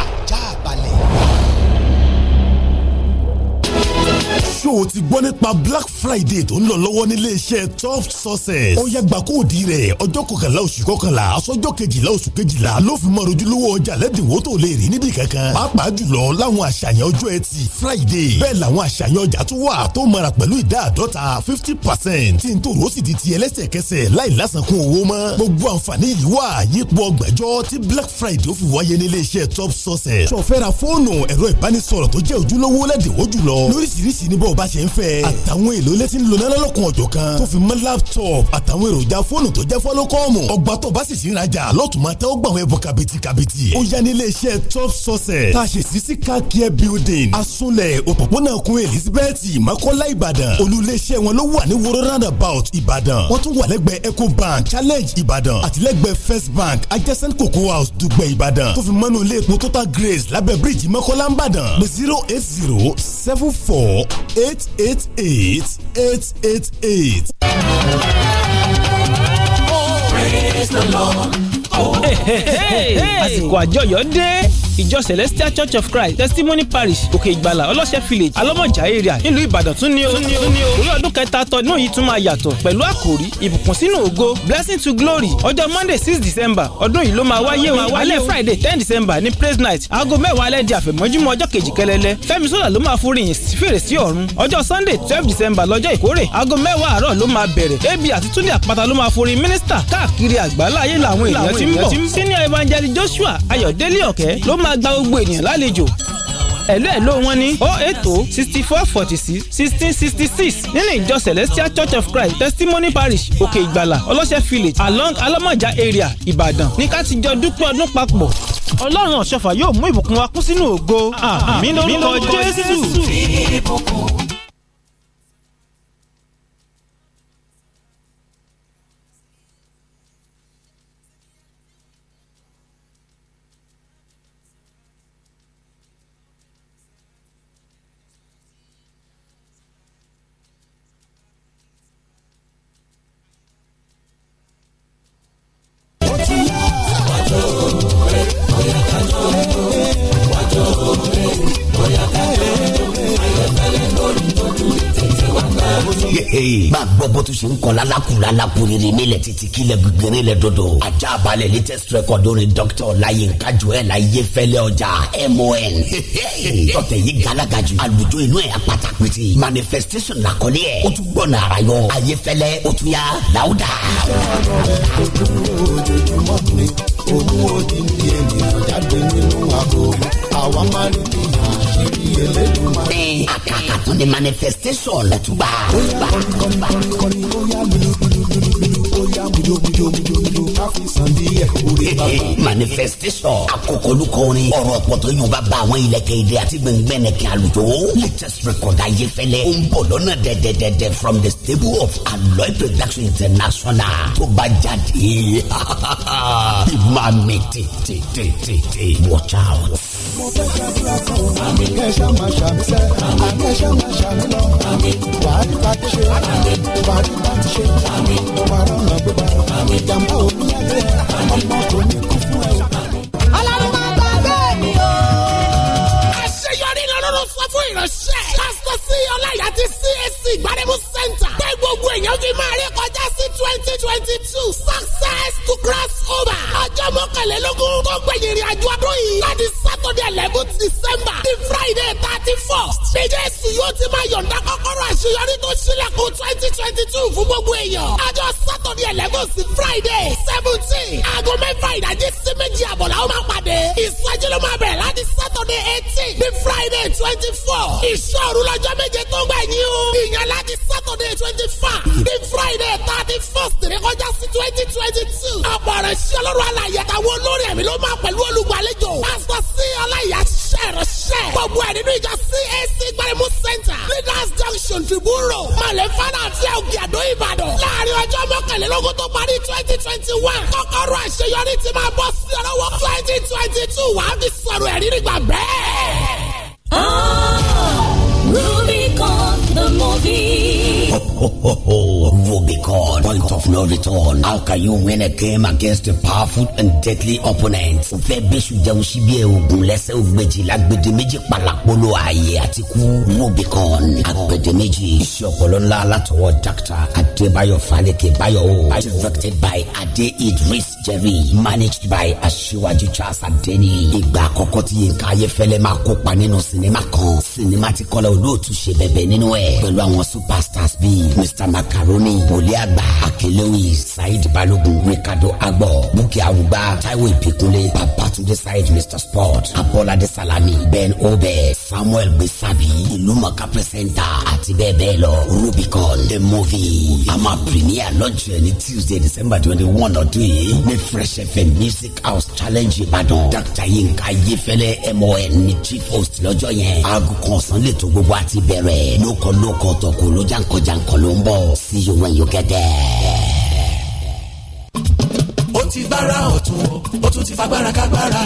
ṣó o ti gbọ́ nípa black friday tó ń lọ lọ́wọ́ nílé iṣẹ́ top success. ó yá gbà kóòdì rẹ̀ ọjọ́ kọkànlá oṣù kọkànlá aṣọ́jọ́ kejìlá oṣù kejìlá ló fi mọ ojúlówó ọjà lẹ́dínwó tó lè rí níbi kankan. pàápàá jùlọ láwọn àṣàyàn ọjọ́ ẹtì friday bẹ́ẹ̀ làwọn àṣàyàn ọjà tó wà tó mara pẹ̀lú ìdá àdọ́ta fifty percent tí n tó rò sì di ti ẹlẹ́sẹ̀kẹsẹ̀ láì lásàkún owó mọ́. gbogbo àǹfààní yìí wà yípo ọgbẹ̀jọ́ tí black friday ó fi wáyé nílé iṣẹ́ top success. sọfẹ́ra fóònù ẹ̀rọ ìbánisọ̀rọ̀ tó jẹ́ ojúlówó bá ṣe ń fẹ́. àtàwọn èlò ilé tí ń lona lọ́lọ́kun ọ̀jọ̀ kan tó fi mọ́ laptop àtàwọn èròjà fóònù tó jẹ́ fọ́lọ́kọ́ọ̀mù ọgbà tó bá sì sí ìrajà lọ́tùmọ̀ tẹ́ ó gbà wọ́n ẹ̀bùn kàbìtì kàbìtì. ó yá ní iléeṣẹ́ top success tá a ṣe sí sí car building asunlẹ̀ òpópónà kun elizabeth makola ìbàdàn olú iléeṣẹ́ wọn ló wà ní woro roundabout ìbàdàn wọ́n tún wà lẹ́gbẹ̀ẹ́ ecobank challenge ìbàdàn àtìlẹ́gbẹ̀ẹ́ first bank adjacent cocoa house dùgbẹ̀ ìbàdàn tó fi mọ́nú grace lábẹ́ bíríìjì makola ìbàdàn zero eight zero seven four eight eight eight eight eight eight. Praise the Lord. Oh, hey, hey, hey, hey. àsìkò àjọyọ̀ ìjọ celestial church of christ testimony parish òkè ìgbàlà ọlọ́ṣẹ́ village alọ́mọjà area nílùú ìbàdàn tún ní o orí ọdún kẹta tọdún yìí tún máa yàtọ̀ pẹ̀lú àkòrí ìbùkún sínú ògo blessing to glory ọjọ́ monday six december ọdún yìí ló máa wáyé o alẹ́ friday ten december ní praise night aago mẹ́wàá alẹ́ di àfẹ̀mọ́júmọ́ ọjọ́ kejì kẹlẹ́lẹ́ fẹ́mi sọ́là ló máa foríyìn fèrèsé ọ̀run ọjọ́ sunday twelve december lọ́jọ́ ìkórè aago mẹ́wàá àárọ̀ ló máa bẹ̀rẹ̀ ab àti túnde àpáta ló máa forin mínísítà káàkiri àgbáláyé làwọn èèyàn ti ń bọ̀ senior evangelist joshua ayọ̀délé ọ̀kẹ́ ló m máa gba gbogbo ènìyàn lálejò ẹ̀lú ẹ̀lú wọn ní oh eight oh sixty four forty six sixteen sixty six nínú ìjọ celestial church of christ testimony parish òkè ìgbàlà ọlọ́sẹ̀ village along alọ́mọjà area ìbàdàn ní ká ti jọ dúpẹ́ ọdún papọ̀ ọlọ́run ọ̀ṣọ́fà yóò mú ìbùkún wa kún sínú ògo àmì lórúkọ jésù. bá a gbọ́ bó tún ṣe ń kọ́ lálákùn lálákùn rere nílẹ̀ títí kílẹ̀ gbẹ̀rẹ̀ lẹ̀ dodo ajá balẹ̀ latest record orin doctor ọláyínká joel ayéfẹ́lẹ́ ọjà mon tọ́tẹ̀ yìí galagaju àlùjọ inú ẹ̀ apata pété manifestation làkọ́lé ẹ̀ ó tún gbọ́nà ara yọ ayéfẹ́lẹ́ ó tún yá láwùdà. ojoojúmọ́ ni ogún òdì ní ènìyàn jáde nínú àgọ́ àwa máa ń bí àkàkà tó ní manifestation lẹ́tùgbà. manifestation àkókò olùkọ́ orin ọ̀rọ̀ ọ̀pọ̀tọ̀ yóò bá bá àwọn ilẹ̀kẹ̀ ilé àti gbẹ̀ngbẹ̀ nìkẹ́ àlùjọ. latest record ayéfẹ́lẹ́ ó ń bọ̀ lọ́nà dẹ̀dẹ̀dẹ̀dẹ̀ from the stable of Aloy production international tó bá jáde. ìmọ̀ àmì tètè tètè watch out amin, fẹ́ gbàdúrà kan o. kẹ́sà máa ṣàmì sẹ́ kẹ́sà máa ṣàmì lọ. wàhálì bá ti ṣe wàhálì bá ti ṣe wàhálà ọ̀nà gbégbá. ìjàmbá òbí yàgbé ọmọ kò ní kú fún ẹ. ọlọ́run ló sọ fún ìránṣẹ́. pásítọ̀ sí ọláyà ti CAC gbaremu center. pé gbogbo èèyàn fi máa rí kọjá sí twenty twenty two success to cross over. ọjọ́ mọ́kànlélógún tó gbẹ̀yìn ìrìn àjò ọdún yìí. láti saturday eleven december di friday thirty first. ní jésù yóò ti máa yọ̀ǹda kọ́kọ́rọ́ àṣeyọrí tó ṣílẹ̀kùn twenty twenty two fún gbogbo èèyàn. ọjọ́ saturday eleven sí friday seventeen. aago mẹ́fà ìdájí sí méjì àbọ̀là ó máa pàdé. ìsọjí ló máa bẹ̀rẹ̀ láti saturday eighteen di friday twelve twenty four. ìṣòro lọ́jọ́ méje tó gbà yín o. ìyànlá ti Saturday twenty five. ní Friday thirty first rékọjá sí twenty twenty two. àpọ̀rẹ̀ sí ọlọ́run àlàyé àtàwọn olórí ẹ̀mí ló máa pẹ̀lú olùgbàlejò. pásítọ̀ sí ọláyà ṣiṣẹ́ ìránṣẹ́. gbogbo ẹ̀ nínú ìjọ CAC gbaremu center. leaders junction tribune road. malẹ̀ fana àti ọ̀gì àdó Ìbàdàn. láàrin ọjọ́ mọ́kànlélógún tó parí twenty twenty one. kọ́kọ́rọ́ àṣeyọrí ti máa bọ́ sí ọlọ́wọ́ twenty twenty two wàá fi sọ̀rọ̀ ẹ̀rí nígbà bẹ́ẹ̀. Ah, Rubicon the movie. Ho, ho, ho, Rubicon, point of no return. How can you win a game against a powerful and deadly opponent? O fẹ́ bẹ́sù jẹun síbi ẹ̀ẹ́dùn lẹ́sẹ̀ ògbèjì lágbèdè méjì palàpolo ààyè àti kú Rubicon. Àgbèdè méjì iṣẹ́ ọpọlọ ńlá látọwọ́ Dr. Adébáyọ̀ Fálékè Báyọ̀ o. Directed by Adé Idris jerry managed by aṣíwájú charles adeni. ìgbà àkọ́kọ́ tí yinka ayéfẹ́lẹ́ máa kópa nínú sinimá kan sinimá tí kọ́lá olóòtú ṣe bẹ̀bẹ̀ nínú ẹ̀ pẹ̀lú àwọn superstars bíi mr macaroni wòlé àgbà akelewi saheed balogun ricardo agbo bukki awugba taiwo ìpèkúnlé babatunde saheed mr sport abolade salami ben obe samuel gbèsàbí ìlúmọ̀ká pẹ̀sẹ̀ntà àti bẹ́ẹ̀ bẹ́ẹ̀ lọ rubicon the movie a máa pè ní àlọ́jọ́ ní tuesday december twenty one ọdún yìí ní fresh fm music house challenge ìbàdàn dr yinka yefẹlẹ mon ní chief host lọ́jọ́ yẹn aago kan ọ̀sán lẹ́tọ̀ gbogbo àti bẹ̀rẹ̀ lóko lóko tọkọ ló jàǹkọ jàǹkọ ló ń bọ̀ see you when you get there ti gbára ọ̀tún ó tún ti fagbára kágbára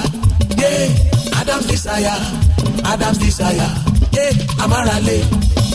yé yeah. Adam's Desire Adam's Desire yé yeah. amárale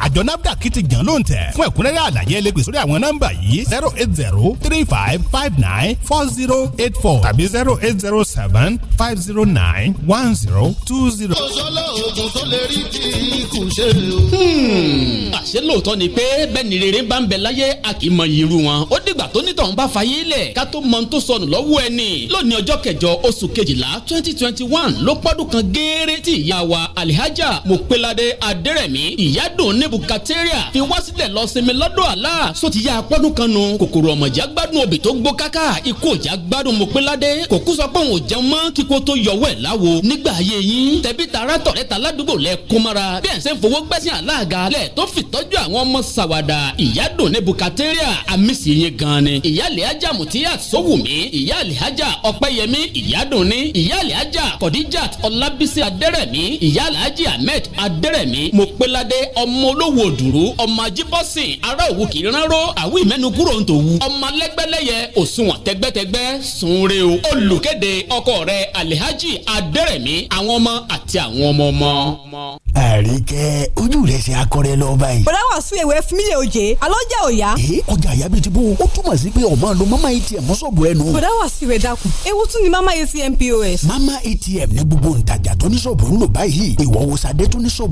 á àjọ nafdac ti jàn ló ń tẹ̀ fún ẹ̀kúnrẹ́rẹ́ àlàyé ẹ sórí àwọn nọ́mbà yìí zero eight zero three five five nine four zero eight four tàbí zero eight zero seven five zero nine one zero two zero. ọ̀ṣọ́lá oògùn tó lè rí tí kò ṣe o. Hmm. àṣé lóòótọ́ ni pé bẹ́ẹ̀ ni rere bá ń bẹ láyé a kì í mọ irú wọn ó dìgbà tó nítọ̀hún bá fayé lẹ̀ ká tó mọ tó sọnù lọ́wọ́ ẹni lónìí ọjọ́ kẹjọ oṣù kejìlá twenty twenty one ló pọ́dún kan gééré tí ìyá wa alihaja mopelade adérẹ̀mí ìyá dùn nebukadneria fi wá sílẹ̀ lọ sinmi lọ́dọ̀ àlá só ti yá apọ́dún kan nu kòkòrò ọ̀mọ̀já gbádùn obì tó gbó káká ikú òjá gbádùn mọ̀pẹ́ládé kòkú sọ pé òun ò jẹun mọ́ kíkó tó yọwọ́ ẹ̀ láwo nígbà ayé yín tẹ̀bí tara tọ̀rẹ́ta ládùúgbò lẹ kó mara bí ẹ̀ ń ṣe ń fowó gbẹ́sìn àláàga lẹ̀ tó fi tọ́jú àwọn ọmọ sàwàdà ìyádùn nebukadneria àmísì yín gan ni ìyáàlẹ̀ ajá mùtíyà sówùmí ìyáàlẹ̀ ajá ọ̀pẹ́yẹmí ìyádùn ni ìyáàlẹ̀ ajá kọ̀díjàt ọlábísí adẹ́rẹ̀mí ìyáàlẹ̀ ajá ahmed adẹ́rẹ̀mí mọ̀pẹ́ládé ọmọ olówó òdùrú ọmọ ajíbọ́sìn ará òwú kì í ránró àwí ìmẹ́nu kúrò ń tòwú ọmọ alẹ́gbẹ́lẹ́yẹ òṣùwọ̀n tẹ́gbẹ́tẹ́gbẹ́ sùn re o olùkéde ọkọ rẹ̀ alihaji adẹ́rẹ̀mí àwọn ọmọ àti àwọn ọmọ ọmọ. àríkẹ́ ojú rẹ̀ ṣe akọrẹ lọ báyìí. bọ̀dá wà sún ewé fún mi lè oje alọ́ jẹ́ òya. ee ọjà àyà bíi ti bó o túmọ̀ sí pé ọmọ lo mama atm mọ́sọ̀bù ẹnu. bọ̀dá wà sí ìwé dàkún ewu tún ni mama atm pos. mama atm ní gbogbo ntajà tó ń lò báyìí ìwọ wo sadé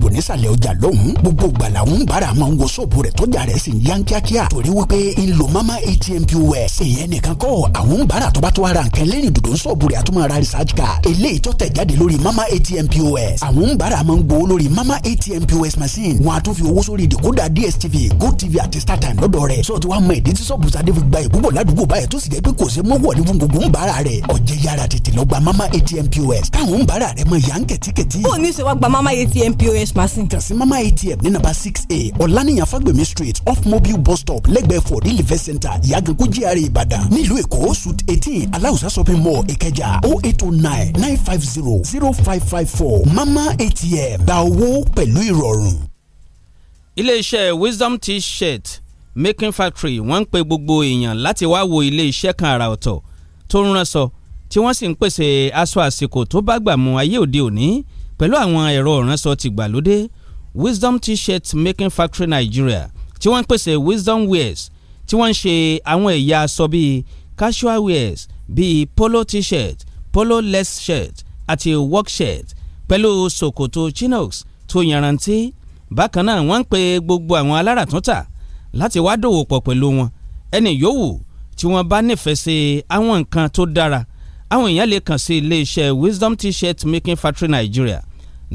nísàlẹ̀ ọjà lọ́hùn-ún gbogbo gbà ìgbà làwọn bára máa ń wo ṣọ́ọ̀bù rẹ̀ tọ́jà rẹ̀ sì ń yan kíákíá torí wípé ń mama atm pos ìyẹn nìkan kọ́ àwọn bára tó tó ara nǹkan lẹ́yìn dòdò ṣọ́ọ̀bù rẹ̀ àtúmọ̀ ara research card eléyìí tó tẹ̀ jáde lórí mama atm pos àwọn bára máa ń gbowó lórí mama atm pos machine wọn a tún fi owó sórí ìdìkúdà dstv gotv àti startime lọ́dọ̀ rẹ̀ sọ ti wá mọ ìdí tí ṣọ́ọ̀bù sadé fi gba ìbúbọ̀ ládùúgbò báyìí tó sì jẹ́ pé kò six a ọ̀lànìyàn fagbemi street off mobile bus stop lẹ́gbẹ̀ẹ́ for the live center ìyàgànkú gra ìbàdàn nílùú èkó suit eighteen aláùsá shopping mall ìkẹjà o oh eight o oh nine nine five zero zero five five four mama atm gba owó pẹ̀lú ìrọ̀rùn. iléeṣẹ́ wisdom t-shirt making factory wọ́n ń pe gbogbo èèyàn láti wá wo iléeṣẹ́ kan àrà ọ̀tọ̀ tó ń ránṣọ tí wọ́n sì ń pèsè aṣọ àsìkò tó bá gbà mu ayé òde òní pẹ̀lú àwọn ẹ̀rọ ìránṣọ tìgbàlódé wisdom t-shirt making factory nigeria tí wọ́n ń pèsè wisdom wears tí wọ́n ń ṣe àwọn ẹ̀yà aṣọ bíi casual wears bíi polo t-shirt polo less shirt àti work shirt pẹ̀lú ṣòkòtò chinos tó yanrantí bákan náà wọ́n ń pe gbogbo àwọn aláràtúntà láti wá dòwò pọ̀ pẹ̀lú wọn ẹni yòówù tí wọ́n bá nífẹ̀ẹ́ sí àwọn nǹkan tó dára àwọn èèyàn lè kàn sí iléeṣẹ́ wisdom t-shirt making factory nigeria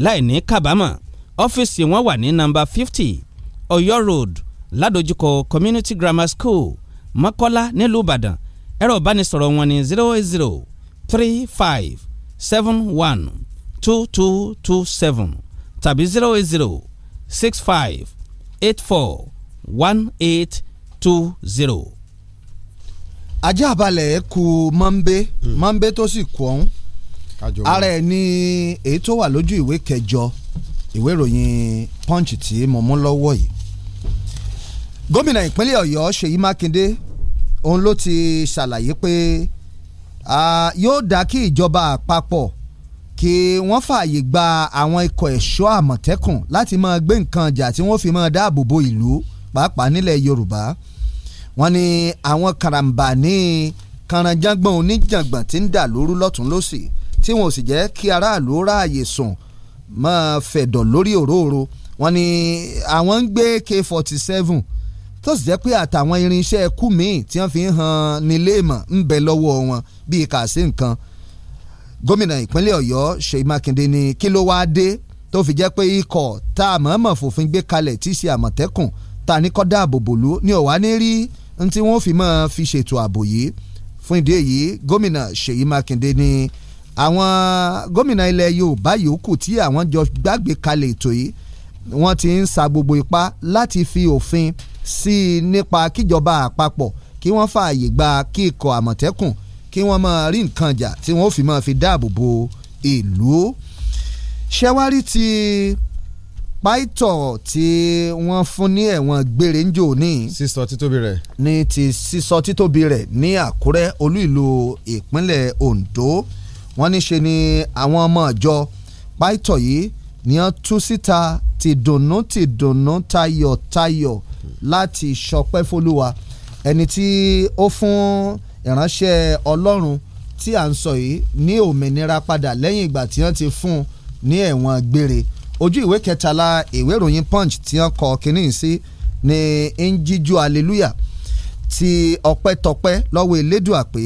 láì ní kábàámọ̀ ọ́fíìsì wọn wà ní nọ́mbà fifty Ọ̀yọ́ road ládojúkọ community grammar school Mọ́kọ́lá nílùú Ìbàdàn ẹ̀rọ ìbánisọ̀rọ̀ wọn ní zero eight zero three five seven one two two two seven tàbí zero eight zero six five eight four one eight two zero. ajá balẹ̀ kù mọ́ńbé hmm. mọ́ńbé tó sì kù ọ̀hún ara ẹ̀ ní èyí tó wà lójú ìwé kẹjọ ìwé ìròyìn punch tí mo mú lọ́wọ́ yìí gómìnà ìpínlẹ̀ ọ̀yọ́ ṣèyí mákindé òun ló ti ṣàlàyé pé yóò dá kí ìjọba àpapọ̀ kí wọ́n fààyè gba àwọn ikọ̀ ẹ̀ṣọ́ àmọ̀tẹ́kùn láti máa gbé nǹkan ọjà tí wọ́n fi máa dáàbò bo ìlú pàápàá nílẹ̀ yorùbá wọ́n ní àwọn karambà ní kàràǹjàngbọ̀n oníjàngbọ̀n ti ń dà lóru lọ́tún lọ́sì tí wọn ò sì jẹ́ kí aráàlú ráàyè sùn máa fẹ̀dọ̀ lórí òróró wọn ni àwọn ń gbé K47 tó sì jẹ́ pé àtàwọn irinṣẹ́ ẹkú míì tí wọ́n fi ń han nílé ìmọ̀ ń bẹ lọ́wọ́ wọn bíi kàṣí nǹkan gómìnà ìpínlẹ̀ Ọ̀yọ́ Ṣèyí Mákindé ní kí ló wáá dé tó fi jẹ́ pé ikọ̀ tá a mọ̀ọ́mọ̀ fòfin gbé kalẹ̀ tí í ṣe àmọ̀tẹ́kùn ta ní kọ́dá àbòbòlú ni ọ̀wá ní rí ní tí wọ́n fi máa fi ṣètò ààbò yìí fún ìdí èyí gómìnà Ṣèyí Mákindé ní àwọn gómìnà ilẹ̀ Yorùbá yòókù tí àwọn jọ gbàgbé kalẹ̀ ètò yìí wọ́n ti ń sa gbogbo ipá láti fi òfin sí i nípa kíjọba àpapọ̀ kí wọ́n fààyè gba kí ikọ̀ àmọ̀tẹ́kùn kí wọ́n máa rí nǹkan jà tí wọ́n fi máa fi dáàbò bo ìlú. ṣẹ́wárí ti pàìtọ̀ tí wọ́n fún ní ẹ̀wọ̀n gbére ń jò ní. sísọ títóbi rẹ̀. ní ti sísọ títóbi rẹ̀ ní Àkúrẹ́ olú ìlú ìpínlẹ̀ Ondo wọ́n ní ṣe ni àwọn ọmọ ìjọ pító yìí ni wọ́n tú síta ti dùnnú ti dùnnú tayọ̀tayọ̀ láti ṣọpẹ́ fólúwa ẹni tí ó fún ìránṣẹ́ ọlọ́run tí à ń sọ yìí ní òmìnira padà lẹ́yìn ìgbà tí wọ́n ti fún un ní ẹ̀wọ̀n gbére ojú ìwé kẹtàlá ìwé ìròyìn punch tí wọ́n kọ kínní sí ni ń jíjú aleluya ti ọpẹ́tọpẹ́ lọ́wọ́ elédùà pé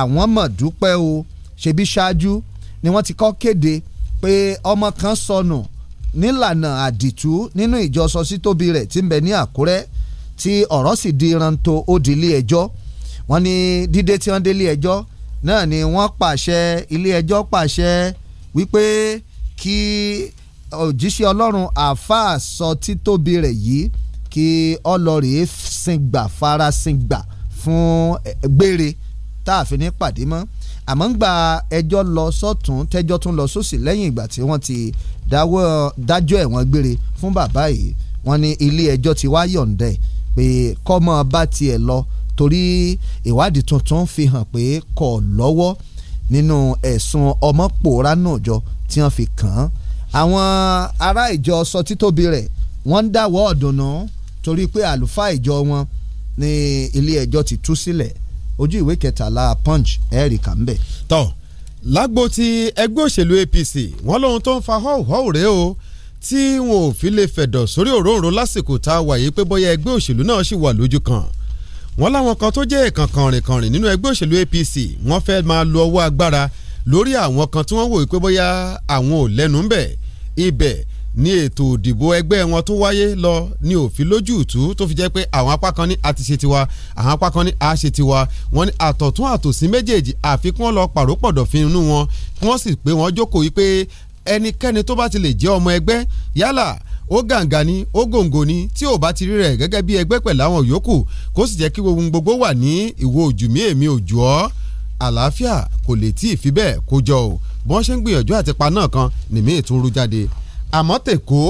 àwọn mọ̀ dúpẹ́ o ṣebí ṣáájú ni wọ́n ti kọ́ kéde pé ọmọ kan sọnù nílànà àdìtú nínú ìjọ sọsítóbi rẹ̀ tí ń bẹ ní Àkúrẹ́ tí ọ̀rọ̀ sì di ìrànto ó di ilé ẹjọ́ wọ́n ní dídé tí wọ́n dé ilé ẹjọ́ náà ni wọ́n pàṣẹ ilé ẹjọ́ pàṣẹ wípé kí òjíṣẹ́ Ọlọ́run àáfàá sọ títóbi rẹ̀ yìí kí ọlọ́rìí sìngbà farasingbà fún gbére tá a fi ní pàdé mọ́ àmọ́ ń gba ẹjọ́ lọ sọ́tún tẹ́jọ́ tún lọ sósì lẹ́yìn ìgbà tí wọ́n ti dájọ́ ẹ̀wọ̀n gbére fún bàbá yìí wọ́n ní ilé ẹjọ́ ti wá yọ̀ǹda ẹ̀ pé kọ́mọ bá tiẹ̀ lọ torí ìwádìí tuntun fi hàn pé kò lọ́wọ́ nínú ẹ̀sùn ọmọ pòórá náà jọ tí wọ́n fi kàn án àwọn ará ìjọ sọ títóbi rẹ̀ wọ́n ń dáwọ́ ọ̀dùnnú torí pé àlùfáà ìjọ wọn ní ilé ẹjọ́ ti tú sílẹ̀ si ojú ìwé kẹtàlá punch Eric ńbẹ̀. tọ́ lágbo ti ẹgbẹ́ òṣèlú APC wọ́n lóhun tó ń fa họ́ọ̀họ́ rèé o tí wọn ò fi lè fẹ̀dọ̀ sórí òróǹro lásìkò tá a wà yìí pé bóyá ẹgbẹ́ òṣèlú náà ṣì wà lójú kan wọ́n láwọn kan tó jẹ́ ìkànkànrìnkànrìn nínú ẹgbẹ́ òṣèlú APC wọ́n fẹ́ máa lo ọwọ́ agbára lórí àwọn kan tí wọ́n wòye pé bóyá àwọn ò lẹ́nu ń ibẹ̀ ní ètò òdìbò ẹgbẹ́ wọn tó wáyé lọ ní òfin lójúùtú tó fi jẹ́ pé àwọn apá kan ní a ti ṣe tiwa àwọn apá kan ní a ṣe tiwa wọ́n ní àtọ̀tún àtòsí méjèèjì àfikún lọ pàrópọ̀dọ̀ fi inú wọn wọ́n sì pé wọ́n jókòó yìí pé ẹnikẹ́ni tó bá ti lè jẹ́ ọmọ ẹgbẹ́ yálà ó gàǹgà ni ó gòǹgò ni tí ò bá ti rí rẹ̀ gẹ́gẹ́ bí ẹgbẹ́ pẹ̀lú àwọn yòókù kó sì jẹ́ kí gbogbo wà ní ìwọ ojú mi èmi ojú ọ́ àlàáfíà kò lè tí ì fi bẹ́ẹ̀ kó jọ o bọ́n ṣe ń gbìyànjú àti pa náà kan nìmí ìtúrú jáde àmọ́ tèkó